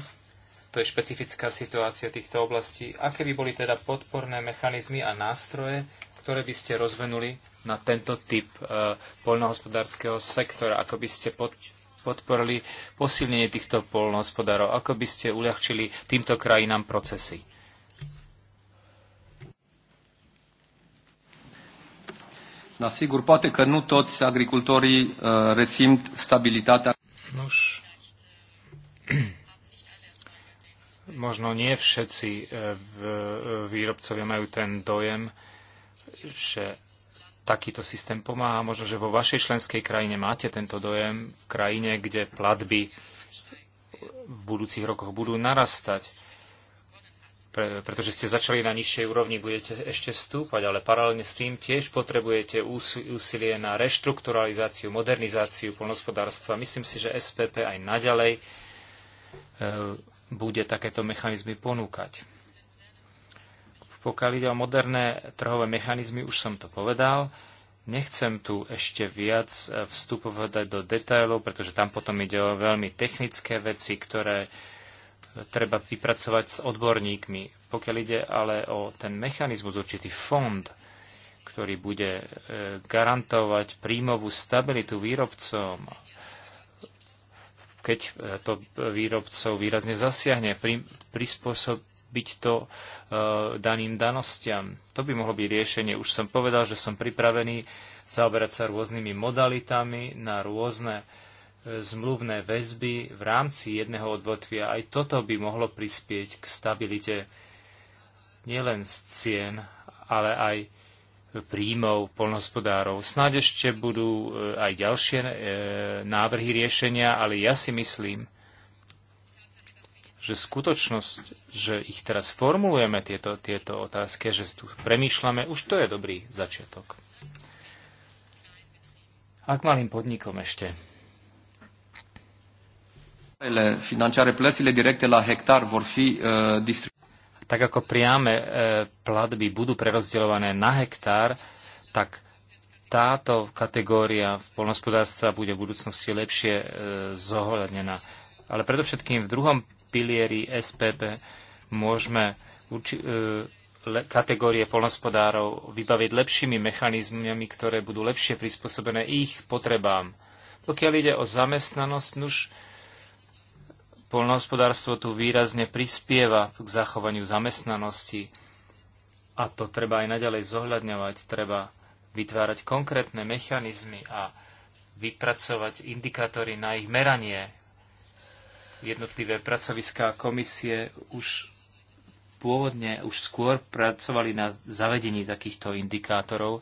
to je špecifická situácia týchto oblastí. Aké by boli teda podporné mechanizmy a nástroje, ktoré by ste rozvenuli na tento typ e, poľnohospodárskeho sektora? Ako by ste pod, podporili posilnenie týchto poľnohospodárov? Ako by ste uľahčili týmto krajinám procesy?
Na sigur, poate că nu toți agricultorii uh, resimt stabilitatea.
Nož možno nie všetci e, e, výrobcovia majú ten dojem, že takýto systém pomáha. Možno, že vo vašej členskej krajine máte tento dojem, v krajine, kde platby v budúcich rokoch budú narastať. Pre, pretože ste začali na nižšej úrovni, budete ešte stúpať, ale paralelne s tým tiež potrebujete úsilie na reštrukturalizáciu, modernizáciu polnospodárstva. Myslím si, že SPP aj naďalej e, bude takéto mechanizmy ponúkať. Pokiaľ ide o moderné trhové mechanizmy, už som to povedal. Nechcem tu ešte viac e, vstupovať do detailov, pretože tam potom ide o veľmi technické veci, ktoré e, treba vypracovať s odborníkmi. Pokiaľ ide ale o ten mechanizmus, určitý fond, ktorý bude e, garantovať príjmovú stabilitu výrobcom keď e, to výrobcov výrazne zasiahne, pri, prispôsobiť to e, daným danostiam. To by mohlo byť riešenie. Už som povedal, že som pripravený zaoberať sa rôznymi modalitami na rôzne e, zmluvné väzby v rámci jedného odvetvia. Aj toto by mohlo prispieť k stabilite nielen z cien, ale aj príjmov polnospodárov. Snáď ešte budú e, aj ďalšie e, návrhy riešenia, ale ja si myslím, že skutočnosť, že ich teraz formulujeme, tieto, tieto otázky, že tu
premýšľame,
už to je dobrý
začiatok.
Ak malým podnikom ešte.
Finančare plățile directe la hectar vor fi uh, distribuite tak ako priame e, platby budú
prerozdeľované na hektár, tak táto kategória v polnospodárstva bude v budúcnosti lepšie e, zohľadnená. Ale predovšetkým v druhom pilieri SPP môžeme e, kategórie polnospodárov vybaviť lepšími mechanizmami, ktoré budú lepšie prispôsobené ich potrebám. Pokiaľ ide o zamestnanosť, nuž, no Polnohospodárstvo tu výrazne prispieva k zachovaniu zamestnanosti a to treba aj naďalej zohľadňovať. Treba vytvárať konkrétne mechanizmy a vypracovať indikátory na ich meranie. Jednotlivé pracoviská komisie už pôvodne už skôr pracovali na zavedení takýchto indikátorov,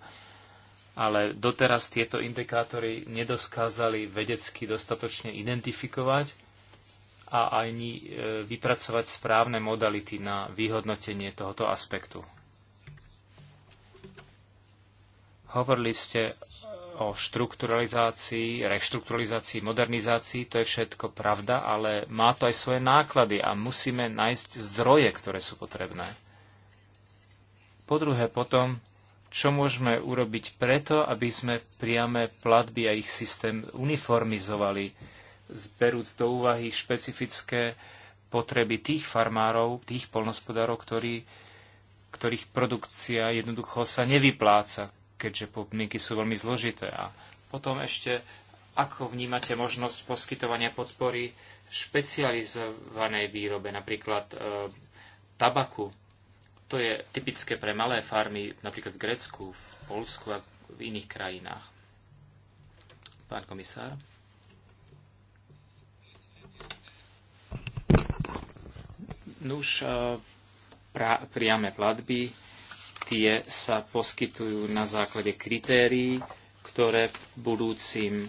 ale doteraz tieto indikátory nedoskázali vedecky dostatočne identifikovať a aj e, vypracovať správne modality na vyhodnotenie tohoto aspektu. Hovorili ste o štrukturalizácii, reštrukturalizácii, modernizácii, to je všetko pravda, ale má to aj svoje náklady a musíme nájsť zdroje, ktoré sú potrebné. Po druhé potom, čo môžeme urobiť preto, aby sme priame platby a ich systém uniformizovali, zberúc do úvahy špecifické potreby tých farmárov, tých polnospodárov, ktorí, ktorých produkcia jednoducho sa nevypláca, keďže podmienky sú veľmi zložité. A potom ešte, ako vnímate možnosť poskytovania podpory špecializovanej výrobe, napríklad e, tabaku. To je typické pre malé farmy, napríklad v Grécku, v Polsku a v iných krajinách. Pán komisár. Nuž, e, pra, priame platby, tie sa poskytujú na základe kritérií, ktoré budúcim e,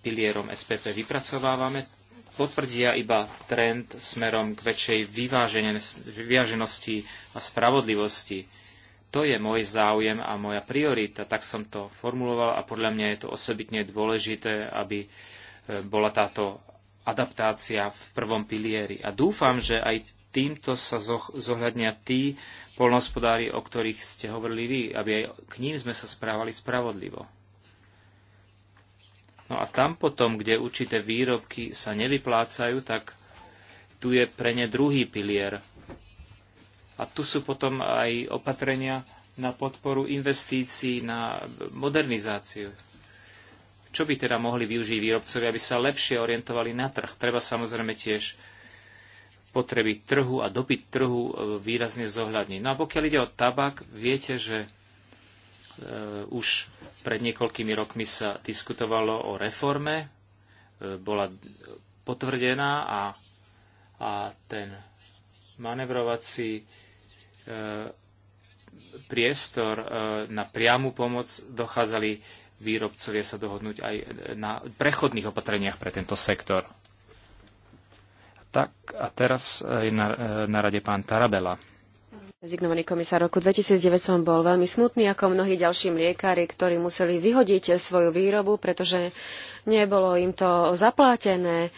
pilierom SPP vypracovávame. Potvrdia iba trend smerom k väčšej vyváženosti a spravodlivosti. To je môj záujem a moja priorita, tak som to formuloval a podľa mňa je to osobitne dôležité, aby e, bola táto adaptácia v prvom pilieri. A dúfam, že aj týmto sa zohľadnia tí polnospodári, o ktorých ste hovorili vy, aby aj k ním sme sa správali spravodlivo. No a tam potom, kde určité výrobky sa nevyplácajú, tak tu je pre ne druhý pilier. A tu sú potom aj opatrenia na podporu investícií, na modernizáciu. Čo by teda mohli využiť výrobcovia, aby sa lepšie orientovali na trh? Treba samozrejme tiež potreby trhu a dopyt trhu e, výrazne zohľadní. No a pokiaľ ide o tabak, viete, že e, už pred niekoľkými rokmi sa diskutovalo o reforme, e, bola potvrdená a, a ten manevrovací priestor na priamu pomoc dochádzali výrobcovia sa dohodnúť aj na prechodných opatreniach pre tento sektor. Tak a teraz e, je na, e, na rade pán Tarabela.
Rezignovaný komisár roku 2009 som bol veľmi smutný, ako mnohí ďalší mliekári, ktorí museli vyhodiť svoju výrobu, pretože nebolo im to zaplatené.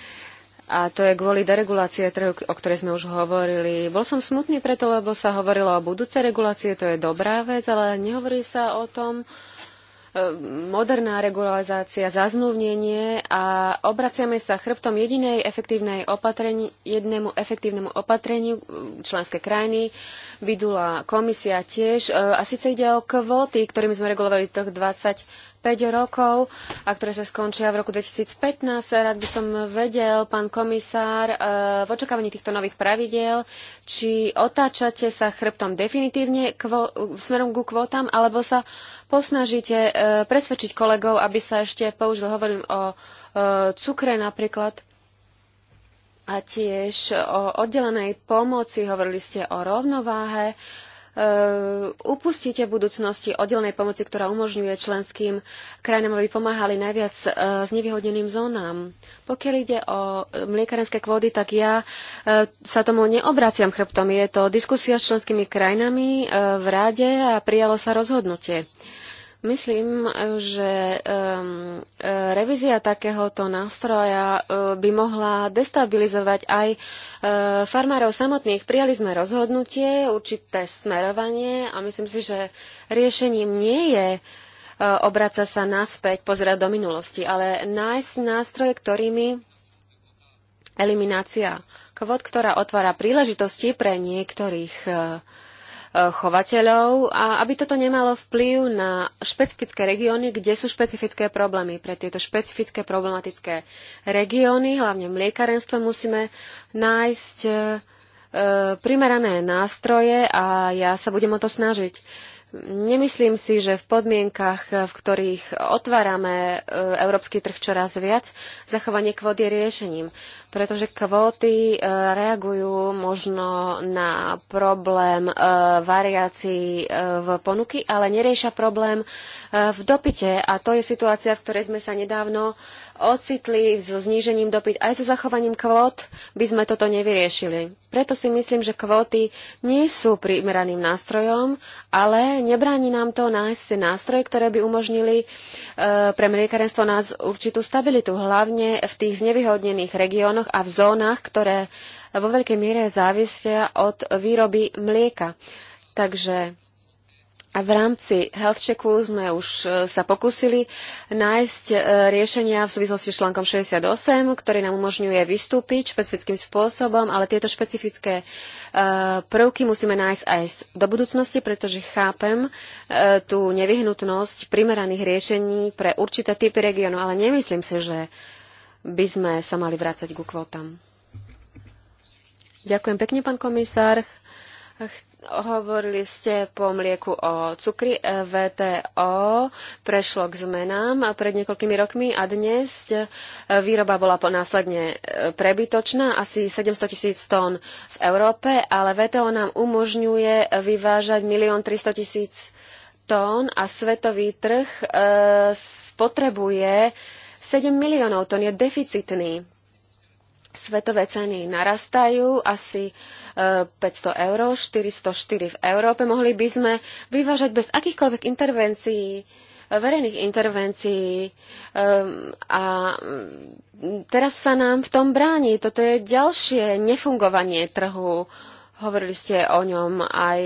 A to je kvôli deregulácie trhu, o ktorej sme už hovorili. Bol som smutný preto, lebo sa hovorilo o budúcej regulácie, to je dobrá vec, ale nehovorí sa o tom, moderná regularizácia, zazmluvnenie a obraciame sa chrbtom jedinej efektívnej opatrení, jednému efektívnemu opatreniu členské krajiny. Vydula komisia tiež e, a síce ide o kvóty, ktorými sme regulovali trh 20 rokov a ktoré sa skončia v roku 2015. Rád by som vedel, pán komisár, e, v očakávaní týchto nových pravidiel, či otáčate sa chrbtom definitívne kvo- smerom ku kvótam, alebo sa posnažíte e, presvedčiť kolegov, aby sa ešte použil, hovorím o e, cukre napríklad, a tiež o oddelenej pomoci, hovorili ste o rovnováhe. Uh, Eh, upustíte v budúcnosti oddelnej pomoci, ktorá umožňuje členským krajinám, aby pomáhali najviac s eh, nevyhodeným zónam. Pokiaľ ide o mliekarenské kvóty, tak ja eh, sa tomu neobraciam chrbtom. Je to diskusia s členskými krajinami v ráde a prijalo sa rozhodnutie. Myslím, že um, revízia takéhoto nástroja eh, by mohla destabilizovať aj eh, farmárov samotných. Prijali sme rozhodnutie, určité smerovanie a myslím si, že riešením nie je eh, obraca sa naspäť, pozerať do minulosti, ale nájsť nástroje, ktorými eliminácia kvot, ktorá otvára príležitosti pre niektorých uh, chovateľov a aby toto nemalo vplyv na špecifické regióny, kde sú špecifické problémy. Pre tieto špecifické problematické regióny, hlavne mliekarenstvo, musíme nájsť e, e, primerané nástroje a ja sa budem o to snažiť. Nemyslím si, že v podmienkach, v ktorých otvárame e, európsky trh čoraz viac, zachovanie kvót je riešením pretože kvóty e, reagujú možno na problém e, variácií e, v ponuky, ale neriešia problém v dopite. A to je situácia, v ktorej sme sa nedávno ocitli so znížením dopyt. Aj so zachovaním kvót by sme toto nevyriešili. Preto si myslím, že kvóty nie sú primeraným nástrojom, ale nebráni nám to nájsť si nástroje, ktoré by umožnili pre mliekarenstvo nás určitú stabilitu, hlavne v tých znevýhodnených regiónoch, regiónoch a v zónach, ktoré vo veľkej miere závisia od výroby mlieka. Takže a v rámci health checku sme už e, sa pokúsili nájsť e, riešenia v súvislosti s článkom 68, ktorý nám umožňuje vystúpiť špecifickým spôsobom, ale tieto špecifické e, prvky musíme nájsť aj do budúcnosti, pretože chápem tú nevyhnutnosť primeraných riešení pre určité typy regiónu, ale nemyslím si, že by sme sa mali vrácať ku kvótam. Ďakujem pekne, pán komisár. Hovorili ste po mlieku o cukri. E, VTO prešlo k zmenám pred niekoľkými rokmi a dnes e, výroba bola následne e, prebytočná, asi 700 tisíc tón v Európe, ale VTO nám umožňuje vyvážať 1 300 tisíc tón a svetový trh spotrebuje 7 miliónov tón je deficitný. Svetové ceny narastajú asi 500 e, eur, 404 v Európe. Mohli by sme vyvážať bez akýchkoľvek intervencií, e, verejných intervencií. E, a teraz sa nám v tom bráni. Toto je ďalšie nefungovanie trhu. Hovorili ste o ňom aj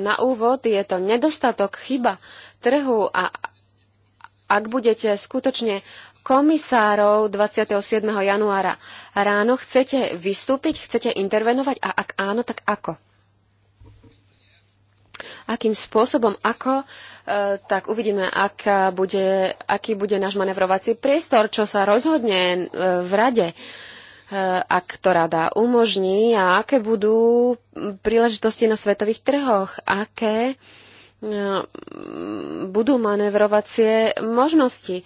na úvod. Je to nedostatok, chyba trhu a ak budete skutočne komisárov 27. januára ráno. Chcete vystúpiť? Chcete intervenovať? A ak áno, tak ako? Akým spôsobom? Ako? E, tak uvidíme, aká bude, aký bude náš manevrovací priestor, čo sa rozhodne e, v rade, e, ak to rada umožní a aké budú príležitosti na svetových trhoch, aké e, budú manevrovacie možnosti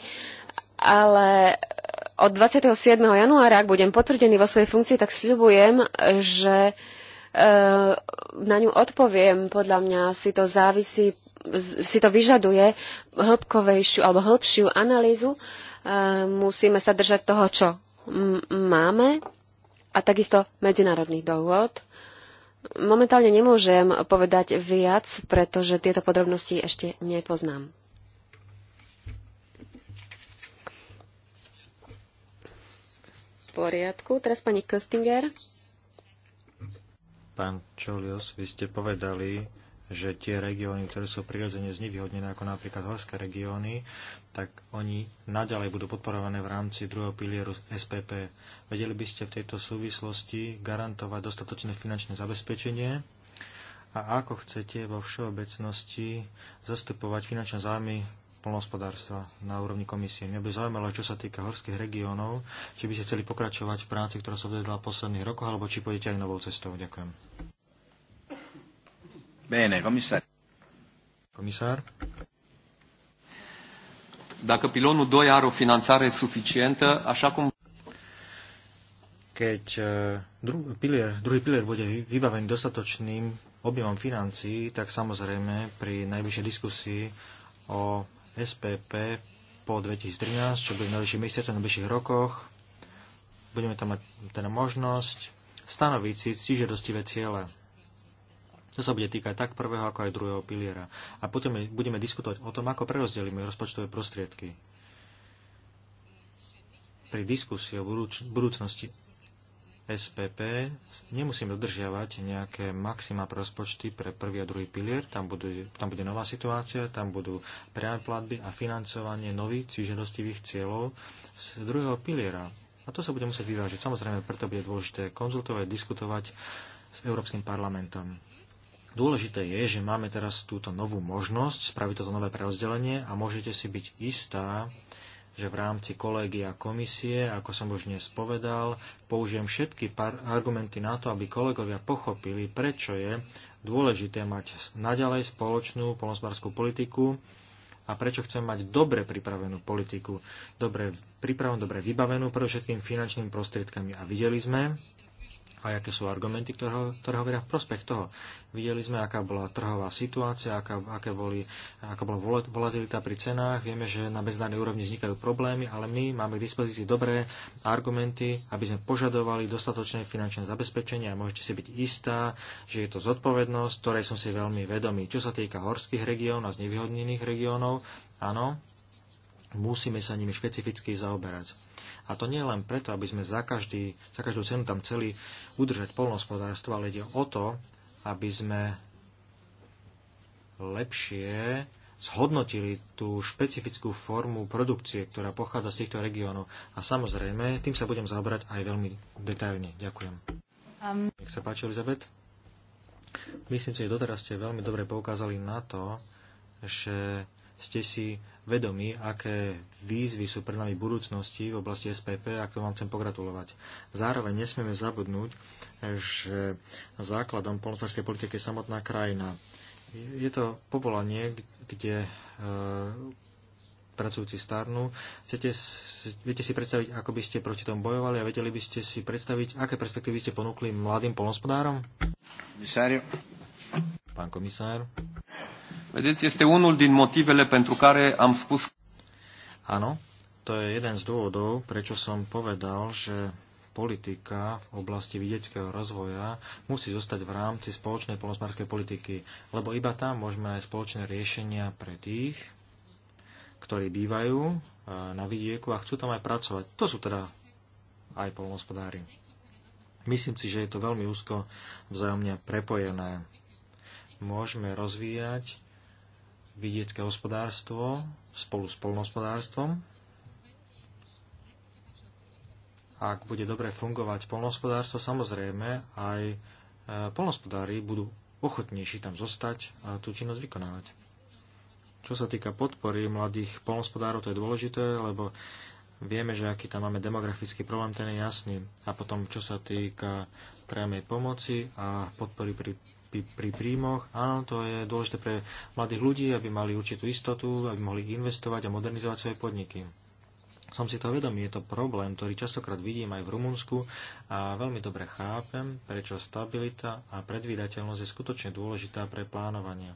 ale e, od 27. januára, ak budem potvrdený vo svojej funkcii, tak sľubujem, že e, na ňu odpoviem. Podľa mňa si to závisí, si to vyžaduje hĺbkovejšiu alebo hĺbšiu analýzu. E, musíme sa držať toho, čo máme a takisto medzinárodných dohôd. Momentálne nemôžem povedať viac, pretože tieto podrobnosti ešte nepoznám. poriadku. Teraz pani Köstinger.
Pán Čolios, vy ste povedali, že tie regióny, ktoré sú prirodzene znevýhodnené, ako napríklad horské regióny, tak oni naďalej budú podporované v rámci druhého pilieru SPP. Vedeli by ste v tejto súvislosti garantovať dostatočné finančné zabezpečenie a ako chcete vo všeobecnosti zastupovať finančné zájmy plnohospodárstva na úrovni komisie. Mňa by zaujímalo, čo sa týka horských regiónov, či by ste chceli pokračovať v práci, ktorá sa vedela posledných rokoch, alebo či pôjdete aj
novou cestou. Ďakujem. Bene, komisár. Komisár. Dacă pilonul 2 are o finanțare suficientă, așa cum...
Keď e, dru- pilier, druhý pilier bude vybavený dostatočným objemom financií, tak samozrejme pri najvyššej diskusii o SPP po 2013, čo bude v najbližších mesiacoch, v najbližších rokoch. Budeme tam mať teda možnosť stanoviť si ctižedostivé ciele. To sa bude týkať tak prvého, ako aj druhého piliera. A potom budeme diskutovať o tom, ako prerozdelíme rozpočtové prostriedky. Pri diskusii o budúč- budúcnosti SPP nemusíme dodržiavať nejaké maxima pre rozpočty pre prvý a druhý pilier. Tam, budú, tam bude nová situácia, tam budú priame platby a financovanie nových cížadostivých cieľov z druhého piliera. A to sa bude musieť vyvážiť. Samozrejme, preto bude dôležité konzultovať, diskutovať s Európskym parlamentom. Dôležité je, že máme teraz túto novú možnosť spraviť toto nové prerozdelenie a môžete si byť istá, že v rámci kolégia komisie, ako som už dnes povedal, použijem všetky argumenty na to, aby kolegovia pochopili, prečo je dôležité mať naďalej spoločnú polnospodárskú politiku a prečo chcem mať dobre pripravenú politiku, dobre pripravenú, dobre vybavenú pre všetkým finančnými prostriedkami. A videli sme, a aké sú argumenty, ktoré, ktoré hovoria v prospech toho. Videli sme, aká bola trhová situácia, aká, aké boli, aká bola volatilita pri cenách. Vieme, že na medzinárodnej úrovni vznikajú problémy, ale my máme k dispozícii dobré argumenty, aby sme požadovali dostatočné finančné zabezpečenie a môžete si byť istá, že je to zodpovednosť, ktorej som si veľmi vedomý. Čo sa týka horských regiónov a znevýhodnených regiónov, áno, musíme sa nimi špecificky zaoberať. A to nie len preto, aby sme za, každý, za každú cenu tam chceli udržať polnohospodárstvo, ale ide o to, aby sme lepšie zhodnotili tú špecifickú formu produkcie, ktorá pochádza z týchto regiónov. A samozrejme, tým sa budem zaoberať aj veľmi detailne. Ďakujem.
Um...
Nech
sa páči, Elizabet. Myslím si, že doteraz ste veľmi dobre poukázali na to, že ste si vedomí, aké výzvy sú pred nami v budúcnosti v oblasti SPP a k tomu vám chcem pogratulovať. Zároveň nesmieme zabudnúť, že základom polnospodárskej politiky je samotná krajina. Je to povolanie, kde e, pracujúci starnú. Chcete, viete si predstaviť, ako by ste proti tomu bojovali a vedeli by ste si predstaviť, aké perspektívy ste ponúkli mladým polnospodárom? Pán komisár.
Vedeți, este unul din motivele pentru care am spus... Áno, to je jeden z
dôvodov, prečo som povedal, že politika v oblasti vidieckého rozvoja musí zostať v rámci spoločnej polnospodárskej politiky, lebo iba tam môžeme nájsť spoločné riešenia pre tých, ktorí bývajú eh, na vidieku a chcú tam aj pracovať. To sú teda aj polnospodári. Myslím si, že je to veľmi úzko vzájomne prepojené. Môžeme rozvíjať vidiecké hospodárstvo spolu s polnohospodárstvom. Ak bude dobre fungovať polnohospodárstvo, samozrejme aj e, polnohospodári budú ochotnejší tam zostať a tú činnosť vykonávať. Čo sa týka podpory mladých polnospodárov, to je dôležité, lebo vieme, že aký tam máme demografický problém, ten je jasný. A potom, čo sa týka priamej pomoci a podpory pri pri príjmoch. Áno, to je dôležité pre mladých ľudí, aby mali určitú istotu, aby mohli investovať a modernizovať svoje podniky. Som si to vedomý, je to problém, ktorý častokrát vidím aj v Rumunsku a veľmi dobre chápem, prečo stabilita a predvídateľnosť je skutočne dôležitá pre plánovanie.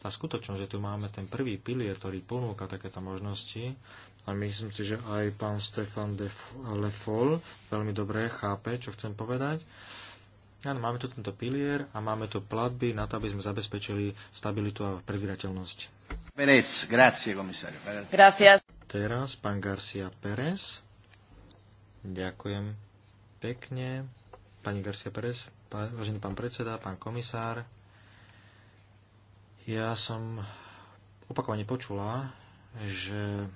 Tá skutočnosť, že tu máme ten prvý pilier, ktorý ponúka takéto možnosti, a myslím si, že aj pán Stefan de Lefol veľmi dobre chápe, čo chcem povedať, Áno, máme tu tento pilier a máme tu platby na to, aby sme zabezpečili stabilitu a predvydateľnosť. Pérez, grazie, komisario. Gracias. Teraz pán Garcia Pérez. Ďakujem pekne. Pani Garcia Pérez, vážený pán predseda, pán komisár. Ja som opakovane počula, že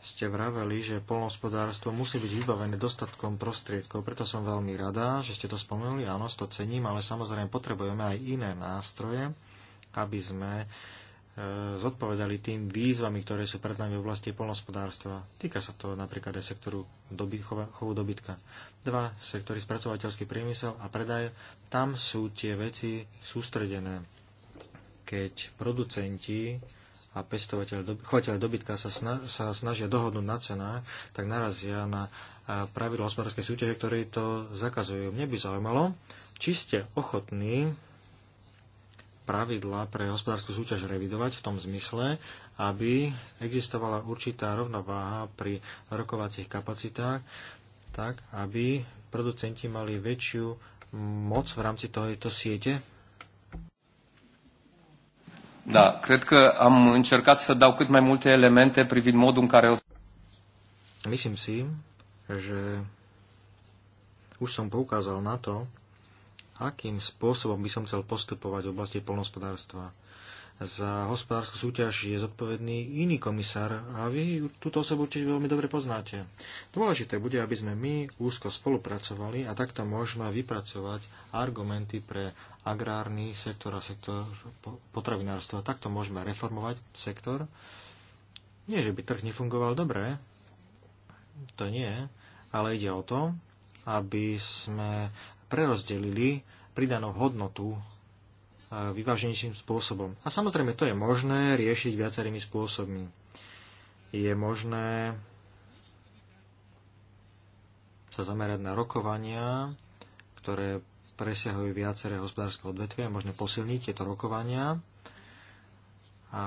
ste vraveli, že polnohospodárstvo musí byť vybavené dostatkom prostriedkov, preto som veľmi rada, že ste to spomenuli, áno, to cením, ale samozrejme potrebujeme aj iné nástroje, aby sme e, zodpovedali tým výzvami, ktoré sú pred nami v oblasti polnohospodárstva. Týka sa to napríklad aj sektoru doby, chova, chovu dobytka. Dva sektory, spracovateľský priemysel a predaj, tam sú tie veci sústredené. Keď producenti a pestovateľ, chovateľ dobytka sa, sna, sa snažia dohodnúť na cenách, tak narazia na pravidlo hospodárskej súťaže, ktoré to zakazujú. Mne by zaujímalo, či ste ochotní pravidla pre hospodárskú súťaž revidovať v tom zmysle, aby existovala určitá rovnováha pri rokovacích kapacitách, tak aby producenti mali väčšiu moc v rámci tohoto siete
Da, cred că am încercat să dau cât mai multe elemente privind modul în care o...
Myslím si, že už som poukázal na to, akým spôsobom by som chcel postupovať v oblasti polnospodárstva. Za hospodárskú súťaž je zodpovedný iný komisár a vy túto osobu určite veľmi dobre poznáte. Dôležité bude, aby sme my úzko spolupracovali a takto môžeme vypracovať argumenty pre agrárny sektor a sektor potravinárstva. Takto môžeme reformovať sektor. Nie, že by trh nefungoval dobre, to nie, ale ide o to, aby sme prerozdelili pridanú hodnotu e, vyváženejším spôsobom. A samozrejme, to je možné riešiť viacerými spôsobmi. Je možné sa zamerať na rokovania, ktoré presiahujú viaceré hospodárske odvetvia a možno posilniť tieto rokovania a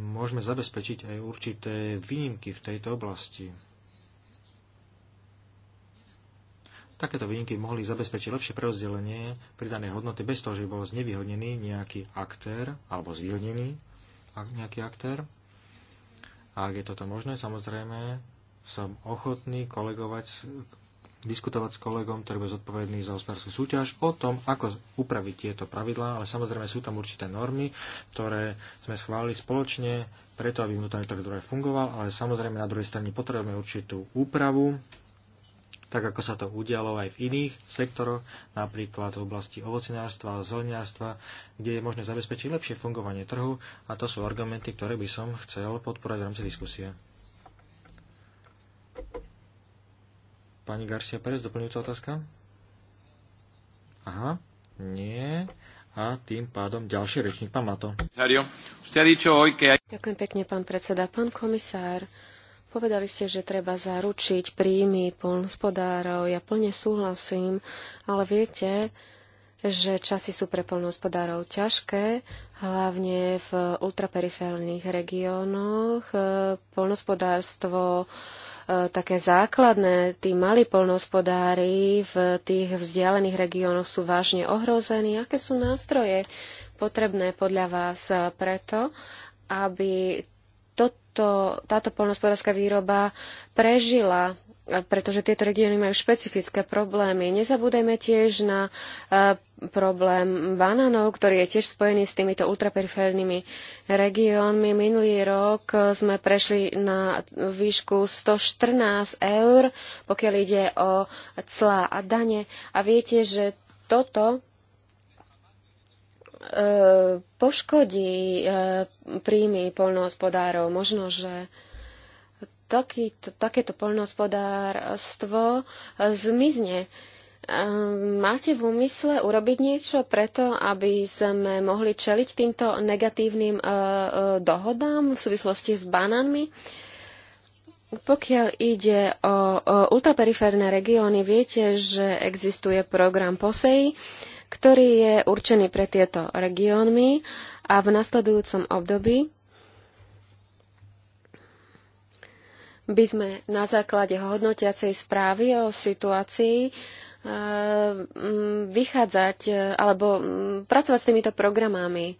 môžeme zabezpečiť aj určité výnimky v tejto oblasti. Takéto výnimky mohli zabezpečiť lepšie preozdelenie pridanej hodnoty bez toho, že bol znevýhodnený nejaký aktér alebo zvýhodnený nejaký aktér. A ak je toto možné, samozrejme som ochotný kolegovať, diskutovať s kolegom, ktorý bude zodpovedný za hospodárskú súťaž, o tom, ako upraviť tieto pravidlá, ale samozrejme sú tam určité normy, ktoré sme schválili spoločne preto, aby vnútorný trh druhé fungoval, ale samozrejme na druhej strane potrebujeme určitú úpravu, tak ako sa to udialo aj v iných sektoroch, napríklad v oblasti ovocinárstva a zeleniárstva, kde je možné zabezpečiť lepšie fungovanie trhu a to sú argumenty, ktoré by som chcel podporať v rámci diskusie. Pani Garcia Perez, doplňujúca otázka? Aha, nie. A tým pádom ďalší rečník, pán Mato.
Ďakujem
pekne, pán predseda. Pán komisár, povedali ste, že treba zaručiť príjmy polnospodárov. Ja plne súhlasím, ale viete, že časy sú pre polnospodárov ťažké, hlavne v ultraperiférnych regiónoch. Polnospodárstvo také základné, tí malí polnohospodári v tých vzdialených regiónoch sú vážne ohrození. Aké sú nástroje potrebné podľa vás preto, aby toto, táto polnohospodárska výroba prežila pretože tieto regióny majú špecifické problémy. Nezabúdajme tiež na e, problém banánov, ktorý je tiež spojený s týmito ultraperiférnymi regiónmi. Minulý rok e, sme prešli na výšku 114 eur, pokiaľ ide o clá a dane. A viete, že toto e, poškodí príjmy poľnohospodárov. Možno, že takýto, takéto poľnohospodárstvo e, zmizne. E, máte v úmysle urobiť niečo preto, aby sme mohli čeliť týmto negatívnym e, dohodám v súvislosti s banánmi? Pokiaľ ide o, o ultraperiférne regióny, viete, že existuje program POSEI, ktorý je určený pre tieto regiónmi a v nasledujúcom období by sme na základe hodnotiacej správy o situácii e, vychádzať e, alebo pracovať s týmito programami.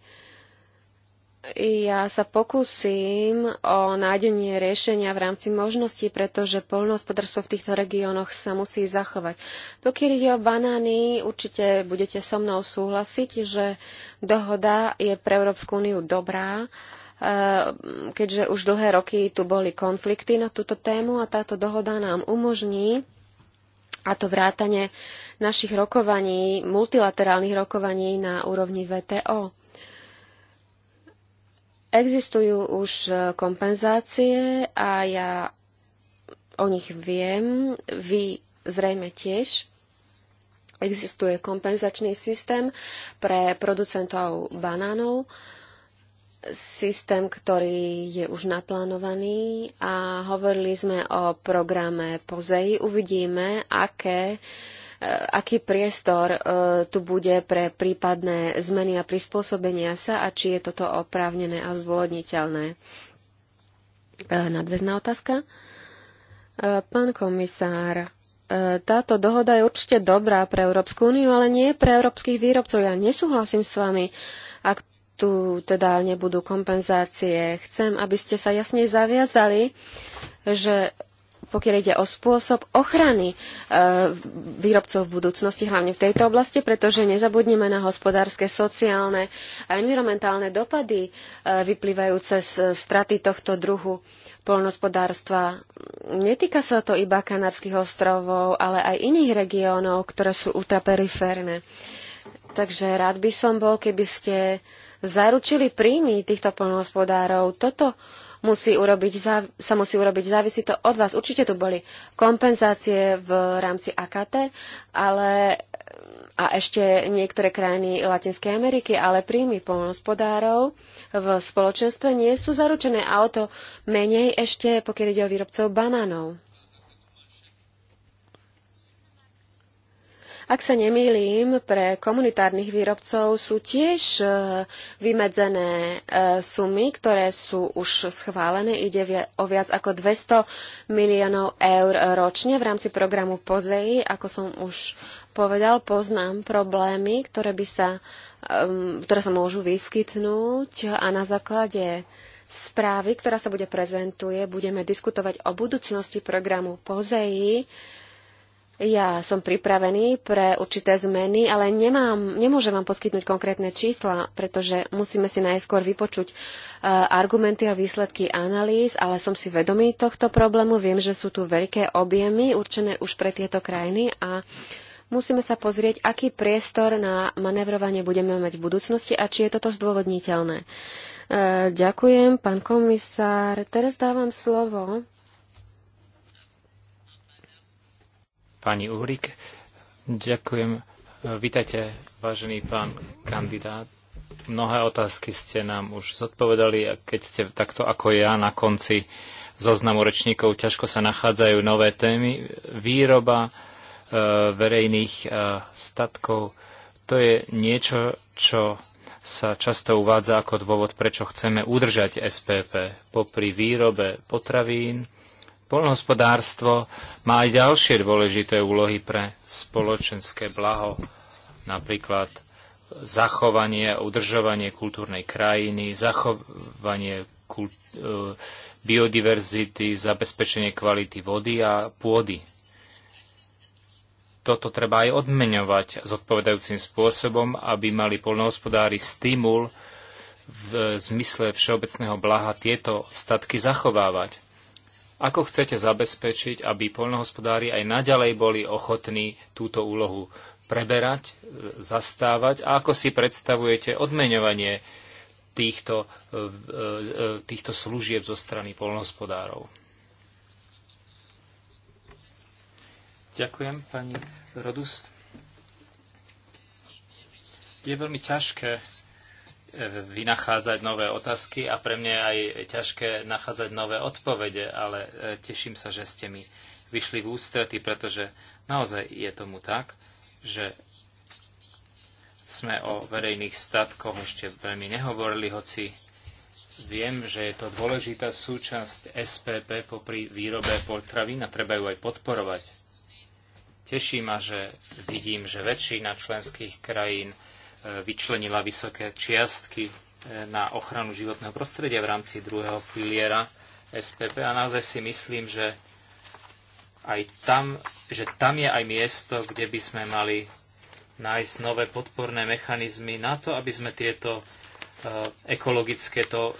Ja sa pokúsim o nájdenie riešenia v rámci možností, pretože poľnohospodárstvo v týchto regiónoch sa musí zachovať. Pokiaľ ide o banány, určite budete so mnou súhlasiť, že dohoda je pre Európsku úniu dobrá. Uh, Eh, keďže už dlhé roky tu boli konflikty na túto tému a táto dohoda nám umožní a to vrátane našich rokovaní, multilaterálnych rokovaní na úrovni VTO. Existujú už eh, kompenzácie a ja o nich viem, vy zrejme tiež. Existuje kompenzačný systém pre producentov banánov. Uh, systém, ktorý je už naplánovaný a hovorili sme o programe Pozej. Uvidíme, aké, eh, aký priestor eh, tu bude pre prípadné zmeny a prispôsobenia sa a či je toto oprávnené a zvôdniteľné. Eh, nadväzná otázka. Pán komisár, táto dohoda je určite dobrá pre Európsku úniu, ale nie pre európskych výrobcov. Ja nesúhlasím s vami. Ak tu teda nebudú kompenzácie. Chcem, aby ste sa jasne zaviazali, že pokiaľ ide o spôsob ochrany e, výrobcov v budúcnosti, hlavne v tejto oblasti, pretože nezabudneme na hospodárske, sociálne a environmentálne dopady e, vyplývajúce z straty tohto druhu poľnohospodárstva. Netýka sa to iba Kanárskych ostrovov, ale aj iných regiónov, ktoré sú ultraperiférne. Takže rád by som bol, keby ste zaručili príjmy týchto poľnohospodárov. Toto musí urobiť, sa musí urobiť, závisí to od vás. Určite tu boli kompenzácie v rámci AKT, ale a ešte niektoré krajiny Latinskej Ameriky, ale príjmy poľnohospodárov v spoločenstve nie sú zaručené a o to menej ešte, pokiaľ ide o výrobcov banánov. Ak sa nemýlim, pre komunitárnych výrobcov sú tiež e, vymedzené e, sumy, ktoré sú už schválené. Ide o viac ako 200 miliónov eur ročne v rámci programu POZEI. Ako som už povedal, poznám problémy, ktoré, by sa, ktoré sa môžu vyskytnúť a na základe správy, ktorá sa bude prezentuje, budeme diskutovať o budúcnosti programu POZEI ja som pripravený pre určité zmeny, ale nemám, nemôžem vám poskytnúť konkrétne čísla, pretože musíme si najskôr vypočuť e, argumenty a výsledky analýz, ale som si vedomý tohto problému. Viem, že sú tu veľké objemy určené už pre tieto krajiny a musíme sa pozrieť, aký priestor na manevrovanie budeme mať v budúcnosti a či je toto zdôvodniteľné. E, ďakujem, pán komisár. Teraz dávam slovo
pani Uhrik. Ďakujem. Vítajte, vážený pán kandidát. Mnohé otázky ste nám už zodpovedali a keď ste takto ako ja na konci zoznamu rečníkov, ťažko sa nachádzajú nové témy. Výroba e, verejných e, statkov, to je niečo, čo sa často uvádza ako dôvod, prečo chceme udržať SPP popri výrobe potravín, Polnohospodárstvo má aj ďalšie dôležité úlohy pre spoločenské blaho, napríklad zachovanie a udržovanie kultúrnej krajiny, zachovanie kult, e, biodiverzity, zabezpečenie kvality vody a pôdy. Toto treba aj odmeňovať zodpovedajúcim spôsobom, aby mali polnohospodári stimul v e, zmysle všeobecného blaha tieto statky zachovávať. Ako chcete zabezpečiť, aby poľnohospodári aj naďalej boli ochotní túto úlohu preberať, e, zastávať a ako si predstavujete odmeňovanie týchto, e, e, týchto služieb zo strany poľnohospodárov? Ďakujem, pani Rodust. Je veľmi ťažké vynachádzať nové otázky a pre mňa je aj ťažké nachádzať nové odpovede, ale e, teším sa, že ste mi vyšli v ústrety, pretože naozaj je tomu tak, že sme o verejných statkoch ešte veľmi nehovorili, hoci viem, že je to dôležitá súčasť SPP popri výrobe potravín a treba ju aj podporovať. Teší ma, že vidím, že väčšina členských krajín vyčlenila vysoké čiastky eh, na ochranu životného prostredia v rámci druhého piliera SPP a naozaj si myslím, že aj tam, že tam je aj miesto, kde by sme mali nájsť nové podporné mechanizmy na to, aby sme tieto eh, ekologické to eh,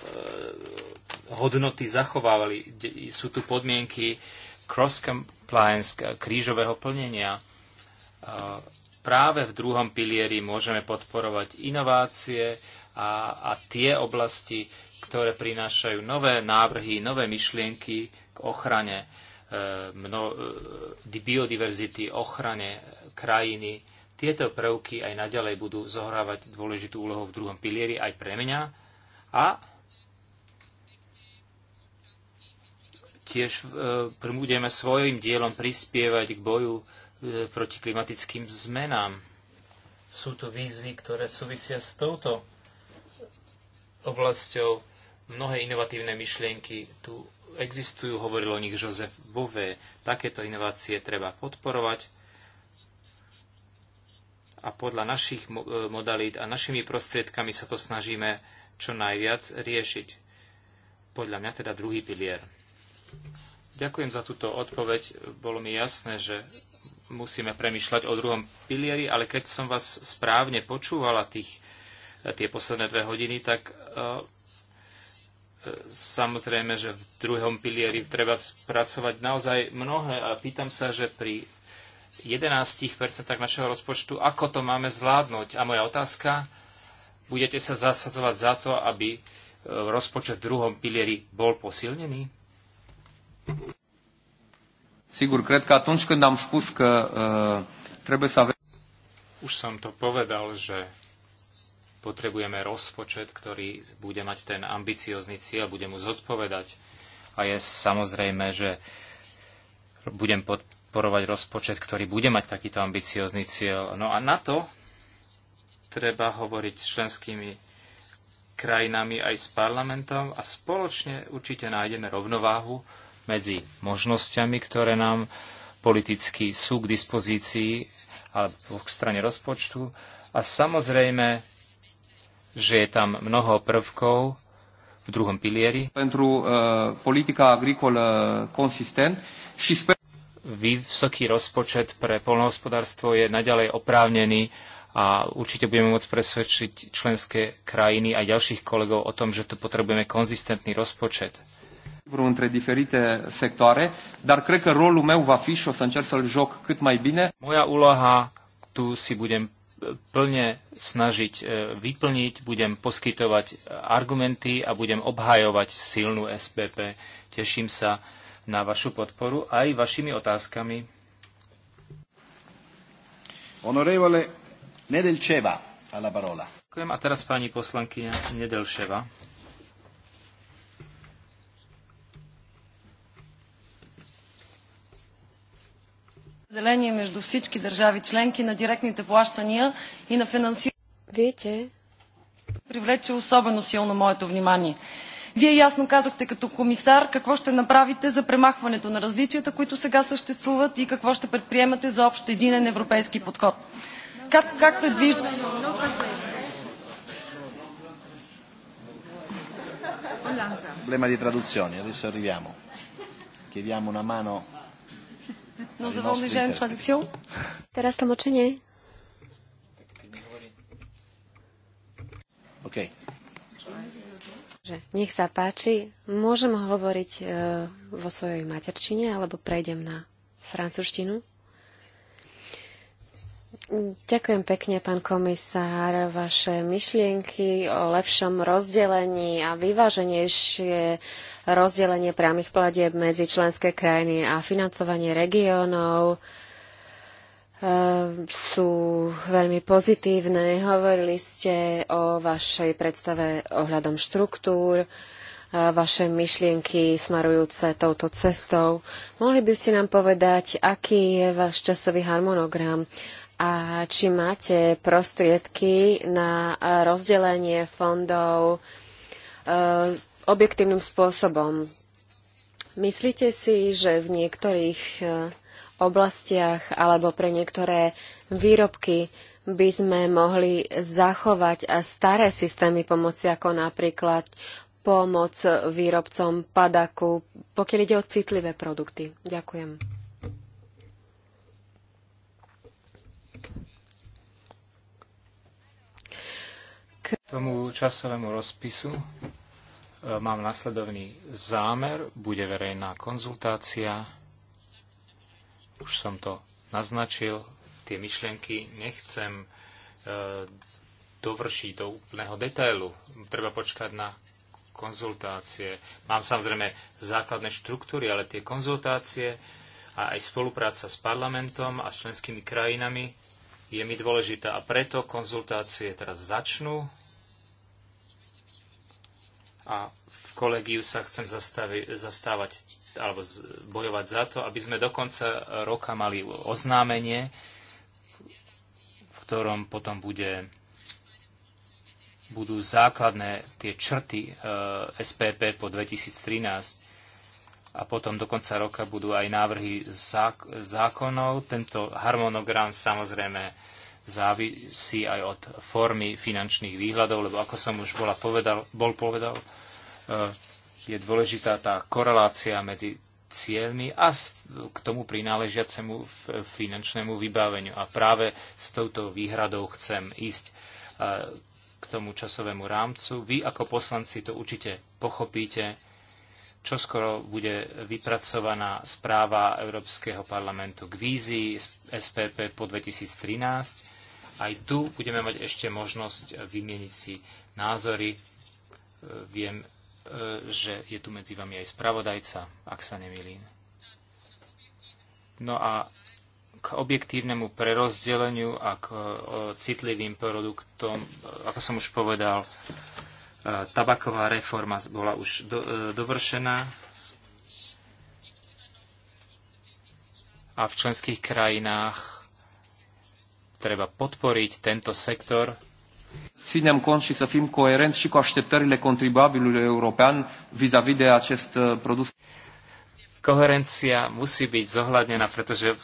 hodnoty zachovávali. Sú tu podmienky cross-compliance, krížového plnenia, práve v druhom pilieri môžeme podporovať inovácie a, a tie oblasti, ktoré prinášajú nové návrhy, nové myšlienky k ochrane e, mno, e, biodiverzity, ochrane krajiny. Tieto prvky aj naďalej budú zohrávať dôležitú úlohu v druhom pilieri aj pre mňa a tiež e, budeme svojim dielom prispievať k boju E, proti klimatickým zmenám. Sú tu výzvy, ktoré súvisia s touto oblasťou. Mnohé inovatívne myšlienky tu existujú, hovoril o nich Josef Bové. Takéto inovácie treba podporovať a podľa našich e, modalít a našimi prostriedkami sa to snažíme čo najviac riešiť. Podľa mňa teda druhý pilier. Ďakujem za túto odpoveď. Bolo mi jasné, že musíme premyšľať o druhom pilieri, ale keď som vás správne počúvala tých, tie posledné dve hodiny, tak e, samozrejme, že v druhom pilieri treba pracovať naozaj mnohé a pýtam sa, že pri 11% našeho rozpočtu, ako to máme zvládnuť. A moja otázka, budete sa zasadzovať za to, aby e, rozpočet v druhom pilieri bol posilnený?
Sigur, cred că atunci când am spus că uh, trebuie să avem...
Už som to povedal, že potrebujeme rozpočet, ktorý bude mať ten ambiciózny cieľ, bude mu zodpovedať. A je samozrejme, že budem podporovať rozpočet, ktorý bude mať takýto ambiciózny cieľ. No a na to treba hovoriť s členskými krajinami aj s parlamentom a spoločne určite nájdeme rovnováhu, medzi možnosťami, ktoré nám politicky sú k dispozícii alebo k strane rozpočtu. A samozrejme, že je tam mnoho prvkov v druhom pilieri. Pentru uh, eh, politika agricola consistent și sper... Vysoký rozpočet pre polnohospodárstvo je naďalej oprávnený a určite budeme môcť presvedčiť členské krajiny a
ďalších kolegov o tom, že tu potrebujeme konzistentný rozpočet echilibru între diferite sectoare, dar cred că rolul meu va fi și o să încerc să-l joc cât mai bine. Moja úloha
tu si budem e, plne snažiť e, vyplniť, budem poskytovať e, argumenty a budem obhajovať silnú SPP. Teším sa na vašu podporu aj vašimi otázkami. Onorevole Nedelčeva, alla parola. Ďakujem a teraz pani poslankyňa Nedelševa.
разделение между всички държави членки на директните плащания и на привлече особено силно моето внимание. Вие ясно казахте като комисар какво ще направите за премахването на различията, които сега съществуват и какво ще предприемате за общ единен европейски подход. Как, как предвижда...
Problema di traduzione, adesso arriviamo. Chiediamo una mano
Nous avons déjà une traduction. Teraz tlmočenie. OK. Nech sa páči, môžem hovoriť e, vo svojej materčine, alebo prejdem na francúzštinu. Ďakujem pekne, pán komisár. Vaše myšlienky o lepšom rozdelení a vyváženejšie rozdelenie priamých platieb medzi členské krajiny a financovanie regiónov e, sú veľmi pozitívne. Hovorili ste o vašej predstave ohľadom štruktúr e, vaše myšlienky smerujúce touto cestou. Mohli by ste nám povedať, aký je váš časový harmonogram a či máte prostriedky na e, rozdelenie fondov e, objektívnym spôsobom. Myslíte si, že v niektorých e, oblastiach alebo pre niektoré výrobky by sme mohli zachovať staré systémy pomoci, ako napríklad pomoc výrobcom padaku, pokiaľ ide o citlivé produkty. Ďakujem.
tomu časovému rozpisu e, mám nasledovný zámer. Bude verejná konzultácia. Už som to naznačil. Tie myšlienky nechcem e, dovršiť do úplného detailu. Treba počkať na konzultácie. Mám samozrejme základné štruktúry, ale tie konzultácie a aj spolupráca s parlamentom a s členskými krajinami je mi dôležitá. A preto konzultácie teraz začnú a v kolegiu sa chcem zastavi, zastávať alebo bojovať za to, aby sme do konca roka mali oznámenie, v ktorom potom bude, budú základné tie črty e, SPP po 2013 a potom do konca roka budú aj návrhy zák- zákonov. Tento harmonogram samozrejme závisí aj od formy finančných výhľadov, lebo ako som už bola povedal, bol povedal, Eh, je dôležitá tá korelácia medzi cieľmi a k tomu prináležiacemu finančnému vybaveniu. A práve s touto výhradou chcem ísť eh, k tomu časovému rámcu. Vy ako poslanci to určite pochopíte. Čo skoro bude vypracovaná správa Európskeho parlamentu k vízii SPP po 2013. Aj tu budeme mať ešte možnosť vymieniť si názory. Eh, viem, E, že je tu medzi vami aj spravodajca, ak sa nemýlim. No a k objektívnemu prerozdeleniu a k e, citlivým produktom, e, ako som už povedal, tabaková reforma bola už do, dovršená a v členských krajinách
treba podporiť tento sektor Ținem cont și să fim coerenți și cu așteptările contribuabilului european vis-a-vis de acest uh, produs.
Koherencia musí byť zohľadnená, pretože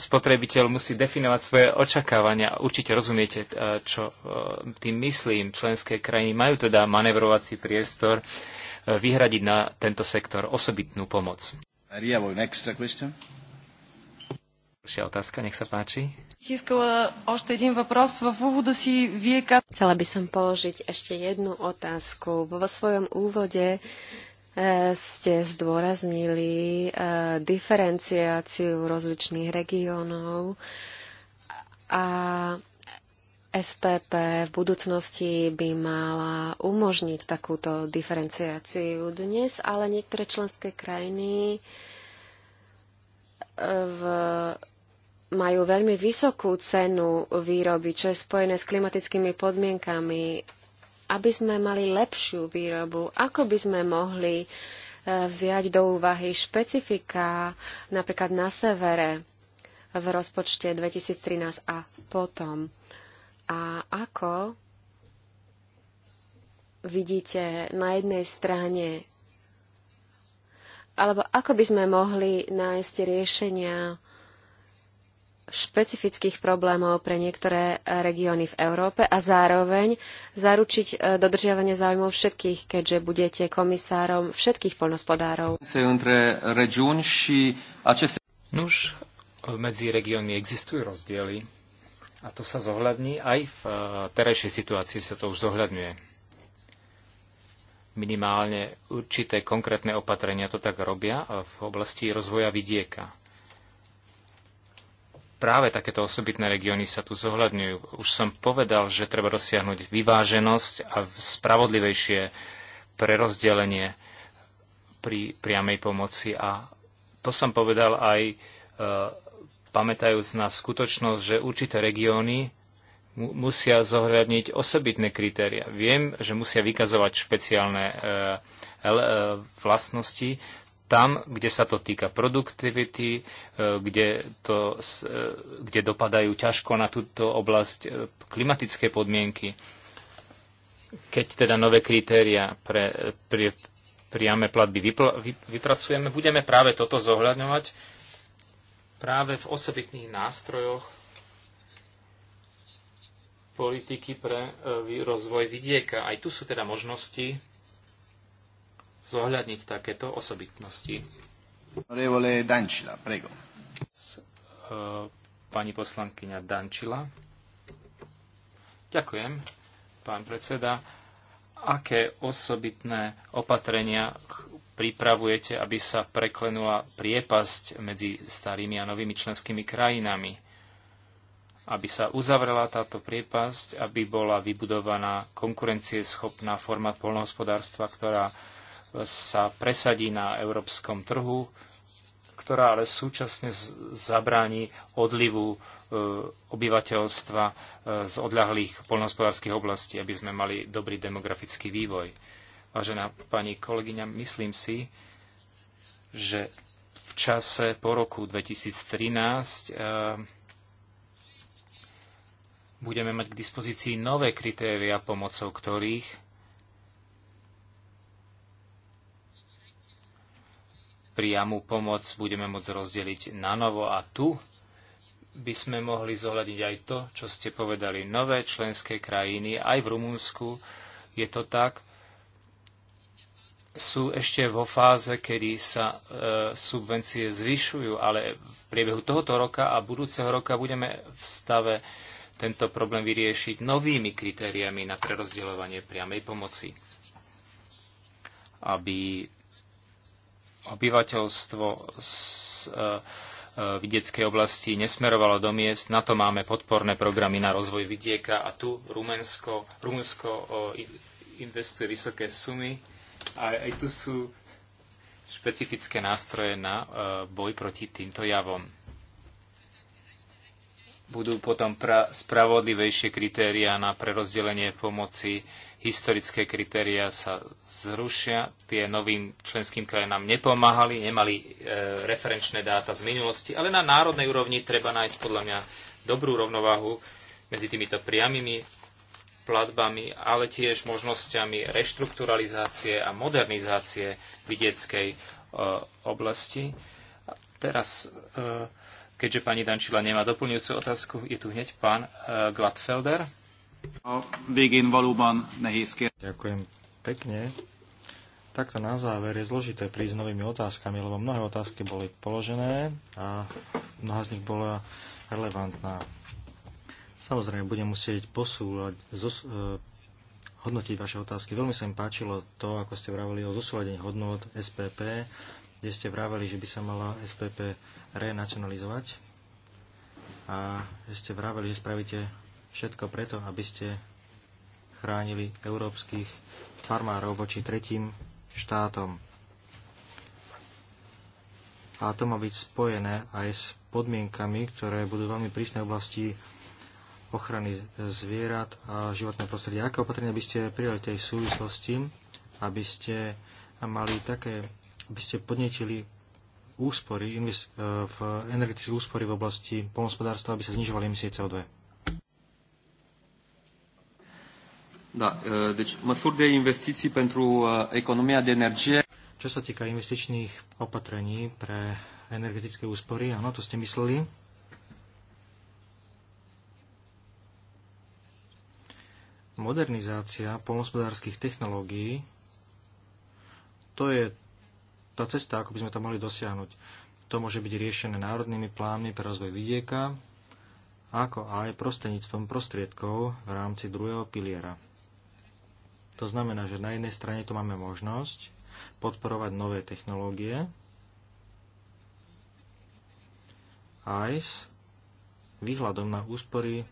spotrebiteľ musí definovať svoje očakávania. Určite rozumiete, uh, čo uh, tým myslím. Členské krajiny majú teda manevrovací priestor vyhradiť na tento sektor osobitnú pomoc. Ďalšia otázka, nech sa páči.
Chcela by som položiť ešte jednu otázku. Vo svojom úvode ste zdôraznili diferenciáciu rozličných regiónov a SPP v budúcnosti by mala umožniť takúto diferenciáciu. Dnes ale niektoré členské krajiny e, v majú veľmi vysokú cenu výroby, čo je spojené s klimatickými podmienkami. Aby sme mali lepšiu výrobu, ako by sme mohli e, vziať do úvahy špecifika napríklad na severe v rozpočte 2013 a potom. A ako vidíte na jednej strane, alebo ako by sme mohli nájsť riešenia špecifických problémov pre niektoré regióny v Európe a zároveň zaručiť e, dodržiavanie záujmov všetkých, keďže budete komisárom všetkých poľnospodárov.
Nuž, medzi regiónmi existujú rozdiely
a to sa zohľadní aj v e, terajšej situácii sa to už zohľadňuje. Minimálne určité konkrétne opatrenia to tak robia e, v oblasti rozvoja vidieka práve takéto osobitné regióny sa tu zohľadňujú. Už som povedal, že treba dosiahnuť vyváženosť a spravodlivejšie prerozdelenie pri priamej pomoci a to som povedal aj e, pamätajúc na skutočnosť, že určité regióny mu, musia zohľadniť osobitné kritéria. Viem, že musia vykazovať špeciálne e, e, vlastnosti, tam, kde sa to týka produktivity, e, kde, to, e, kde dopadajú ťažko na túto oblasť e, klimatické podmienky. Keď teda nové kritéria pre, pre priame platby vypl, vy, vypracujeme, budeme práve toto zohľadňovať práve v osobitných nástrojoch politiky pre rozvoj vidieka. Aj tu sú teda možnosti zohľadniť takéto osobitnosti. Dančila, prego. E, pani poslankyňa Dančila. Ďakujem, pán predseda. Aké osobitné opatrenia pripravujete, aby sa preklenula priepasť medzi starými a novými členskými krajinami? Aby sa uzavrela táto priepasť, aby bola vybudovaná konkurencieschopná forma polnohospodárstva, ktorá sa presadí na európskom trhu, ktorá ale súčasne zabráni odlivu e, obyvateľstva e, z odľahlých poľnohospodárskych oblastí, aby sme mali dobrý demografický vývoj. Vážená pani kolegyňa, myslím si, že v čase po roku 2013 e, budeme mať k dispozícii nové kritéria, pomocou ktorých priamu pomoc budeme môcť rozdeliť na novo a tu by sme mohli zohľadiť aj to, čo ste povedali. Nové členské krajiny, aj v Rumunsku je to tak, sú ešte vo fáze, kedy sa e, subvencie zvyšujú, ale v priebehu tohoto roka a budúceho roka budeme v stave tento problém vyriešiť novými kritériami na prerozdeľovanie priamej pomoci, aby obyvateľstvo z e, e, vidieckej oblasti nesmerovalo do miest. Na to máme podporné programy na rozvoj vidieka a tu Rumensko, Rumunsko e, investuje vysoké sumy a aj tu sú špecifické nástroje na boj proti týmto javom. Budú potom spravodlivejšie kritériá na prerozdelenie pomoci historické kritéria sa zrušia, tie novým členským krajinám nepomáhali, nemali e, referenčné dáta z minulosti, ale na národnej úrovni treba nájsť podľa mňa dobrú rovnováhu medzi týmito priamými platbami, ale tiež možnosťami reštrukturalizácie a modernizácie vidieckej e, oblasti. A teraz e, Keďže pani Dančila nemá doplňujúcu otázku, je tu hneď pán Gladfelder. Ďakujem
pekne. Takto na záver je zložité prísť novými otázkami, lebo mnohé otázky boli položené a mnoha z nich bola relevantná. Samozrejme, budem musieť posúľať, zos, eh, hodnotiť vaše otázky. Veľmi sa mi páčilo to, ako ste vraveli o zosúladení hodnot SPP, kde ste vraveli, že by sa mala SPP renacionalizovať a že ste vraveli, že spravíte Všetko preto, aby ste chránili európskych farmárov voči tretím štátom. A to má byť spojené aj s podmienkami, ktoré budú veľmi prísne v oblasti ochrany zvierat a životného prostredia. Aké opatrenia by ste prijali tej súvislosti, aby ste mali také, aby ste podnetili úspory, e, v energetické úspory v oblasti polnospodárstva, aby sa znižovali emisie CO2?
Da, e, deci măsuri de investiții pentru e, economia de energie.
Čo sa týka investičných opatrení pre energetické úspory, áno, to ste mysleli. Modernizácia polnospodárských technológií, to je tá cesta, ako by sme to mali dosiahnuť. To môže byť riešené národnými plánmi pre rozvoj vidieka, ako aj prostredníctvom prostriedkov v rámci druhého piliera. To znamená, že na jednej strane tu máme možnosť podporovať nové technológie. Aj s výhľadom na úspory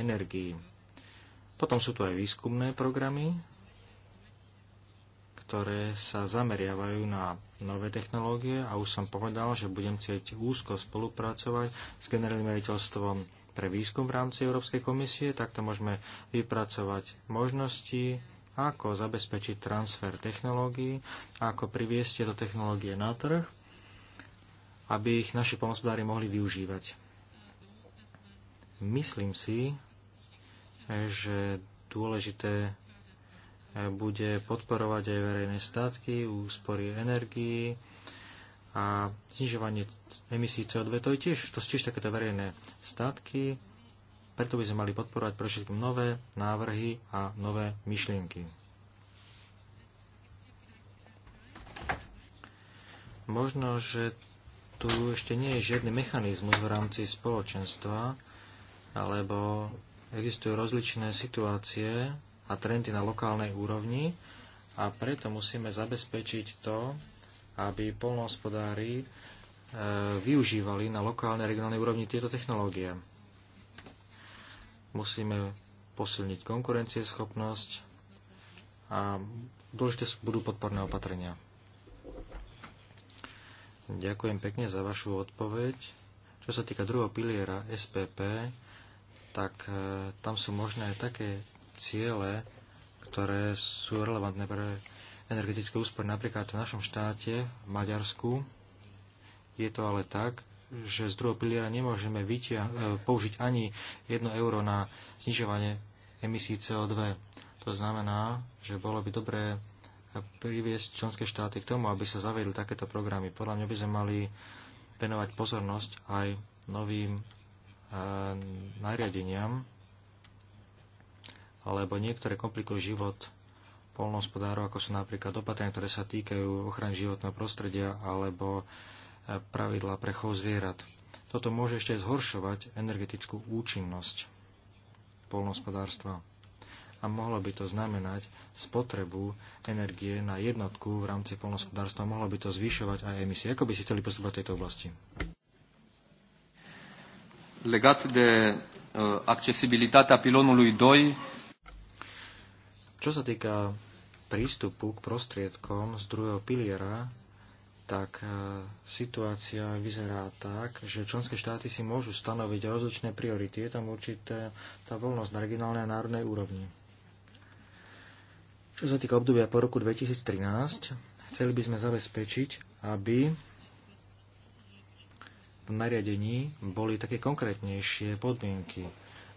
energií. Potom sú tu aj výskumné programy, ktoré sa zameriavajú na nové technológie a už som povedal, že budem chcieť úzko spolupracovať s generálnym riaditeľstvom pre výskum v rámci Európskej komisie, takto môžeme vypracovať možnosti, ako zabezpečiť transfer technológií, ako priviesť tieto technológie na trh, aby ich naši pomospodári mohli využívať. Myslím si, že dôležité eh, bude podporovať aj verejné statky, úspory energii a znižovanie emisí CO2. To, je tiež, to sú tiež takéto verejné statky, preto by sme mali podporovať pre všetkým nové návrhy a nové myšlienky. Možno, že tu ešte nie je žiadny mechanizmus v rámci spoločenstva, alebo existujú rozličné situácie a trendy na lokálnej úrovni a preto musíme zabezpečiť to, aby polnohospodári e, využívali na lokálnej regionálnej úrovni tieto technológie musíme posilniť konkurencieschopnosť a dôležité budú podporné opatrenia. Ďakujem pekne za vašu odpoveď. Čo sa týka druhého piliera SPP, tak e, tam sú možné aj také ciele, ktoré sú relevantné pre energetické úspory. Napríklad v našom štáte, v Maďarsku, je to ale tak, že z druhého piliera nemôžeme e, použiť ani 1 euro na znižovanie emisí CO2. To znamená, že bolo by dobré priviesť členské štáty k tomu, aby sa zavedli takéto programy. Podľa mňa by sme mali venovať pozornosť aj novým e, nariadeniam, alebo niektoré komplikujú život polnohospodárov, ako sú napríklad opatrenia, ktoré sa týkajú ochrany životného prostredia alebo pravidlá pre chov zvierat. Toto môže ešte zhoršovať energetickú účinnosť polnospodárstva a mohlo by to znamenať spotrebu energie na jednotku v rámci polnospodárstva, mohlo by to zvyšovať aj emisie. Ako by si chceli postupovať v tejto
oblasti? Legat de uh, accesibilitatea pilonului 2.
Čo sa týka prístupu k prostriedkom z druhého piliera, tak e, situácia vyzerá tak, že členské štáty si môžu stanoviť rozličné priority. Je tam určitá tá voľnosť na regionálnej a národnej úrovni. Čo sa týka obdobia po roku 2013, chceli by sme zabezpečiť, aby v nariadení boli také konkrétnejšie podmienky,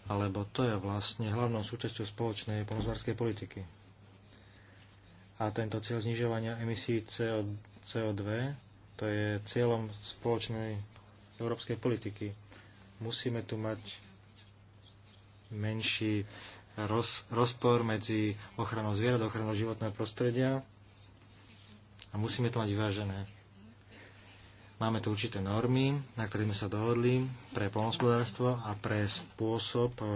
alebo to je vlastne hlavnou súčasťou spoločnej polnospodárskej politiky a tento cieľ znižovania emisí CO2, to je cieľom spoločnej európskej politiky. Musíme tu mať menší roz, rozpor medzi ochranou zvierat a ochranou životného prostredia a musíme to mať vyvážené. Máme tu určité normy, na ktorých sme sa dohodli pre polnospodárstvo a pre spôsob eh,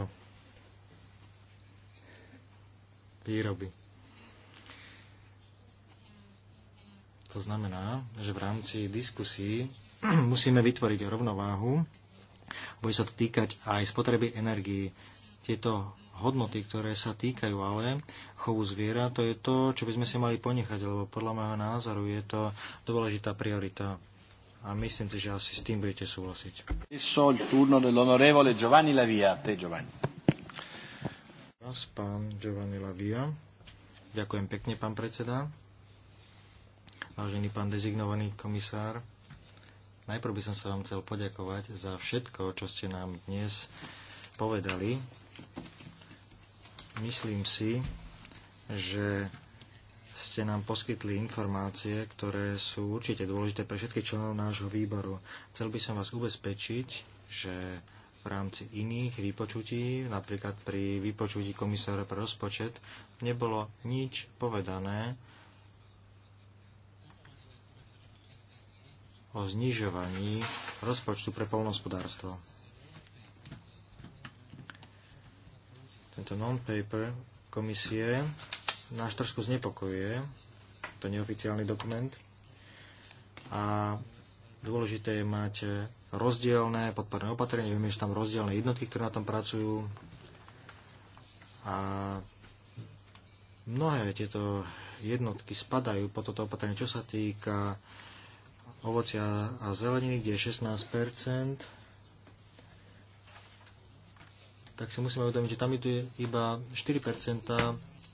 výroby. To znamená, že v rámci diskusí musíme vytvoriť rovnováhu. Bude sa to týkať aj spotreby energii. Tieto hodnoty, ktoré sa týkajú ale chovu zviera, to je to, čo by sme si mali ponechať, lebo podľa môjho názoru je to dôležitá priorita. A myslím si, že asi s tým budete súhlasiť. Giovanni Lavia. Te, Giovanni. Pán Giovanni Lavia. Ďakujem pekne, pán predseda vážený pán dezignovaný komisár. Najprv by som sa vám chcel poďakovať za všetko, čo ste nám dnes povedali. Myslím si, že ste nám poskytli informácie, ktoré sú určite dôležité pre všetkých členov nášho výboru. Chcel by som vás ubezpečiť, že v rámci iných vypočutí, napríklad pri vypočutí komisára pre rozpočet, nebolo nič povedané, o znižovaní rozpočtu pre polnohospodárstvo. Tento non-paper komisie náš trošku znepokojuje, to neoficiálny dokument, a dôležité je mať rozdielne podporné opatrenie, vieme, že tam rozdielne jednotky, ktoré na tom pracujú a mnohé tieto jednotky spadajú po toto opatrenie, čo sa týka ovocia a zeleniny, kde je 16 tak si musíme uvedomiť, že tam tu iba 4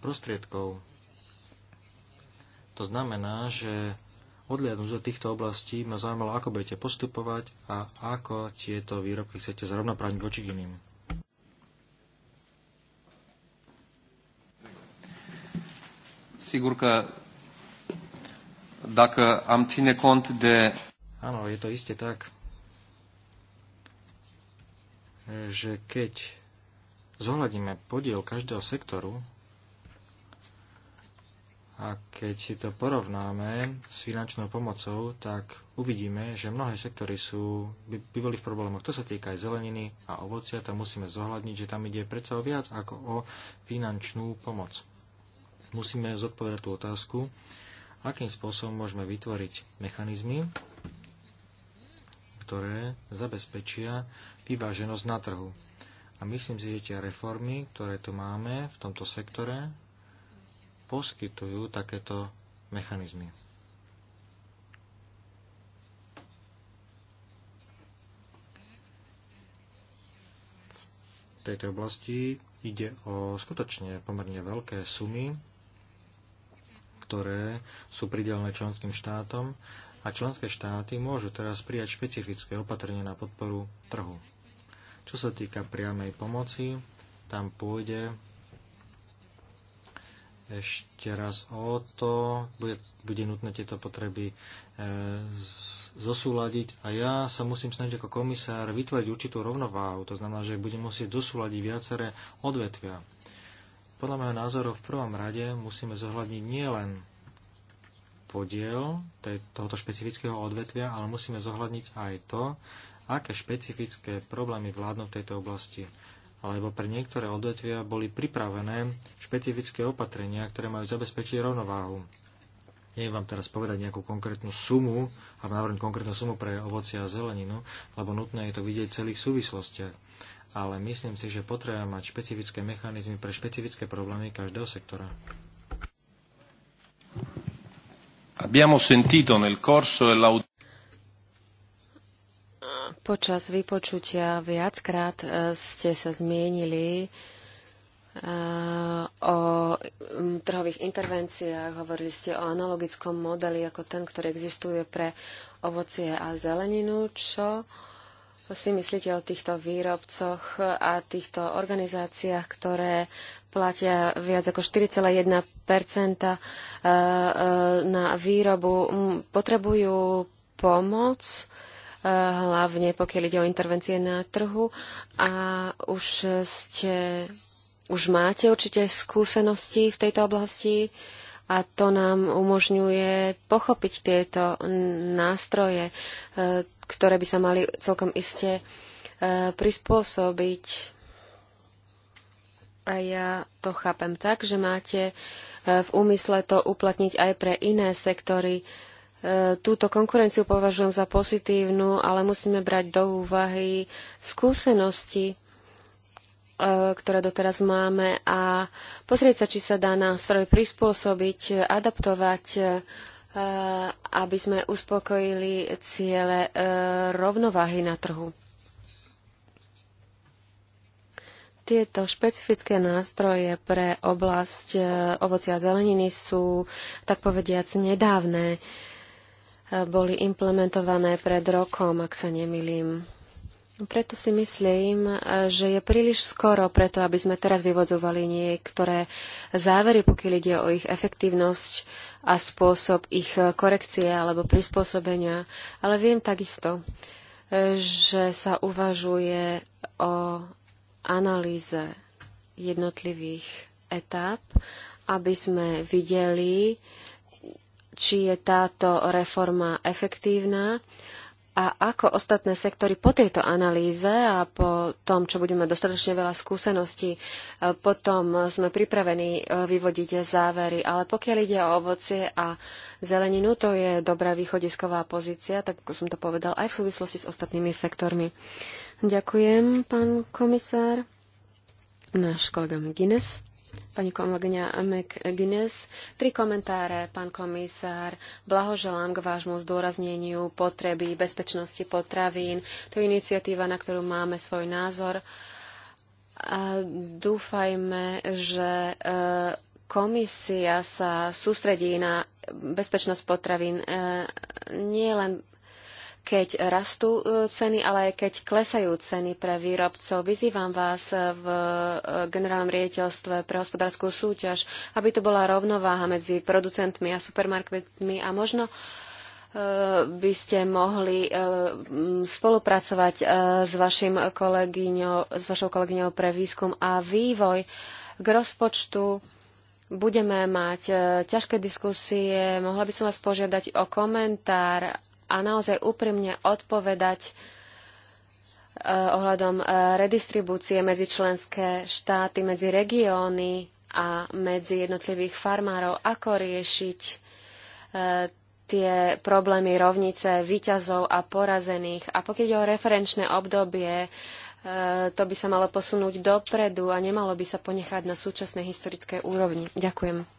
prostriedkov. To znamená, že odliadnúť do týchto oblastí ma zaujímalo, ako budete postupovať a ako tieto výrobky chcete zrovnoprávniť voči iným.
Sigurka, dacă am ține cont de...
Áno, je to iste tak, že keď zohľadíme podiel každého sektoru a keď si to porovnáme s finančnou pomocou, tak uvidíme, že mnohé sektory sú, by, by boli v problémoch. To sa týka aj zeleniny a ovocia, tam musíme zohľadniť, že tam ide predsa o viac ako o finančnú pomoc. Musíme zodpovedať tú otázku, akým spôsobom môžeme vytvoriť mechanizmy, ktoré zabezpečia vyváženosť na trhu. A myslím si, že tie reformy, ktoré tu máme v tomto sektore, poskytujú takéto mechanizmy. V tejto oblasti ide o skutočne pomerne veľké sumy, ktoré sú pridelené členským štátom a členské štáty môžu teraz prijať špecifické opatrenie na podporu trhu. Čo sa týka priamej pomoci, tam pôjde ešte raz o to, bude, bude nutné tieto potreby e, z, zosúľadiť a ja sa musím snažiť ako komisár vytvoriť určitú rovnováhu, to znamená, že budem musieť zosúľadiť viaceré odvetvia. Podľa môjho názoru v prvom rade musíme zohľadniť nielen podiel tohoto špecifického odvetvia, ale musíme zohľadniť aj to, aké špecifické problémy vládnu v tejto oblasti. Alebo pre niektoré odvetvia boli pripravené špecifické opatrenia, ktoré majú zabezpečiť rovnováhu. Neviem vám teraz povedať nejakú konkrétnu sumu, alebo navrhnúť konkrétnu sumu pre ovoci a zeleninu, lebo nutné je to vidieť v celých súvislostiach ale myslím si, že potrebujeme mať špecifické mechanizmy pre špecifické problémy každého sektora.
Počas vypočutia viackrát eh, ste sa zmienili eh, o mm, trhových intervenciách, hovorili ste o analogickom modeli ako ten, ktorý existuje pre ovocie a zeleninu, čo si myslíte o týchto výrobcoch a týchto organizáciách, ktoré platia viac ako 4,1 e, e, na výrobu. Potrebujú pomoc, e, hlavne pokiaľ ide o intervencie na trhu a už ste už máte určite skúsenosti v tejto oblasti a to nám umožňuje pochopiť tieto nástroje ktoré by sa mali celkom iste e, prispôsobiť. A ja to chápem tak, že máte e, v úmysle to uplatniť aj pre iné sektory. E, túto konkurenciu považujem za pozitívnu, ale musíme brať do úvahy skúsenosti, ktoré doteraz máme a pozrieť sa, či sa dá nástroj prispôsobiť, adaptovať aby sme uspokojili ciele e, rovnováhy na trhu. Tieto špecifické nástroje pre oblasť e, ovocia a zeleniny sú, tak povediac, nedávne. E, boli implementované pred rokom, ak sa nemilím. Preto si myslím, že je príliš skoro preto, aby sme teraz vyvodzovali niektoré závery, pokiaľ ide o ich efektívnosť a spôsob ich korekcie alebo prispôsobenia. Ale viem takisto, že sa uvažuje o analýze jednotlivých etáp, aby sme videli, či je táto reforma efektívna a ako ostatné sektory po tejto analýze a po tom, čo budeme dostatočne veľa skúseností, e, potom sme pripravení e, vyvodiť závery. Ale pokiaľ ide o ovocie a zeleninu, to je dobrá východisková pozícia, tak ako som to povedal, aj v súvislosti s ostatnými sektormi. Ďakujem, pán komisár. Náš kolega McGuinness pani kolegyňa McGuinness. Tri komentáre, pán komisár. Blahoželám k vášmu zdôrazneniu potreby bezpečnosti potravín. To je iniciatíva, na ktorú máme svoj názor. A dúfajme, že e, komisia sa sústredí na bezpečnosť potravín e, nie len keď rastú e, ceny, ale aj keď klesajú ceny pre výrobcov. Vyzývam vás e, v e, generálnom riaditeľstve pre hospodárskú súťaž, aby to bola rovnováha medzi producentmi a supermarketmi a možno by ste mohli spolupracovať s, vašim s vašou kolegyňou pre výskum a vývoj k rozpočtu budeme mať ťažké diskusie. Mohla by som vás požiadať o komentár a naozaj úprimne odpovedať e, ohľadom e, redistribúcie medzi členské štáty, medzi regióny a medzi jednotlivých farmárov, ako riešiť e, tie problémy rovnice výťazov a porazených. A pokiaľ ide o referenčné obdobie, to by sa malo posunúť dopredu a nemalo by sa ponechať na súčasnej historickej úrovni. Ďakujem.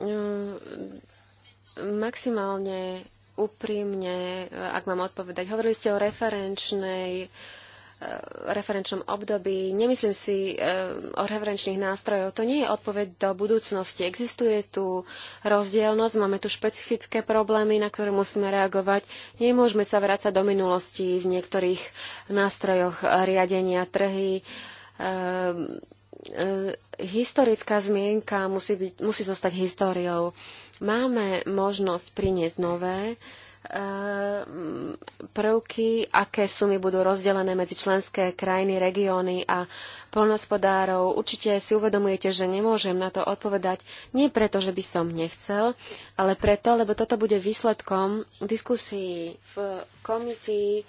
Mm, maximálne úprimne, ak mám odpovedať, hovorili ste o referenčnej e, referenčnom období. Nemyslím si e, o referenčných nástrojov. To nie je odpoveď do budúcnosti. Existuje tu rozdielnosť, máme tu špecifické problémy, na ktoré musíme reagovať. Nemôžeme sa vrácať do minulosti v niektorých nástrojoch riadenia trhy. E, E, historická zmienka musí, byť, musí zostať históriou. Máme možnosť priniesť nové e, prvky, aké sumy budú rozdelené medzi členské krajiny, regióny a polnospodárov. Určite si uvedomujete, že nemôžem na to odpovedať nie preto, že by som nechcel, ale preto, lebo toto bude výsledkom diskusí v komisii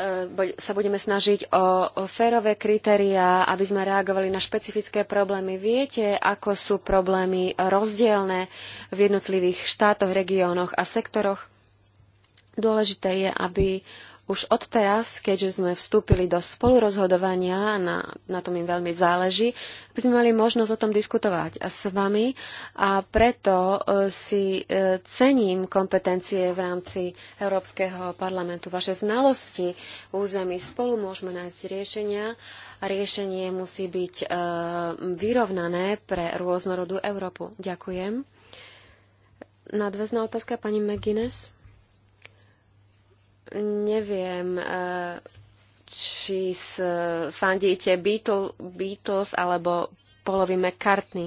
E, sa budeme snažiť o, férové kritériá, aby sme reagovali na špecifické problémy. Viete, ako sú problémy rozdielne v jednotlivých štátoch, regiónoch a sektoroch? Dôležité je, aby už odteraz, keďže sme vstúpili do spolurozhodovania, na, na tom im veľmi záleží, aby sme mali možnosť o tom diskutovať a s vami a preto e, si e, cením kompetencie v rámci Európskeho parlamentu. Vaše znalosti v území spolu môžeme nájsť riešenia a riešenie musí byť e, vyrovnané pre rôznorodú Európu. Ďakujem. Nadväzná otázka pani McGuinness. Neviem, e, či e, fandíte Beatles, Beatles alebo polovi McCartney.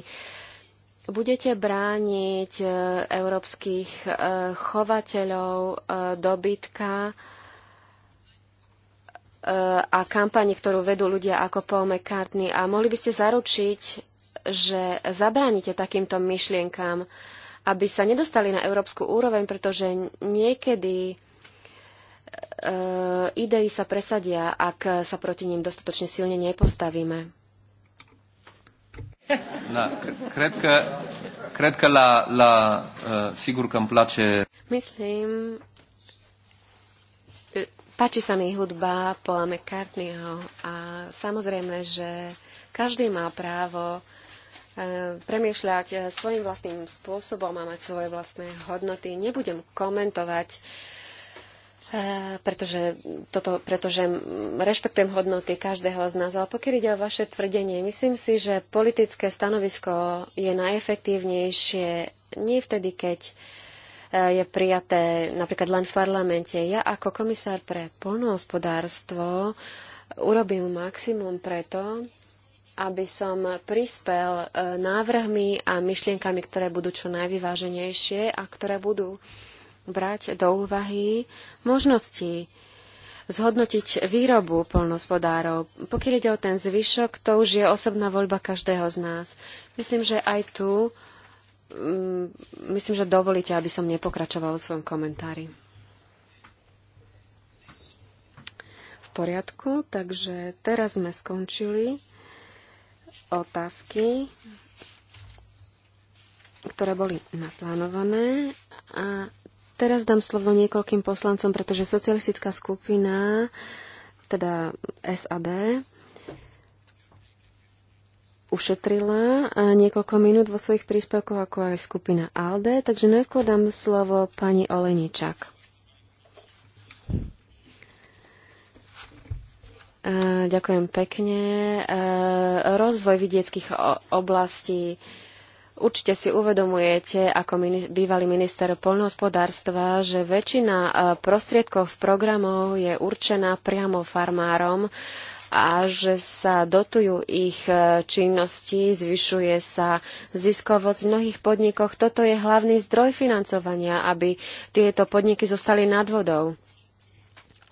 Budete brániť e, európskych chovateľov dobytka a kampani, ktorú vedú ľudia ako Paul McCartney a mohli by ste zaručiť, že zabránite takýmto myšlienkám, aby sa nedostali na európsku úroveň, pretože niekedy E, idei sa presadia, ak sa proti ním dostatočne silne nepostavíme. E, Myslím, e, páči sa mi hudba Paula McCartneyho a samozrejme, že každý má právo premýšľať svojim vlastným spôsobom a mať svoje vlastné hodnoty. Nebudem komentovať uh, E, pretože, toto, pretože rešpektujem hodnoty každého z nás. Ale pokiaľ ide o vaše tvrdenie, myslím si, že politické stanovisko je najefektívnejšie nie vtedy, keď e, je prijaté napríklad len v parlamente. Ja ako komisár pre polnohospodárstvo urobím maximum preto, aby som prispel e, návrhmi a myšlienkami, ktoré budú čo najvyváženejšie a ktoré budú uh, brať do úvahy možnosti zhodnotiť výrobu polnospodárov. Pokiaľ ide o ten zvyšok, to už je osobná voľba každého z nás. Myslím, že aj tu, mm, myslím, že dovolíte, aby som nepokračoval v svojom komentári. V poriadku, takže teraz sme skončili otázky, ktoré boli naplánované a Teraz dám slovo niekoľkým poslancom, pretože socialistická skupina, teda SAD, ušetrila e, niekoľko minút vo svojich príspevkoch, ako aj skupina ALDE, takže najskôr dám slovo pani Oleničak. E, ďakujem pekne. E, rozvoj vidieckých oblastí Určite si uvedomujete ako bývalý minister poľnohospodárstva, že väčšina e, prostriedkov v programov je určená priamo farmárom a že sa dotujú ich e, činnosti, zvyšuje sa ziskovosť v mnohých podnikoch. Toto je hlavný zdroj financovania, aby tieto podniky zostali nad vodou.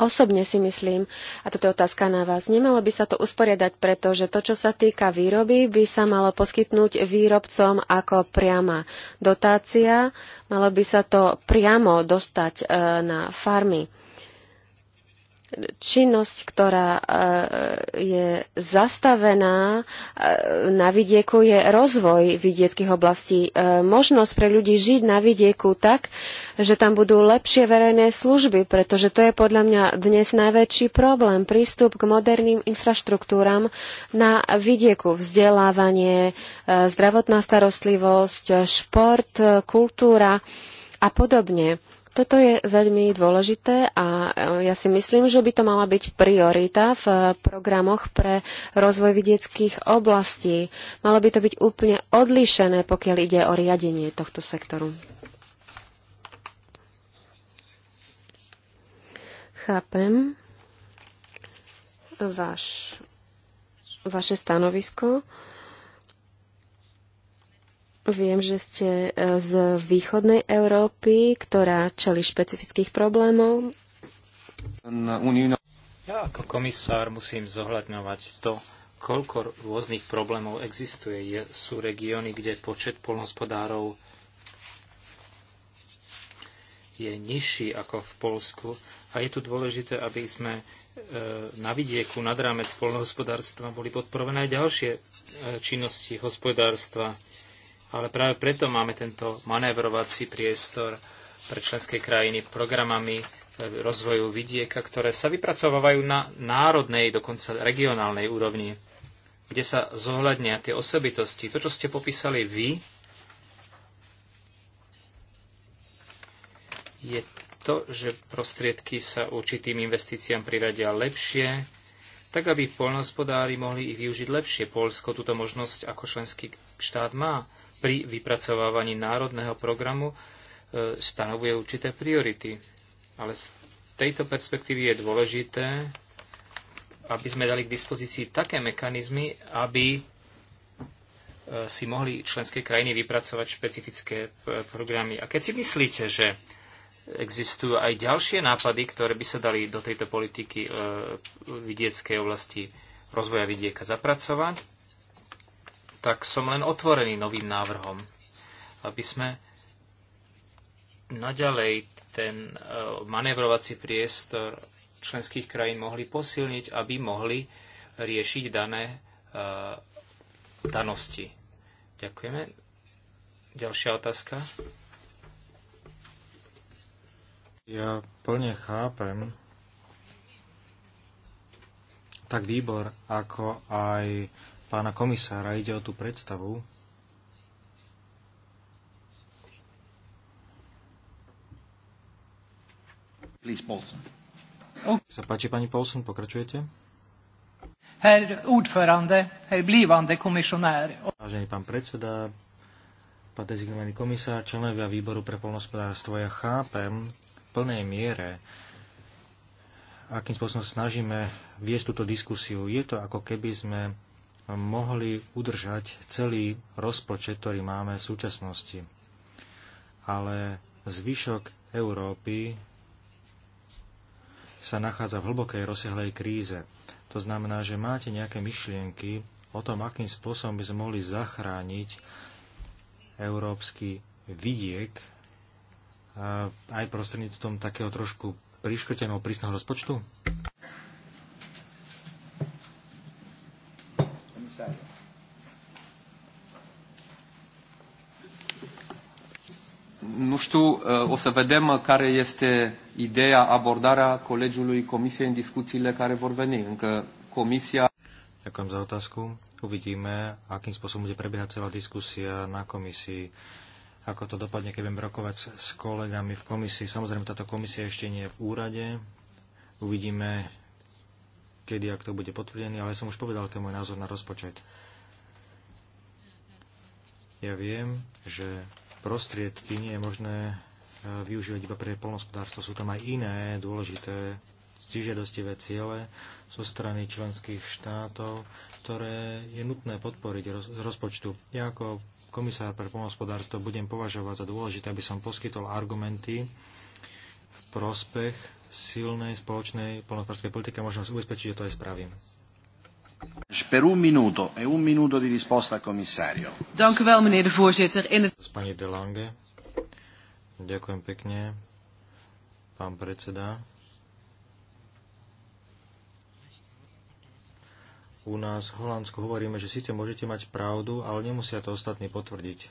Osobne si myslím, a toto je otázka na vás, nemalo by sa to usporiadať, pretože to, čo sa týka výroby, by sa malo poskytnúť výrobcom ako priama dotácia, malo by sa to priamo dostať e, na farmy činnosť, ktorá e, je zastavená e, na vidieku, je rozvoj vidieckých oblastí. E, možnosť pre ľudí žiť na vidieku tak, že tam budú lepšie verejné služby, pretože to je podľa mňa dnes najväčší problém. Prístup k moderným infraštruktúram na vidieku, vzdelávanie, zdravotná starostlivosť, šport, kultúra a podobne. Toto je veľmi dôležité a e, ja si myslím, že by to mala byť priorita v programoch pre rozvoj vidieckých oblastí. Malo by to byť úplne odlišené, pokiaľ ide o riadenie tohto sektoru. Chápem vaš, vaše stanovisko. Viem, že ste e, z východnej Európy, ktorá čeli špecifických problémov.
Ja ako komisár musím zohľadňovať to, koľko rôznych problémov existuje. Je, sú regióny, kde počet polnospodárov je nižší ako v Polsku. A je tu dôležité, aby sme e, na vidieku nad rámec polnohospodárstva boli podporované aj ďalšie e, činnosti hospodárstva ale práve preto máme tento manévrovací priestor pre členské krajiny programami e, rozvoju vidieka, ktoré sa vypracovávajú na národnej, dokonca regionálnej úrovni, kde sa zohľadnia tie osobitosti. To, čo ste popísali vy, je to, že prostriedky sa určitým investíciám priradia lepšie, tak aby polnospodári mohli ich využiť lepšie. Polsko túto možnosť ako členský štát má pri vypracovávaní národného programu e, stanovuje určité priority. Ale z tejto perspektívy je dôležité, aby sme dali k dispozícii také mechanizmy, aby e, si mohli členské krajiny vypracovať špecifické e, programy. A keď si myslíte, že existujú aj ďalšie nápady, ktoré by sa dali do tejto politiky vidieckej oblasti rozvoja vidieka zapracovať, tak som len otvorený novým návrhom, aby sme naďalej ten e, manevrovací priestor členských krajín mohli posilniť, aby mohli riešiť dané e, danosti. Ďakujeme. Ďalšia otázka.
Ja plne chápem tak výbor, ako aj pána komisára. Ide o tú predstavu, Please, Paulson. Okay. Sa páči, pani Paulson, pokračujete.
Herr ordförande, herr blivande
komisionär. Vážený pán predseda, pán dezignovaný komisár, členovia výboru pre polnospodárstvo, ja chápem v plnej miere, akým spôsobom snažíme viesť túto diskusiu. Je to ako keby sme mohli udržať celý rozpočet, ktorý máme v súčasnosti. Ale zvyšok Európy sa nachádza v hlbokej rozsiahlej kríze. To znamená, že máte nejaké myšlienky o tom, akým spôsobom by sme mohli zachrániť európsky vidiek aj prostredníctvom takého trošku priškrteného prísneho rozpočtu?
nu știu, uh, o să vedem care este ideea, abordarea colegiului Comisiei în discuțiile care vor veni. Încă comisia... Ďakujem za otázku. Uvidíme, akým spôsobom bude prebiehať celá diskusia
na komisii, ako to dopadne, keď budem rokovať s kolegami v komisii. Samozrejme, táto komisia ešte nie je v úrade. Uvidíme, kedy, ak to bude potvrdený, ale som už povedal, aký je môj názor na rozpočet. Ja viem, že prostriedky nie je možné e, využívať iba pre polnospodárstvo. Sú tam aj iné dôležité stižiadostivé ciele zo strany členských štátov, ktoré je nutné podporiť z rozpočtu. Ja ako komisár pre polnospodárstvo budem považovať za dôležité, aby som poskytol argumenty v prospech silnej spoločnej polnospodárskej politiky a možno vás ubezpečiť, že to aj spravím. Per un minuto e un minuto di risposta al commissario.
Dank u wel, meneer de voorzitter. In het...
Pani de Lange. Ďakujem pekne, pán predseda. U nás v Holandsku hovoríme, že síce môžete mať pravdu, ale nemusia to ostatní potvrdiť.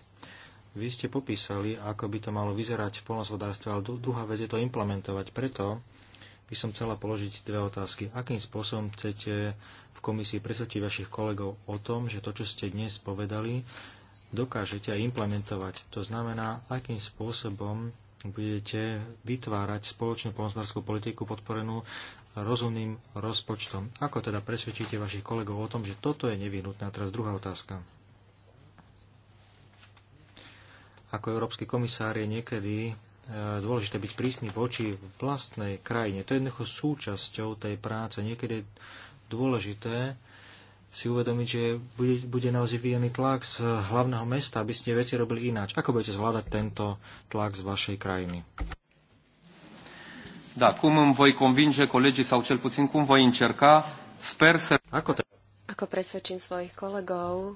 Vy ste popísali, ako by to malo vyzerať v polnospodárstve, ale druhá vec je to implementovať. Preto by som chcela položiť dve otázky. Akým spôsobom chcete v komisii presvedčiť vašich kolegov o tom, že to, čo ste dnes povedali, dokážete aj implementovať? To znamená, akým spôsobom budete vytvárať spoločnú polnospodárskú politiku podporenú rozumným rozpočtom. Ako teda presvedčíte vašich kolegov o tom, že toto je nevyhnutné? A teraz druhá otázka. Ako európsky komisár je niekedy dôležité byť prísny voči vlastnej krajine. To je jednoducho súčasťou tej práce. Niekedy je dôležité si uvedomiť, že bude, bude naozaj vyjený tlak z hlavného mesta, aby ste veci robili ináč. Ako budete zvládať tento tlak z vašej krajiny?
Da, cum îmi voi convinge colegii sau cel puțin cum voi încerca, sper să... Ako, te...
Ako presvedčím svojich kolegov,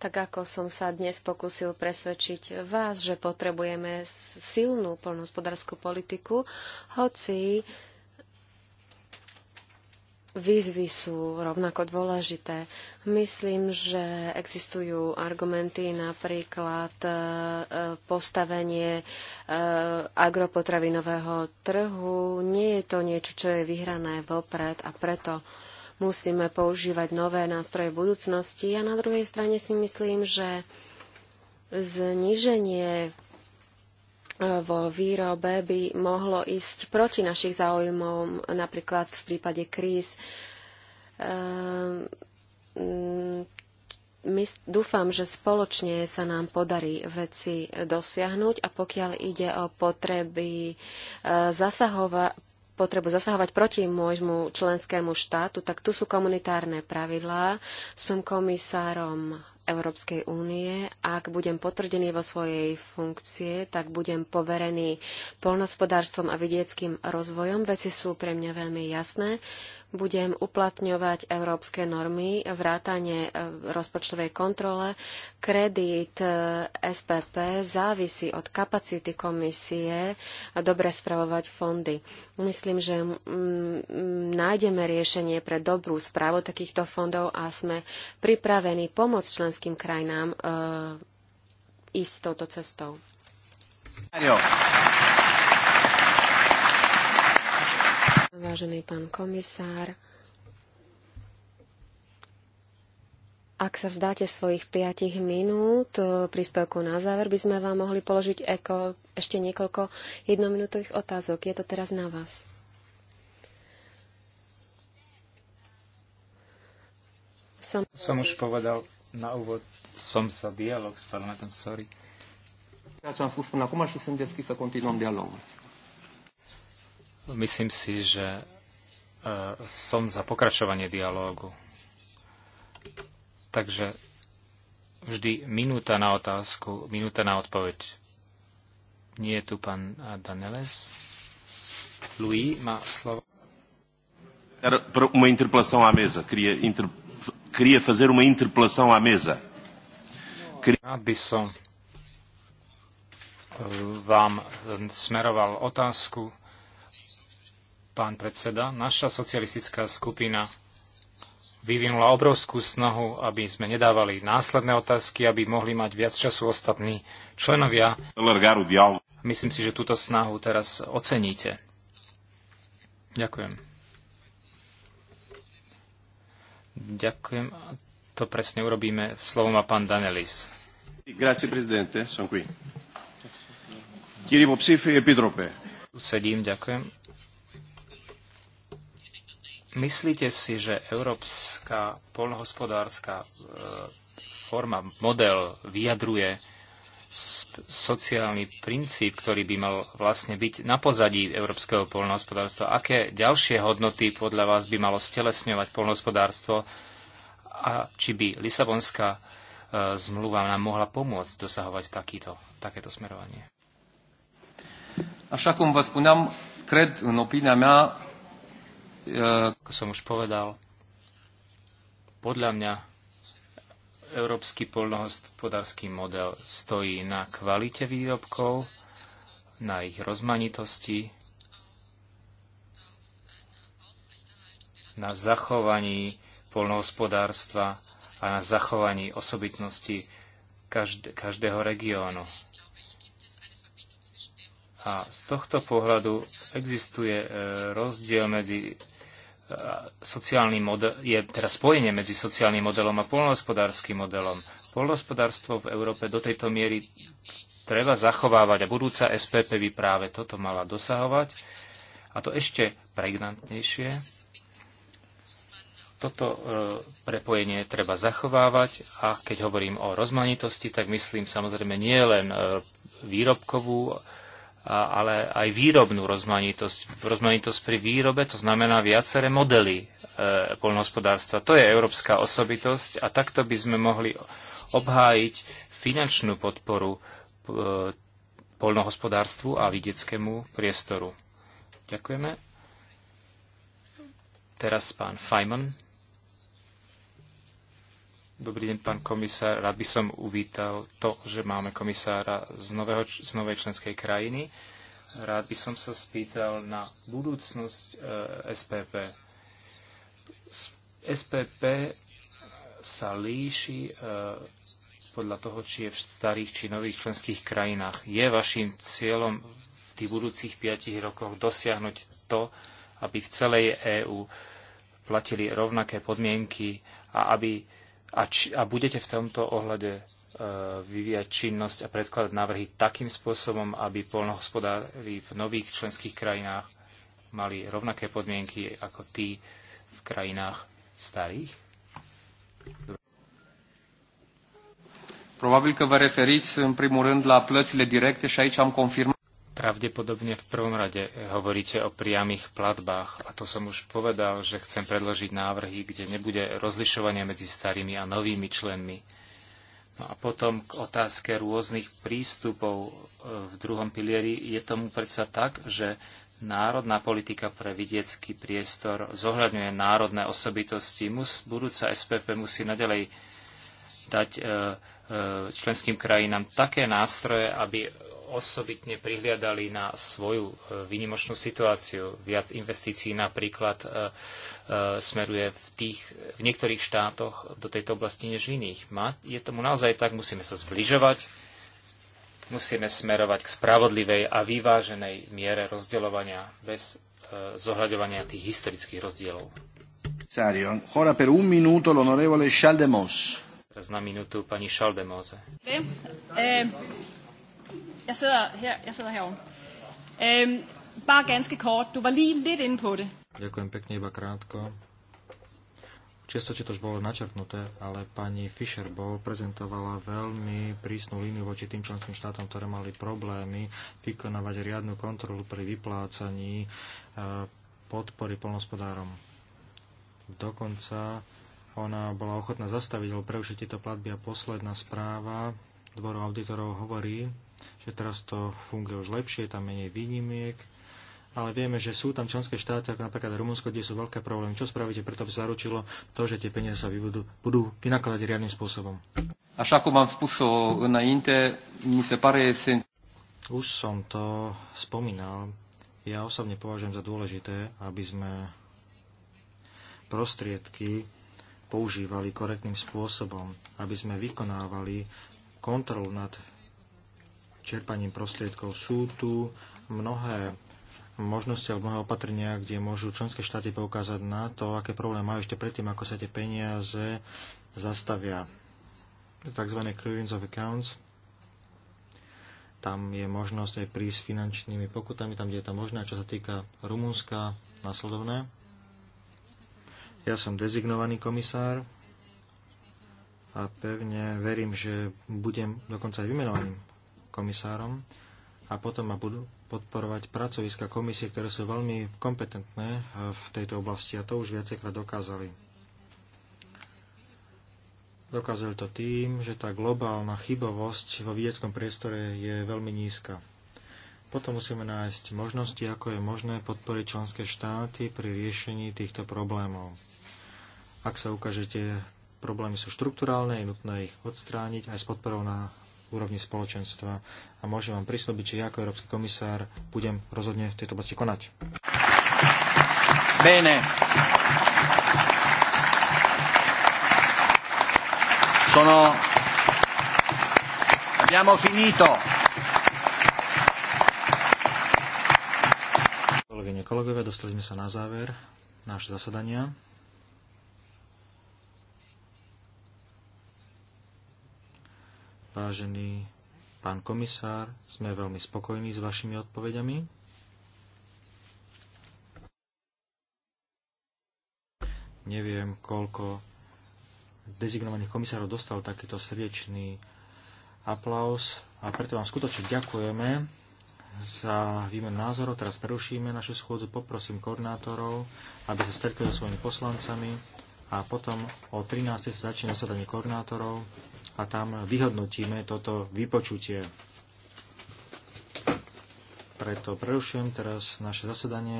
tak ako som sa dnes pokusil presvedčiť vás, že potrebujeme silnú polnohospodárskú politiku, hoci výzvy sú rovnako dôležité. Myslím, že existujú argumenty napríklad e, postavenie e, agropotravinového trhu. Nie je to niečo, čo je vyhrané vopred a preto musíme používať nové nástroje v budúcnosti. A na druhej strane si myslím, že zníženie e, vo výrobe by mohlo ísť proti našich záujmom, napríklad v prípade kríz. Ehm, my dúfam, že spoločne sa nám podarí veci dosiahnuť a pokiaľ ide o potreby e, zasahovať potrebu zasahovať proti môjmu členskému štátu, tak tu sú komunitárne pravidlá. Som komisárom Európskej únie. Ak budem potvrdený vo svojej funkcie, tak budem poverený polnospodárstvom a vidieckým rozvojom. Veci sú pre mňa veľmi jasné budem uplatňovať európske normy, vrátanie e, rozpočtovej kontrole. Kredit e, SPP závisí od kapacity komisie dobre spravovať fondy. Myslím, že nájdeme riešenie pre dobrú správu takýchto fondov a sme pripravení pomôcť členským krajinám e, ísť touto cestou. Vážený pán komisár, Ak sa vzdáte svojich 5 minút eh, príspevku na záver, by sme vám mohli položiť eko, ešte niekoľko jednominútových otázok. Je to teraz na vás.
Som, som už povedal na úvod, som
sa dialog s parlamentom, sorry. Ja som am spus până acum și sunt deschis să continuăm
Myslím si, že e, som za pokračovanie dialógu. Takže vždy minúta na otázku, minúta na odpoveď. Nie je tu pán Daneles. Louis má slovo.
Era para uma interpelação à mesa. Queria, inter... Queria fazer uma interpelação à mesa.
Queria... by som e, vám smeroval otázku pán predseda. Naša socialistická skupina vyvinula obrovskú snahu, aby sme nedávali následné otázky, aby mohli mať viac času ostatní členovia. Myslím si, že túto snahu teraz oceníte. Ďakujem. Ďakujem. To presne urobíme. Slovo má pán Danelis. Grazie, prezidente. Som qui. Kýri e Sedím, ďakujem. Myslíte si, že európska polnohospodárska e, forma, model vyjadruje sociálny princíp, ktorý by mal vlastne byť na pozadí európskeho polnohospodárstva? Aké ďalšie hodnoty podľa vás by malo stelesňovať polnohospodárstvo a či by Lisabonská e, zmluva
nám mohla pomôcť dosahovať takýto, takéto smerovanie? Așa cum vă spuneam, cred în opinia mea ako som už povedal, podľa mňa európsky
poľnohospodársky model stojí na kvalite výrobkov, na ich rozmanitosti, na zachovaní poľnohospodárstva a na zachovaní osobitnosti každého regiónu. A z tohto pohľadu existuje e, rozdiel medzi e, sociálnym model, je teraz spojenie medzi sociálnym modelom a polnohospodárským modelom. Polnohospodárstvo v Európe do tejto miery treba zachovávať a budúca SPP by práve toto mala dosahovať. A to ešte pregnantnejšie. Toto e, prepojenie treba zachovávať a keď hovorím o rozmanitosti, tak myslím samozrejme nie len výrobkovú, ale aj výrobnú rozmanitosť. Rozmanitosť pri výrobe to znamená viaceré modely e, poľnohospodárstva. To je európska osobitosť a takto by sme mohli obhájiť finančnú podporu e, poľnohospodárstvu a vidieckému priestoru. Ďakujeme. Teraz pán Fajman. Dobrý deň, pán komisár. Rád by som uvítal to, že máme komisára z, nového, z novej členskej krajiny. Rád by som sa spýtal na budúcnosť e, SPP. SPP sa líši e, podľa toho, či je v starých či nových členských krajinách. Je vašim cieľom v tých budúcich piatich rokoch dosiahnuť to, aby v celej EÚ platili rovnaké podmienky a aby a, či, a budete v tomto ohľade e, vyvíjať činnosť a predkladať návrhy takým spôsobom, aby polnohospodári v nových členských krajinách mali rovnaké podmienky ako tí v
krajinách starých? Probabil că vă referiți în primul rând la plățile directe și aici am confirmat. Pravdepodobne
v prvom rade hovoríte o priamých platbách a to som už povedal, že chcem predložiť návrhy, kde nebude rozlišovanie medzi starými a novými členmi. No a potom k otázke rôznych prístupov e, v druhom pilieri je tomu predsa tak, že národná politika pre vidiecký priestor zohľadňuje národné osobitosti. Mus, budúca SPP musí nadalej dať e, e, členským krajinám také nástroje, aby osobitne prihliadali na svoju e, výnimočnú situáciu. Viac investícií napríklad e, e, smeruje v, tých, v niektorých štátoch do tejto oblasti než v iných. Má, je tomu naozaj tak, musíme sa zbližovať, musíme smerovať k spravodlivej a vyváženej miere rozdeľovania bez zohľadovania tých historických rozdielov. Teraz na minútu pani Šaldemose
jeg sidder her, jeg sidder herovre. Øhm, bare ganske kort, du var lige lidt inde på det.
Ďakujem pekne, iba krátko. Čiastočne to už bolo načrtnuté, ale pani Fischer Ball prezentovala veľmi prísnu líniu voči tým členským štátom, ktoré mali problémy vykonávať riadnu kontrolu pri vyplácaní e, podpory polnospodárom. Dokonca ona bola ochotná zastaviť alebo preušiť tieto platby a posledná správa dvoru auditorov hovorí, že teraz to funguje už lepšie, tam menej výnimiek, ale vieme, že sú tam členské štáty, ako napríklad Rumunsko, kde sú veľké problémy. Čo spravíte preto, by zaručilo to, že tie peniaze sa budú, budú vynakladať riadnym spôsobom?
A ako am spus na inte, mi sa pare
Už som to spomínal. Ja osobne považujem za dôležité, aby sme prostriedky používali korektným spôsobom, aby sme vykonávali kontrolu nad čerpaním prostriedkov. Sú tu mnohé možnosti alebo mnohé opatrenia, kde môžu členské štáty poukázať na to, aké problémy majú ešte predtým, ako sa tie peniaze zastavia. Tzv. clearance of accounts. Tam je možnosť aj prísť finančnými pokutami, tam, kde je to možné, čo sa týka Rumunska, nasledovné. Ja som dezignovaný komisár a pevne verím, že budem dokonca aj vymenovaným komisárom a potom ma budú podporovať pracoviska komisie, ktoré sú veľmi kompetentné eh, v tejto oblasti a to už viacejkrát dokázali. Dokázali to tým, že tá globálna chybovosť vo vidieckom priestore je veľmi nízka. Potom musíme nájsť možnosti, ako je možné podporiť členské štáty pri riešení týchto problémov. Ak sa ukážete, problémy sú štruktúrálne, je nutné ich odstrániť aj s podporou na úrovni spoločenstva a môžem vám prislúbiť, že ja ako európsky komisár budem rozhodne v tejto oblasti konať. Bene.
Sono... Abbiamo finito.
Kolegyne, kolegovia, dostali sme sa na záver nášho zasadania. Vážený pán komisár, sme veľmi spokojní s vašimi odpovediami. Neviem, koľko dezignovaných komisárov dostal takýto srdečný aplaus a preto vám skutočne ďakujeme za výmenu názorov. Teraz prerušíme našu schôdzu, poprosím koordinátorov, aby sa stretli so svojimi poslancami a potom o 13. sa začne zasadanie koordinátorov a tam vyhodnotíme toto vypočutie. Preto prerušujem teraz naše zasedanie.